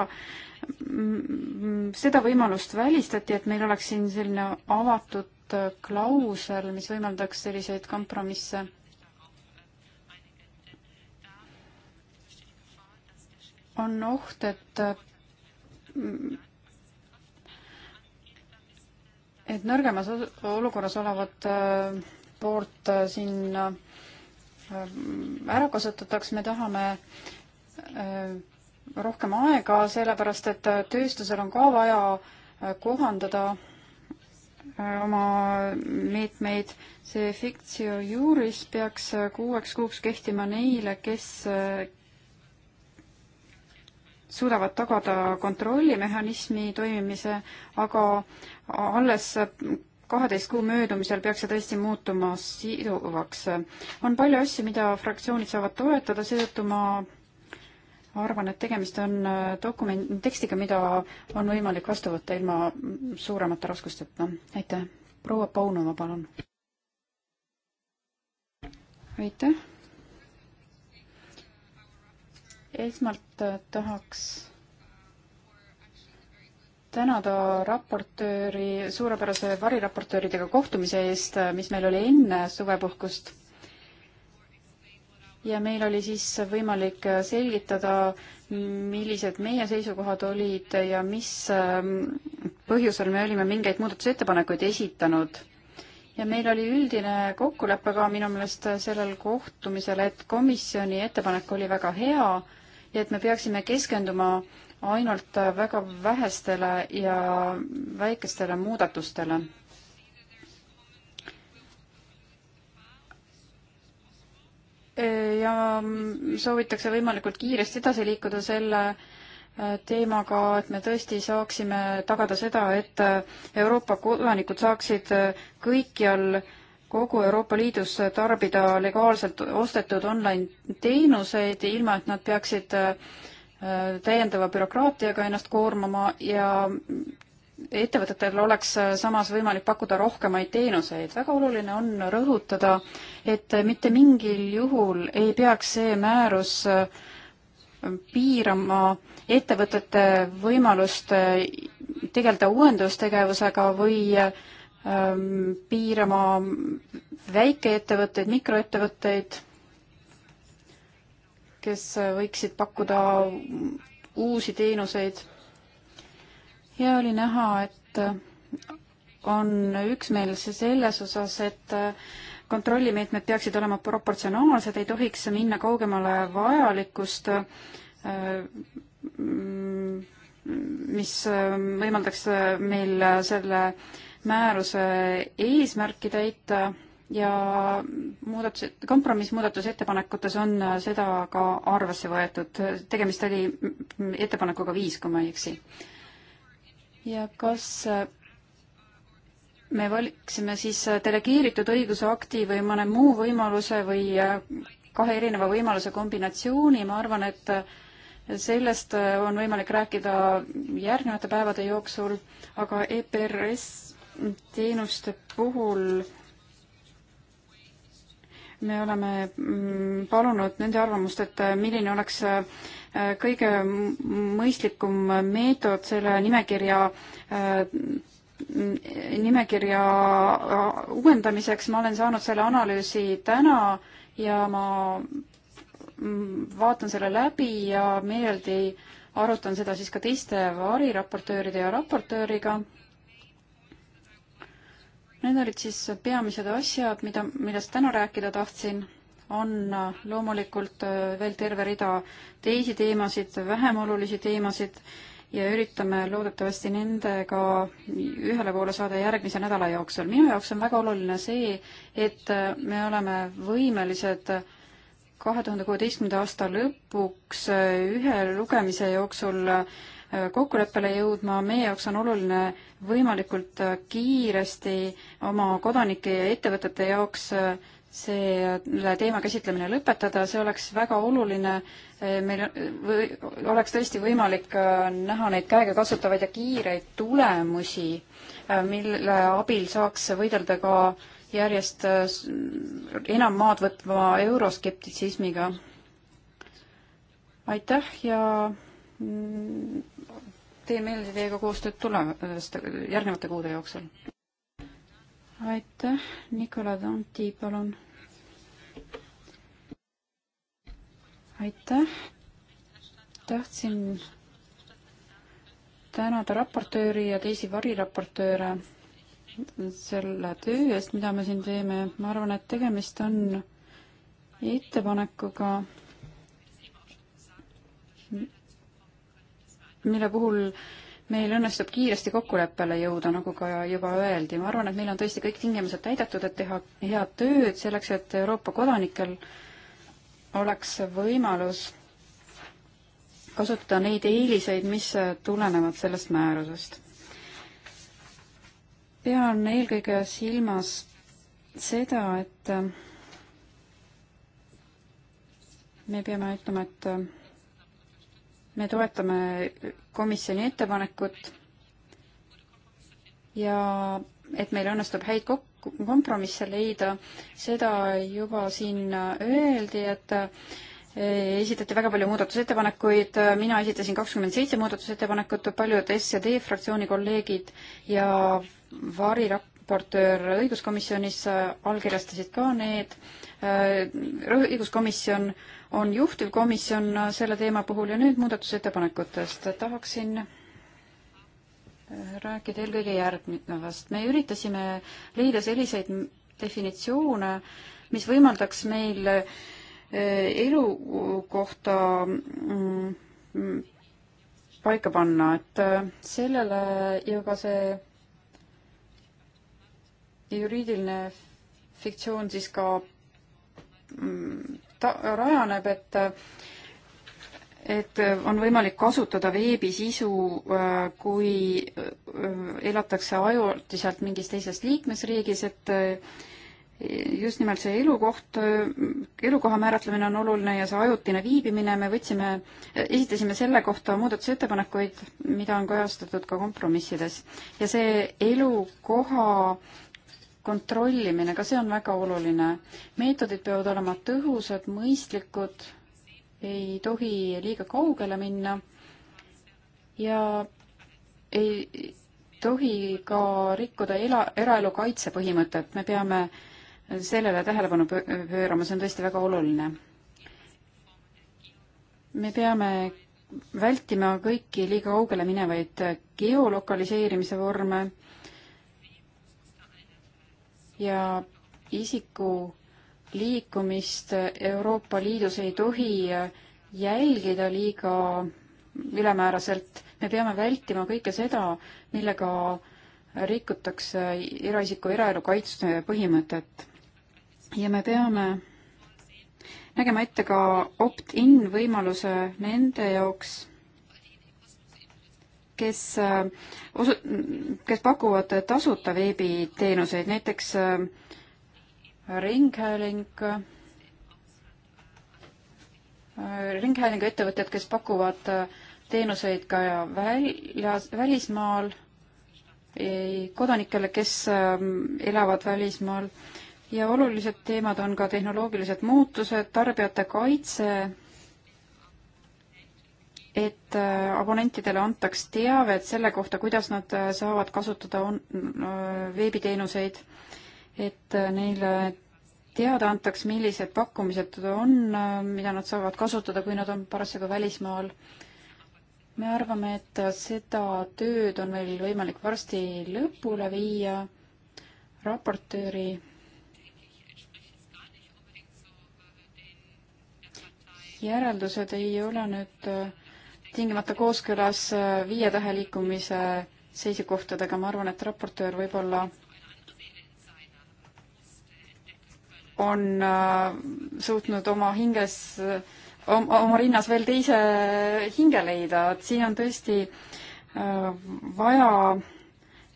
mm, seda võimalust välistati, et meil oleks siin selline avatud äh, klausel, mis võimaldaks selliseid kompromisse on oht, et äh, et nõrgemas olukorras olevad äh, poolt äh, siin äh, ära kasutataks, me tahame äh, rohkem aega, sellepärast et tööstusel on ka vaja kohandada oma meetmeid. see fictio juris peaks kuueks kuuks kehtima neile, kes suudavad tagada kontrollimehhanismi toimimise, aga alles kaheteist kuu möödumisel peaks see tõesti muutuma siduvaks. on palju asju, mida fraktsioonid saavad toetada, seetõttu ma arvan, et tegemist on äh, dokument, tekstiga, mida on võimalik vastu võtta ilma suuremate raskusteta. aitäh. proua Paunova, palun. aitäh. esmalt äh, tahaks tänada raportööri, suurepärase variraportööridega kohtumise eest, mis meil oli enne suvepuhkust. ja meil oli siis võimalik selgitada, millised meie seisukohad olid ja mis ähm, põhjusel me olime mingeid muudatusettepanekuid esitanud. ja meil oli üldine kokkulepe ka minu meelest sellel kohtumisel, et komisjoni ettepanek oli väga hea ja et me peaksime keskenduma ainult väga vähestele ja väikestele muudatustele. ja soovitakse võimalikult kiiresti edasi liikuda selle äh, teemaga, et me tõesti saaksime tagada seda, et äh, Euroopa kodanikud saaksid äh, kõikjal äh, kogu Euroopa Liidus tarbida legaalselt ostetud online teenuseid, ilma et nad peaksid äh, täiendava bürokraatiaga ennast koormama ja ettevõtetel oleks äh, samas võimalik pakkuda rohkemaid teenuseid. väga oluline on rõhutada, et mitte mingil juhul ei peaks see määrus äh, piirama ettevõtete võimalust tegeleda uuendustegevusega või äh, Ähm, piirama väikeettevõtteid, mikroettevõtteid, kes äh, võiksid pakkuda uusi teenuseid. ja oli näha, et äh, on üksmeel selles osas, et äh, kontrollimeetmed peaksid olema proportsionaalsed, ei tohiks minna kaugemale vajalikust, mm, mis võimaldaks meil selle määruse eesmärki täita ja muudatused, kompromissmuudatusettepanekutes on seda ka arvesse võetud. tegemist oli ettepanekuga viis, kui ma ei eksi. ja kas me valiksime siis delegeeritud õigusakti või mõne muu võimaluse või kahe erineva võimaluse kombinatsiooni, ma arvan, et sellest on võimalik rääkida järgnevate päevade jooksul, aga EPRS teenuste puhul me oleme mm, palunud nende arvamust, et äh, milline oleks äh, kõige mõistlikum meetod selle nimekirja äh, nimekirja uuendamiseks, ma olen saanud selle analüüsi täna ja ma mm, vaatan selle läbi ja meeldi arutan seda siis ka teiste variraportööride ja raportööriga Need olid siis peamised asjad, mida, millest täna rääkida tahtsin. on äh, loomulikult äh, veel terve rida teisi teemasid, vähem olulisi teemasid ja üritame loodetavasti nendega ühele poole saada järgmise nädala jooksul. minu jaoks on väga oluline see, et äh, me oleme võimelised kahe tuhande kuueteistkümnenda aasta lõpuks ühe lugemise jooksul kokkuleppele jõudma, meie jaoks on oluline võimalikult kiiresti oma kodanike ja ettevõtete jaoks äh, selle teema käsitlemine lõpetada, see oleks väga oluline, äh, meil või, oleks tõesti võimalik äh, näha neid käegakasutavaid ja kiireid tulemusi, mille abil saaks võidelda ka järjest enam maad võtva euroskeptitsismiga. aitäh ja teen meeldi teiega koostööd tulevaste, järgnevate kuude jooksul. aitäh, Nikolai Tanti, palun. aitäh, tahtsin tänada raportööri ja teisi variraportööre selle töö eest, mida me siin teeme. ma arvan, et tegemist on ettepanekuga, mille puhul meil õnnestub kiiresti kokkuleppele jõuda, nagu ka juba öeldi. ma arvan, et meil on tõesti kõik tingimused täidetud, et teha head tööd selleks, et Euroopa kodanikel oleks võimalus kasutada neid eeliseid, mis tulenevad sellest määrusest. pean eelkõige silmas seda, et me peame ütlema, et me toetame komisjoni ettepanekut ja et meil õnnestub häid kokku, kompromisse leida, seda juba siin öeldi, et eh, esitati väga palju muudatusettepanekuid, mina esitasin kakskümmend seitse muudatusettepanekut, paljud SED fraktsiooni kolleegid ja variraportöör õiguskomisjonis allkirjastasid ka need Äh, õiguskomisjon on juhtivkomisjon selle teema puhul ja nüüd muudatusettepanekutest tahaksin äh, rääkida eelkõige järgnevast. me üritasime leida selliseid definitsioone, mis võimaldaks meil äh, elukohta mm, paika panna, et sellele juba see juriidiline fiktsioon siis ka ta-, rajaneb, et et on võimalik kasutada veebisisu, kui äh, elatakse ajutiselt mingis teises liikmesriigis, et äh, just nimelt see elukoht, elukoha määratlemine on oluline ja see ajutine viibimine, me võtsime, esitasime selle kohta muudatusettepanekuid, mida on kajastatud ka kompromissides. ja see elukoha äh, kontrollimine, ka see on väga oluline. meetodid peavad olema tõhusad, mõistlikud, ei tohi liiga kaugele minna ja ei tohi ka rikkuda ela, eraelu kaitse põhimõtet, me peame sellele tähelepanu pöörama, see on tõesti väga oluline. me peame vältima kõiki liiga kaugele minevaid geolokaliseerimise vorme ja isiku liikumist Euroopa Liidus ei tohi jälgida liiga ülemääraselt. me peame vältima kõike seda, millega rikutakse eraisiku eraelu kaitse põhimõtet. ja me peame nägema ette ka opt-in võimaluse nende jaoks, kes äh, osu-, kes pakuvad tasuta veebiteenuseid, näiteks äh, Ringhääling, äh, Ringhäälingu ettevõtted, kes pakuvad teenuseid ka väljas, välismaal, kodanikele, kes elavad välismaal ja olulised teemad on ka tehnoloogilised muutused, tarbijate kaitse et äh, abonentidele antaks teavet selle kohta, kuidas nad äh, saavad kasutada on, äh, veebiteenuseid, et neile teada antaks, millised pakkumised on, mida nad saavad kasutada, kui nad on parasjagu välismaal. me arvame, et seda tööd on meil võimalik varsti lõpule viia. raportööri järeldused ei ole nüüd äh, tingimata kooskõlas äh, viie tähe liikumise seisukohtadega, ma arvan, et raportöör võib-olla on äh, suutnud oma hinges, äh, oma rinnas veel teise hinge leida, et siin on tõesti vaja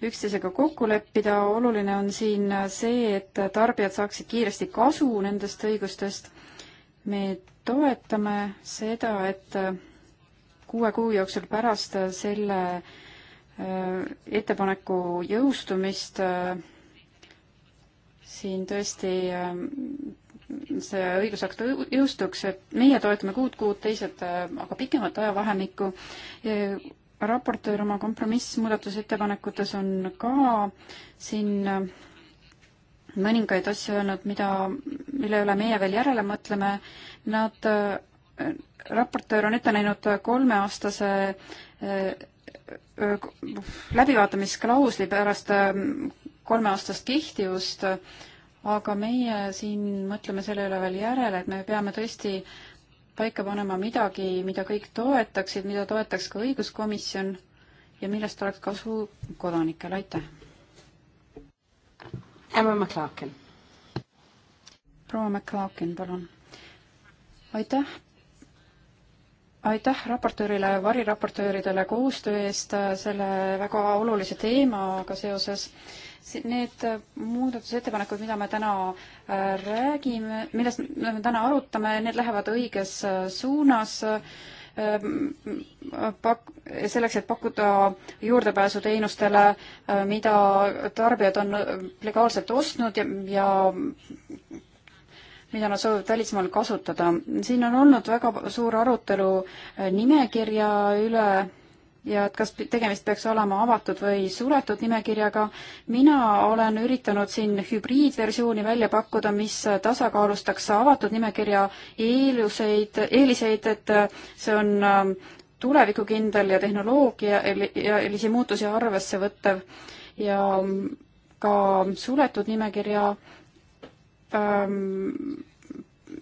üksteisega kokku leppida, oluline on siin see, et tarbijad saaksid kiiresti kasu nendest õigustest. me toetame seda, et kuue kuu jooksul pärast äh, selle äh, ettepaneku jõustumist äh, siin tõesti see õigusakt jõustuks, et meie toetame kuut kuud, teised aga pikemat ajavahemikku. raportöör oma kompromissmuudatusettepanekutes on ka siin mõningaid asju öelnud, mida, mille üle meie veel järele mõtleme. Nad raportöör on ette näinud kolmeaastase eh, eh, läbivaatamisklausli pärast eh, kolmeaastast kihtivust, aga meie siin mõtleme selle üle veel järele, et me peame tõesti paika panema midagi, mida kõik toetaksid, mida toetaks ka õiguskomisjon ja millest oleks kasu kodanikel, aitäh. Emma McLaughlin. proua McLaughlin, palun. aitäh, aitäh raportöörile, variraportööridele koostöö eest äh, selle väga olulise teemaga seoses. Need äh, muudatusettepanekud, mida me täna äh, räägime, millest me täna arutame, need lähevad õiges suunas pak-, selleks, et pakkuda juurdepääsu teenustele, mida tarbijad on legaalselt ostnud ja, ja mida nad soovivad välismaal kasutada. siin on olnud väga suur arutelu äh, nimekirja üle ja et kas tegemist peaks olema avatud või suletud nimekirjaga. mina olen üritanud siin hübriidversiooni välja pakkuda, mis tasakaalustaks avatud nimekirja eeluseid, eeliseid, et äh, see on ähm, tulevikukindel ja tehnoloogialisi muutusi arvesse võttev ja mm, ka suletud nimekirja ähm,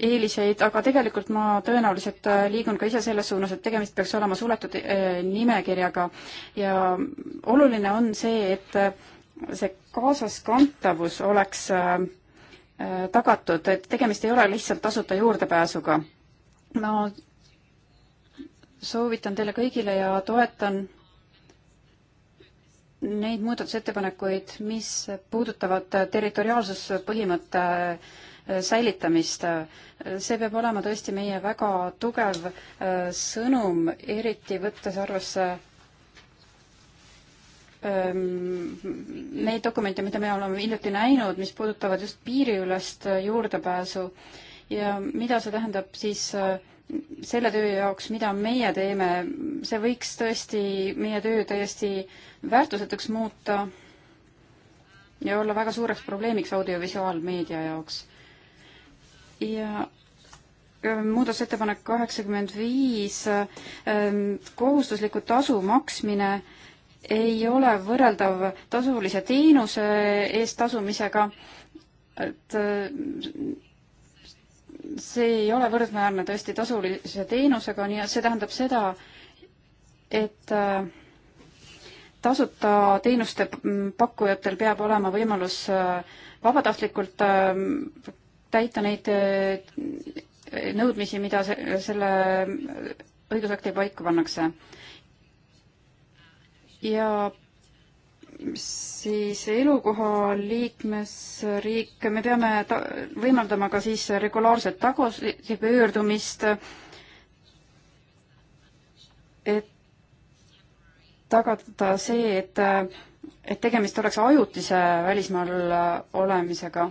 eeliseid, aga tegelikult ma tõenäoliselt äh, liigun ka ise selles suunas, et tegemist peaks olema suletud äh, nimekirjaga ja oluline on see, et äh, see kaasaskantavus oleks tagatud, et tegemist ei ole lihtsalt tasuta juurdepääsuga. ma soovitan teile kõigile ja toetan neid muudatusettepanekuid, mis puudutavad territoriaalsuspõhimõtte äh, säilitamist. see peab olema tõesti meie väga tugev äh, sõnum, eriti võttes arvesse ähm, neid dokumente, mida me oleme hiljuti näinud, mis puudutavad just piiriülest äh, juurdepääsu ja mida see tähendab siis äh, selle töö jaoks, mida meie teeme, see võiks tõesti meie töö täiesti väärtusetuks muuta ja olla väga suureks probleemiks audiovisuaalmeedia jaoks. ja muudatusettepanek kaheksakümmend viis, ähm, kohustusliku tasu maksmine ei ole võrreldav tasulise teenuse eest tasumisega, et äh, see ei ole võrdväärne tõesti tasulise teenusega, nii et see tähendab seda, et äh, tasuta teenuste mm, pakkujatel peab olema võimalus äh, vabatahtlikult äh, täita neid nõudmisi, mida selle õigusakti paika pannakse. ja siis elukoha liikmesriik, me peame ta-, võimaldama ka siis regulaarset tagasipöördumist, et tagada see, et, et tegemist oleks ajutise välismaal olemisega.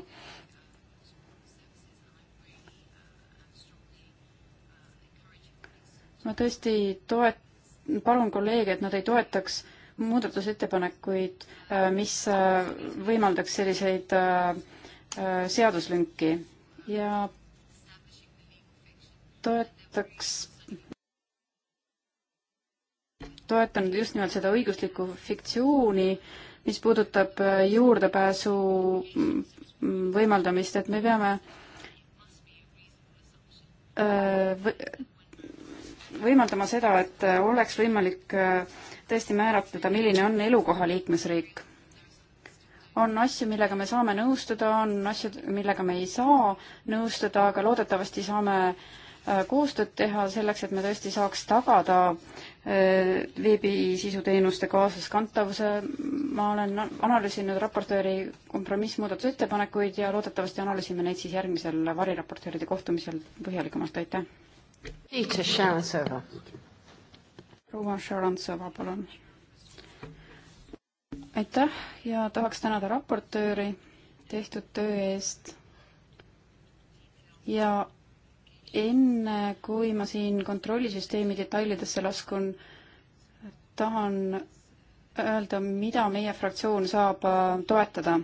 ma tõesti toet-, palun kolleege, et nad ei toetaks äh, muudatusettepanekuid, äh, mis äh, võimaldaks selliseid äh, seaduslünki ja toetaks, toetan just nimelt seda õiguslikku fiktsiooni, mis puudutab juurdepääsu mm, mm, võimaldamist, et me peame võimaldama seda, et oleks võimalik tõesti määratleda, milline on elukoha liikmesriik. on asju, millega me saame nõustuda, on asju, millega me ei saa nõustuda, aga loodetavasti saame äh, koostööd teha selleks, et me tõesti saaks tagada äh, veebisisuteenuste kaasaskantavuse. ma olen analüüsinud raportööri kompromissmuudatusettepanekuid ja loodetavasti analüüsime neid siis järgmisel variraportööride kohtumisel põhjalikumalt, aitäh! proua Šarantsova, palun. aitäh ja tahaks tänada raportööri tehtud töö eest. ja enne, kui ma siin kontrollisüsteemi detailidesse laskun, tahan öelda, mida meie fraktsioon saab äh, toetada.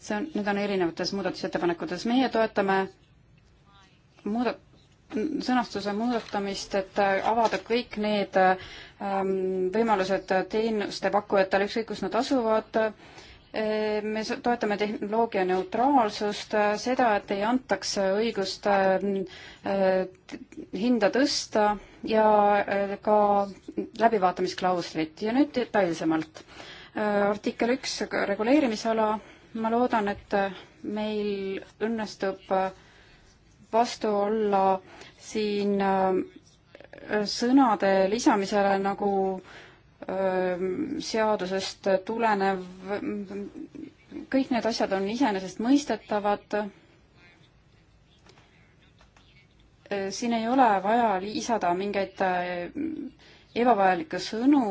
see on, need on erinevates muudatusettepanekutes. meie toetame muudat-, sõnastuse muudatamist, et avada kõik need ähm, võimalused teenuste pakkujatele, ükskõik kus nad asuvad. Äh, me toetame tehnoloogia neutraalsust, äh, seda, et ei antaks õigust äh, hinda tõsta ja ka läbivaatamisklauslit ja nüüd detailsemalt. artikkel üks, reguleerimisala, ma loodan, et meil õnnestub vastu olla siin äh, sõnade lisamisele nagu äh, seadusest tulenev, kõik need asjad on iseenesestmõistetavad. Äh, siin ei ole vaja lisada mingeid ebavajalikke sõnu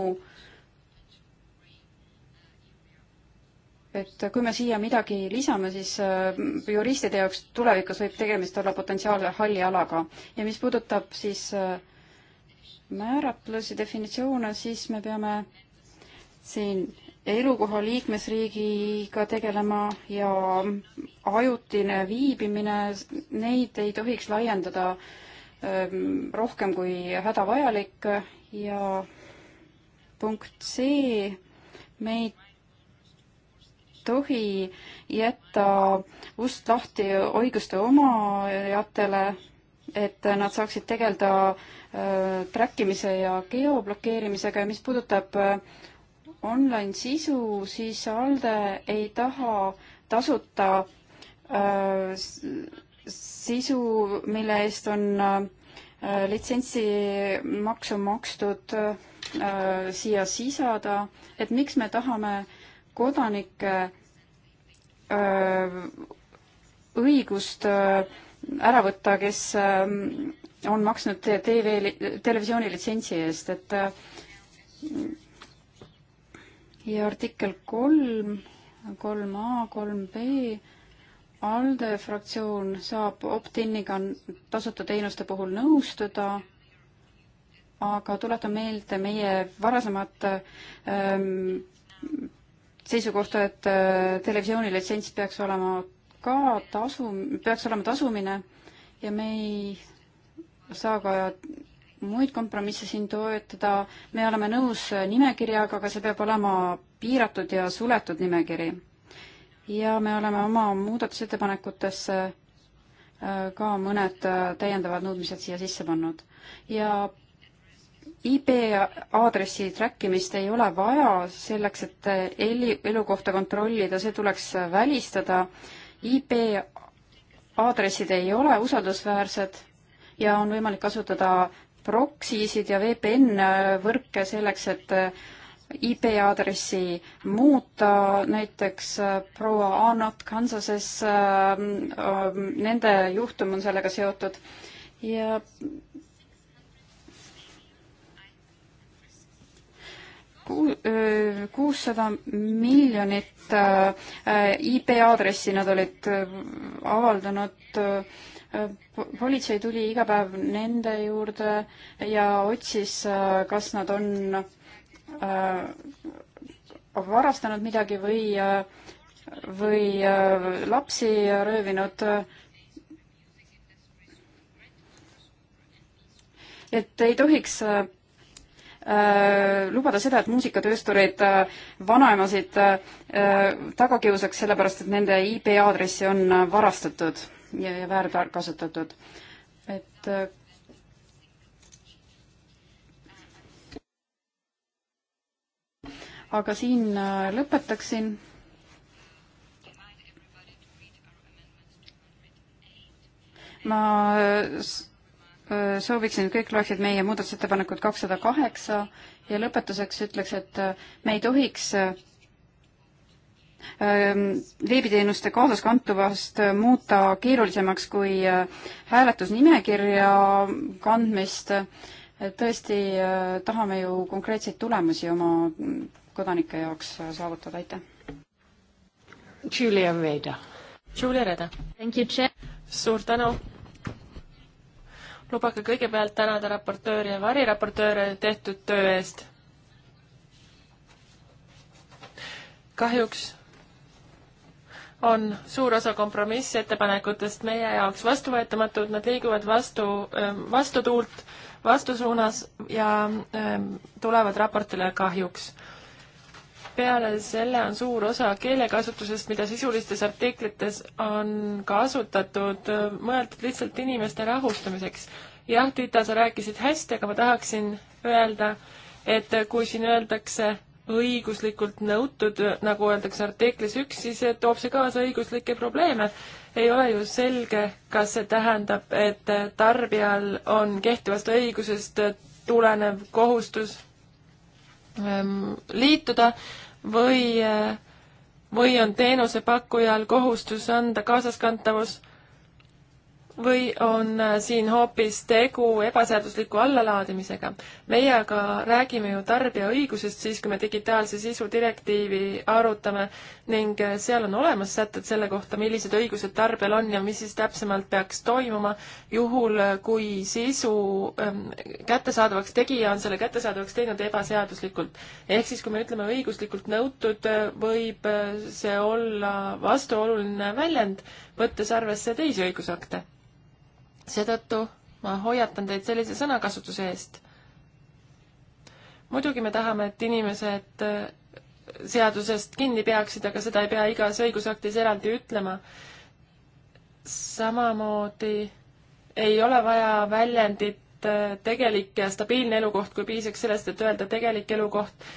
et kui me siia midagi lisame, siis äh, juristide jaoks tulevikus võib tegemist olla potentsiaalne halli alaga. ja mis puudutab siis äh, määratlusi, definitsioone, siis me peame siin elukoha liikmesriigiga tegelema ja ajutine viibimine, neid ei tohiks laiendada ähm, rohkem kui hädavajalik ja punkt C, meid tohi jätta ust lahti õiguste omajatele, et nad saaksid tegeleda äh, track imise ja geoblokeerimisega ja mis puudutab äh, online sisu, siis ALDE ei taha tasuta äh, sisu, mille eest on litsentsimaksu makstud siia sisada, et miks me tahame äh, kodanike õigust ära võtta, kes on maksnud TV, televisioonilitsentsi eest, et ja artikkel kolm, kolm A, kolm B, ALDE fraktsioon saab opt-in'iga tasuta teenuste puhul nõustuda, aga tuletan meelde meie varasemat ähm, seisukohta, et äh, televisioonilitsents peaks olema ka tasu, peaks olema tasumine ja me ei saa ka muid kompromisse siin toetada, me oleme nõus äh, nimekirjaga, aga see peab olema piiratud ja suletud nimekiri. ja me oleme oma muudatusettepanekutesse äh, ka mõned täiendavad nõudmised siia sisse pannud. ja IP aadressi track imist ei ole vaja selleks, et eli-, elukohta kontrollida, see tuleks välistada. IP aadressid ei ole usaldusväärsed ja on võimalik kasutada proksisid ja VPN võrke selleks, et IP aadressi muuta, näiteks äh, proua Anot Kansases, äh, äh, nende juhtum on sellega seotud ja kuussada miljonit IP aadressi nad olid avaldanud. politsei tuli iga päev nende juurde ja otsis, kas nad on varastanud midagi või, või lapsi röövinud et ei tohiks Äh, lubada seda, et muusikatöösturid äh, vanaemasid äh, taga kiusaks, sellepärast et nende IP aadressi on varastatud ja, ja väärkasutatud. et aga siin lõpetaksin ma. ma Äh, sooviksin, et kõik loeksid meie muudatusettepanekut kakssada kaheksa ja lõpetuseks ütleks, et äh, me ei tohiks äh, ähm, veebiteenuste kaasaskantuvast muuta keerulisemaks kui hääletusnimekirja kandmist. tõesti tahame ju konkreetseid tulemusi oma kodanike jaoks saavutada, aitäh. Julia Reeda. Julia Reeda. suur tänu lubage kõigepealt tänada raportööri ja variraportööre tehtud töö eest. kahjuks on suur osa kompromissettepanekutest meie jaoks vastuvõetamatud, nad liiguvad vastu, ähm, vastutuult, vastusuunas ja ähm, tulevad raportile kahjuks peale selle on suur osa keelekasutusest, mida sisulistes artiklites on kasutatud, mõeldud lihtsalt inimeste rahustamiseks. jah, Tiita, sa rääkisid hästi, aga ma tahaksin öelda, et kui siin öeldakse õiguslikult nõutud, nagu öeldakse artiklis üks, siis toob see kaasa õiguslikke probleeme. ei ole ju selge, kas see tähendab, et tarbijal on kehtivast õigusest tulenev kohustus ähm, liituda või, või on teenusepakkujal kohustus anda kaasaskantavus või on äh, siin hoopis tegu ebaseadusliku allalaadimisega? meie aga räägime ju tarbija õigusest siis, kui me digitaalse sisu direktiivi arutame ning äh, seal on olemas sätted selle kohta, millised õigused tarbijal on ja mis siis täpsemalt peaks toimuma juhul, äh, kui sisu ähm, kättesaadavaks tegija on selle kättesaadavaks teinud ebaseaduslikult. ehk siis, kui me ütleme õiguslikult nõutud, võib see olla vastuoluline väljend, võttes arvesse teisi õigusakte seetõttu ma hoiatan teid sellise sõnakasutuse eest. muidugi me tahame, et inimesed äh, seadusest kinni peaksid, aga seda ei pea igas õigusaktis eraldi ütlema. samamoodi ei ole vaja väljendit äh, tegelik ja stabiilne elukoht, kui piisaks sellest, et öelda tegelik elukoht,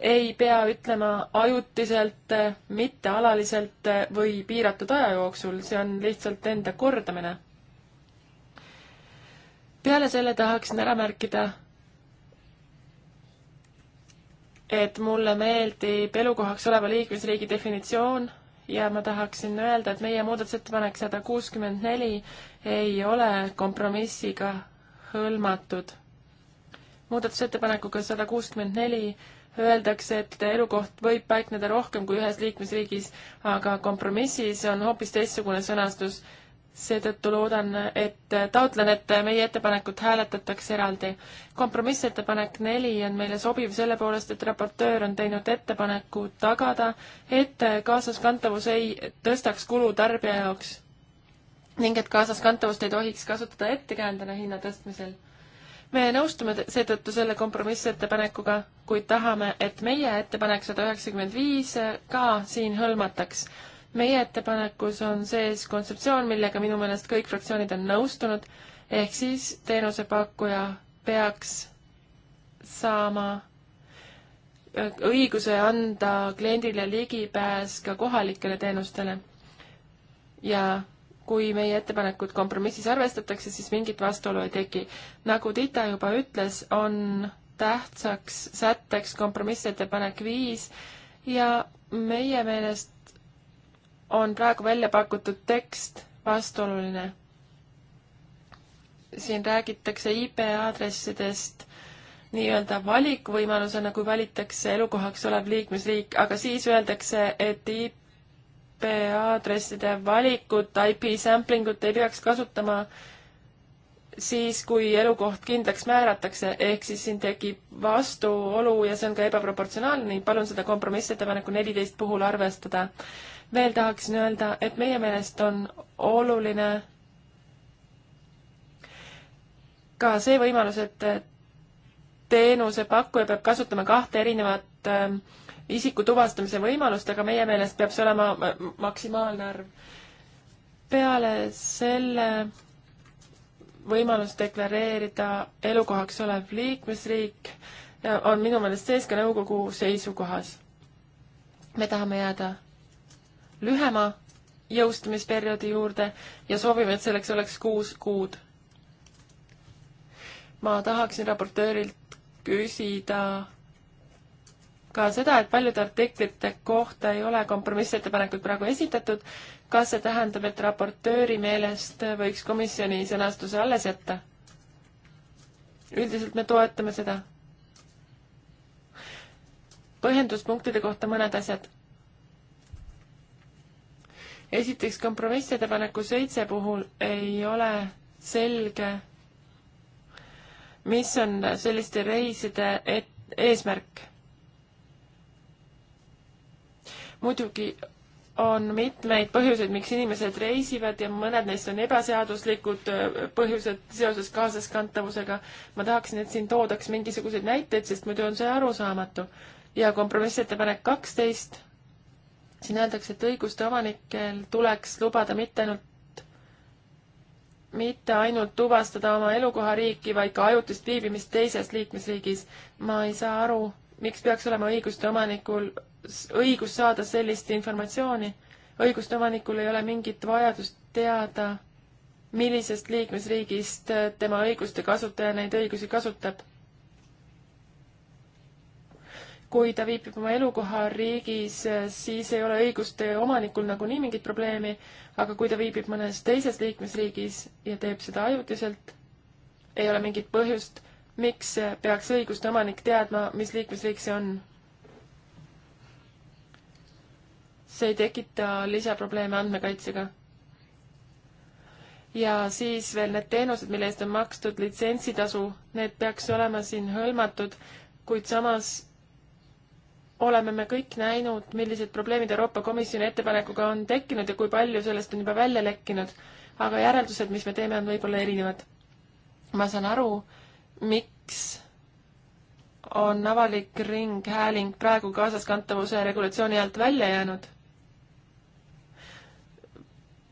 ei pea ütlema ajutiselt, äh, mittealaliselt või piiratud aja jooksul, see on lihtsalt enda kordamine peale selle tahaksin ära märkida, et mulle meeldib elukohaks oleva liikmesriigi definitsioon ja ma tahaksin öelda, et meie muudatusettepanek sada kuuskümmend neli ei ole kompromissiga hõlmatud. muudatusettepanekuga sada kuuskümmend neli öeldakse, et elukoht võib paikneda rohkem kui ühes liikmesriigis, aga kompromissis on hoopis teistsugune sõnastus seetõttu loodan, et taotlen, et meie ettepanekut hääletatakse eraldi. kompromissettepanek neli on meile sobiv selle poolest, et raportöör on teinud ettepaneku tagada, et kaasaskantavus ei tõstaks kulu tarbija jaoks ning et kaasaskantavust ei tohiks kasutada ettekäändena hinna tõstmisel. me nõustume seetõttu selle kompromissettepanekuga, kuid tahame, et meie ettepanek sada üheksakümmend viis ka siin hõlmataks meie ettepanekus on sees kontseptsioon, millega minu meelest kõik fraktsioonid on nõustunud, ehk siis teenusepakkuja peaks saama õiguse anda kliendile ligipääs ka kohalikele teenustele. ja kui meie ettepanekut kompromissis arvestatakse, siis mingit vastuolu ei teki. nagu Tita juba ütles, on tähtsaks sätteks kompromissettepanek viis ja meie meelest on praegu välja pakutud tekst vastuoluline. siin räägitakse IP aadressidest nii-öelda valikuvõimalusena, kui valitakse elukohaks olev liikmesriik, aga siis öeldakse, et IP aadresside valikut, IP sampling ut ei peaks kasutama siis, kui elukoht kindlaks määratakse, ehk siis siin tekib vastuolu ja see on ka ebaproportsionaalne, palun seda kompromissettepaneku neliteist puhul arvestada veel tahaksin öelda, et meie meelest on oluline ka see võimalus, et teenusepakkuja peab kasutama kahte erinevat ähm, isiku tuvastamise võimalust, aga meie meelest peab see olema äh, maksimaalne arv. peale selle võimalus deklareerida elukohaks olev liikmesriik äh, on minu meelest sees ka nõukogu seisukohas. me tahame jääda lühema jõustumisperioodi juurde ja soovime, et selleks oleks kuus kuud. ma tahaksin raportöörilt küsida ka seda, et paljude artiklite kohta ei ole kompromissettepanekuid praegu esitatud. kas see tähendab, et raportööri meelest võiks komisjoni sõnastuse alles jätta? üldiselt me toetame seda. põhjenduspunktide kohta mõned asjad esiteks kompromissettepaneku seitse puhul ei ole selge, mis on selliste reiside et-, eesmärk. muidugi on mitmeid põhjuseid, miks inimesed reisivad ja mõned neist on ebaseaduslikud äh, põhjused seoses kaasaskantavusega. ma tahaksin, et siin toodaks mingisuguseid näiteid, sest muidu on see arusaamatu. ja kompromissettepanek kaksteist siin öeldakse, et õiguste omanikel tuleks lubada mitte ainult, mitte ainult tuvastada oma elukohariiki, vaid ka ajutist viibimist teises liikmesriigis. ma ei saa aru, miks peaks olema õiguste omanikul õigus saada sellist informatsiooni. õiguste omanikul ei ole mingit vajadust teada, millisest liikmesriigist tema õiguste kasutaja neid õigusi kasutab kui ta viibib oma elukohariigis, siis ei ole õiguste omanikul nagunii mingit probleemi, aga kui ta viibib mõnes teises liikmesriigis ja teeb seda ajutiselt, ei ole mingit põhjust, miks peaks õiguste omanik teadma, mis liikmesriik see on. see ei tekita lisaprobleeme andmekaitsega. ja siis veel need teenused, mille eest on makstud litsentsitasu, need peaks olema siin hõlmatud, kuid samas oleme me kõik näinud, millised probleemid Euroopa Komisjoni ettepanekuga on tekkinud ja kui palju sellest on juba välja lekkinud. aga järeldused, mis me teeme, on võib-olla erinevad. ma saan aru, miks on avalik ringhääling praegu kaasaskantavuse regulatsiooni alt välja jäänud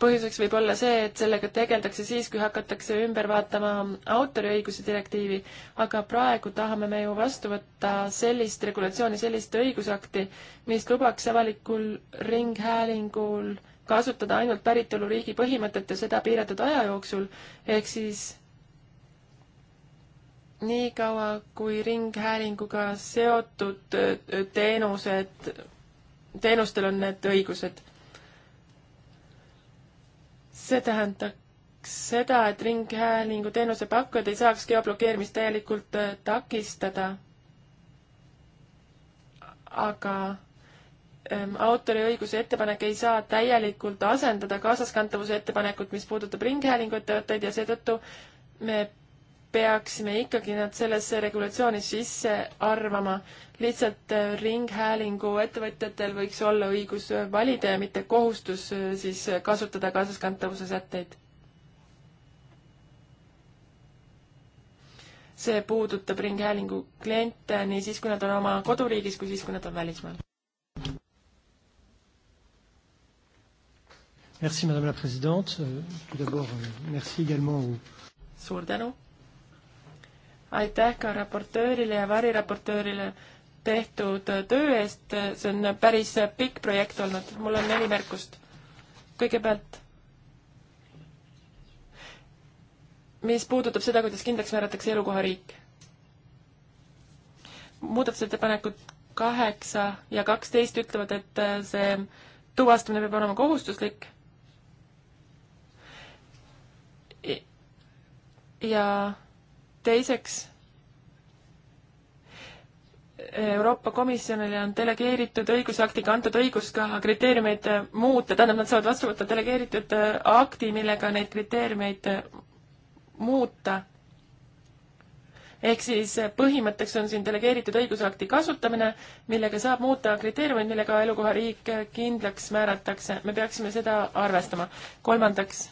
põhjuseks võib olla see, et sellega tegeldakse siis, kui hakatakse ümber vaatama autoriõiguse direktiivi, aga praegu tahame me ju vastu võtta sellist regulatsiooni, sellist õigusakti, mis lubaks avalikul ringhäälingul kasutada ainult päritoluriigi põhimõtet ja seda piiratud aja jooksul, ehk siis niikaua, kui ringhäälinguga seotud äh, teenused, teenustel on need õigused see tähendaks seda, et ringhäälingu teenuse pakkujad ei saaks geoblokeerimist täielikult äh, takistada. aga ähm, autoriõiguse ettepanek ei saa täielikult asendada kaasaskantavuse ettepanekut, mis puudutab ringhäälingu ettevõtteid ja seetõttu me peaksime ikkagi nad sellesse regulatsiooni sisse arvama. lihtsalt äh, ringhäälingu ettevõtjatel võiks olla õigus valida ja mitte kohustus äh, siis äh, kasutada kaasaskantavuse sätteid. see puudutab ringhäälingu kliente nii siis, kui nad on oma koduriigis, kui siis, kui nad on välismaal. Merci, Madame la Présidente. Euh, tout d'abord, euh, merci également aux... Suur tänu aitäh ka raportöörile ja variraportöörile tehtud töö eest, see on päris pikk projekt olnud, mul on neli märkust. kõigepealt, mis puudutab seda, kuidas kindlaks määratakse elukohariik. muudatusettepanekud kaheksa ja kaksteist ütlevad, et see tuvastamine peab olema kohustuslik. ja teiseks, Euroopa Komisjonile on delegeeritud õigusaktiga antud õigus ka kriteeriumeid muuta, tähendab, nad saavad vastu võtta delegeeritud äh, akti, millega neid kriteeriumeid äh, muuta. ehk siis äh, põhimõtteks on siin delegeeritud õigusakti kasutamine, millega saab muuta kriteeriumeid, millega elukohariik kindlaks määratakse. me peaksime seda arvestama. kolmandaks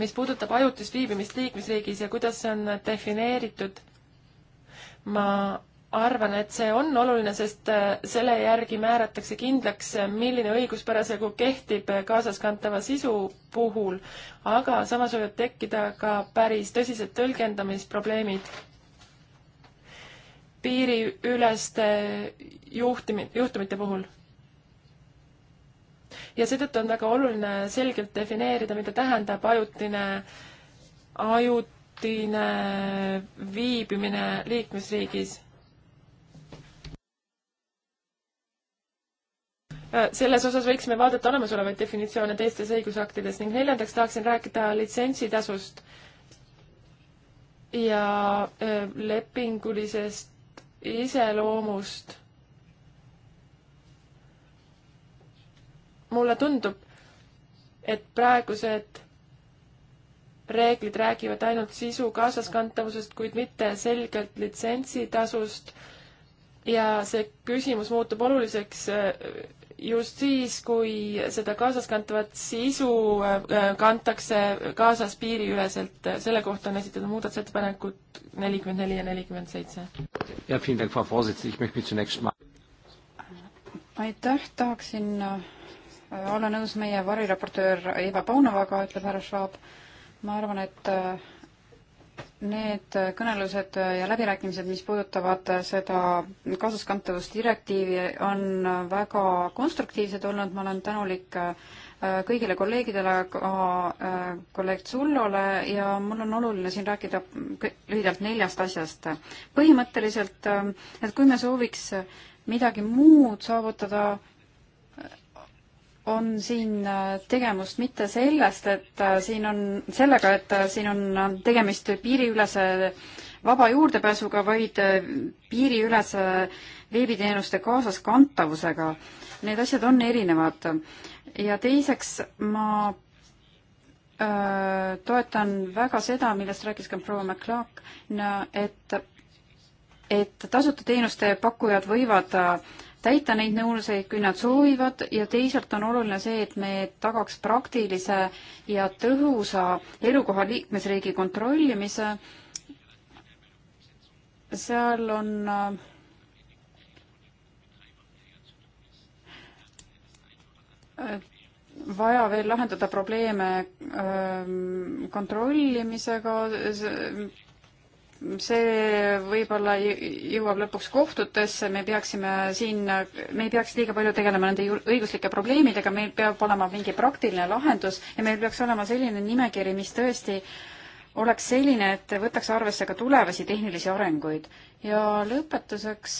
mis puudutab ajutist viibimist liikmesriigis ja kuidas see on defineeritud, ma arvan, et see on oluline, sest äh, selle järgi määratakse kindlaks, äh, milline õigus parasjagu kehtib kaasaskantava sisu puhul, aga samas võivad tekkida ka päris tõsised tõlgendamisprobleemid. piiriüleste juhtimi-, juhtumite puhul ja seetõttu on väga oluline selgelt defineerida, mida tähendab ajutine, ajutine viibimine liikmesriigis. Äh, selles osas võiksime vaadata olemasolevaid definitsioone teistes õigusaktides ning neljandaks tahaksin rääkida litsentsitasust ja äh, lepingulisest iseloomust mulle tundub, et praegused reeglid räägivad ainult sisu kaasaskantavusest, kuid mitte selgelt litsentsitasust. ja see küsimus muutub oluliseks äh, just siis, kui seda kaasaskantavat sisu äh, äh, kantakse kaasas piiriüleselt. selle kohta on esitatud muudatusettepanekud nelikümmend neli ja nelikümmend seitse. aitäh, tahaksin Äh, olla nõus meie variraportöör Eva Paunovaga, ütleb härra Schwab. ma arvan, et äh, need kõnelused ja läbirääkimised, mis puudutavad seda kasuskantavusdirektiivi, on väga konstruktiivsed olnud, ma olen tänulik äh, kõigile kolleegidele, ka kolleeg Zullole ja mul on oluline siin rääkida lühidalt neljast asjast. põhimõtteliselt, et kui me sooviks midagi muud saavutada, on siin äh, tegemust mitte sellest, et äh, siin on sellega, et äh, siin on tegemist piiriülese vaba juurdepääsuga, vaid piiriülese veebiteenuste kaasaskantavusega. Need asjad on erinevad. ja teiseks ma öö, toetan väga seda, millest rääkis ka proua McLaughlin, et et tasuta teenuste pakkujad võivad täita neid nõudeid, kui nad soovivad ja teisalt on oluline see, et me tagaks praktilise ja tõhusa elukoha liikmesriigi kontrollimise. seal on äh, vaja veel lahendada probleeme ähm, kontrollimisega, see võib-olla jõuab lõpuks kohtutesse, me peaksime siin, me ei peaks liiga palju tegelema nende õiguslike probleemidega, meil peab olema mingi praktiline lahendus ja meil peaks olema selline nimekiri, mis tõesti oleks selline, et võtaks arvesse ka tulevasi tehnilisi arenguid. ja lõpetuseks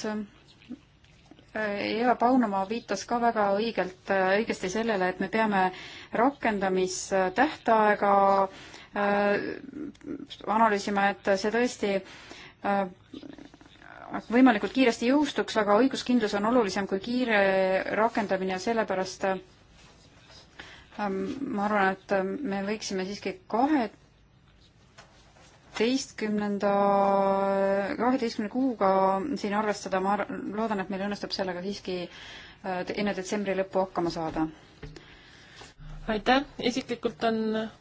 Eva Paunamaa viitas ka väga õigelt, õigesti sellele, et me peame rakendamistähtaega äh, Äh, analüüsima, et see tõesti äh, võimalikult kiiresti jõustuks, aga õiguskindlus on olulisem kui kiire rakendamine ja sellepärast äh, ma arvan, et me võiksime siiski kaheteistkümnenda, kaheteistkümne kuuga siin arvestada, ma loodan, et meil õnnestub sellega siiski enne detsembri lõppu hakkama saada. aitäh, isiklikult on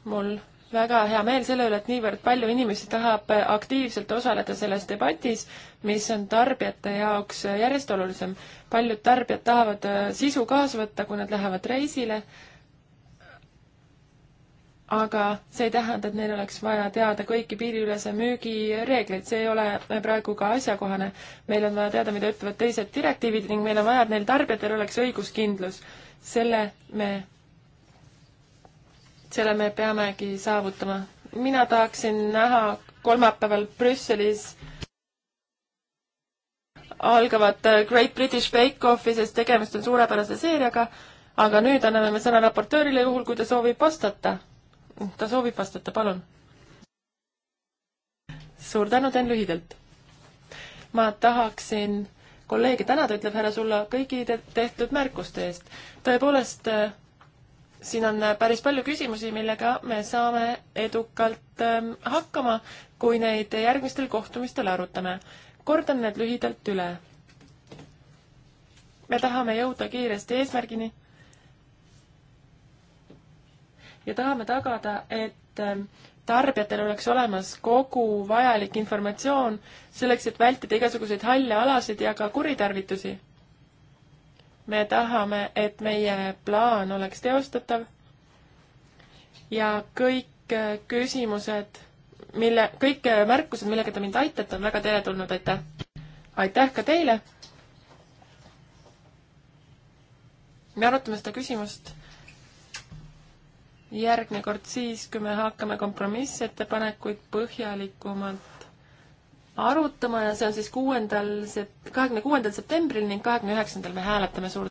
mul väga hea meel selle üle, et niivõrd palju inimesi tahab aktiivselt osaleda selles debatis, mis on tarbijate jaoks järjest olulisem. paljud tarbijad tahavad äh, sisu kaasa võtta, kui nad lähevad reisile, aga see ei tähenda, et neil oleks vaja teada kõiki piiriülese müügi reegleid, see ei ole praegu ka asjakohane. meil on vaja teada, mida ütlevad teised direktiivid ning meil on vaja, et neil tarbijatel oleks õiguskindlus. selle me selle me peamegi saavutama. mina tahaksin näha kolmapäeval Brüsselis algavat Great British Bake Offi, sest tegemist on suurepärase seeriaga, aga nüüd anname me sõna raportöörile, juhul kui ta soovib vastata. ta soovib vastata, palun. suur tänu, teen lühidalt. ma tahaksin kolleege tänada, ütleb härra Sulla, kõigi tehtud märkuste eest. tõepoolest äh, siin on äh, päris palju küsimusi, millega me saame edukalt ähm, hakkama, kui neid järgmistel kohtumistel arutame. kordan need lühidalt üle. me tahame jõuda kiiresti eesmärgini ja tahame tagada, et ähm, tarbijatel oleks olemas kogu vajalik informatsioon selleks, et vältida igasuguseid halle alasid ja ka kuritarvitusi me tahame, et meie plaan oleks teostatav ja kõik äh, küsimused, mille, kõik äh, märkused, millega te mind aitate, on väga teretulnud, aitäh! aitäh ka teile! me arutame seda küsimust järgmine kord siis, kui me hakkame kompromissettepanekuid põhjalikumalt arutama ja see on siis kuuendal sept-, kahekümne kuuendal septembril ning kahekümne üheksandal me hääletame suur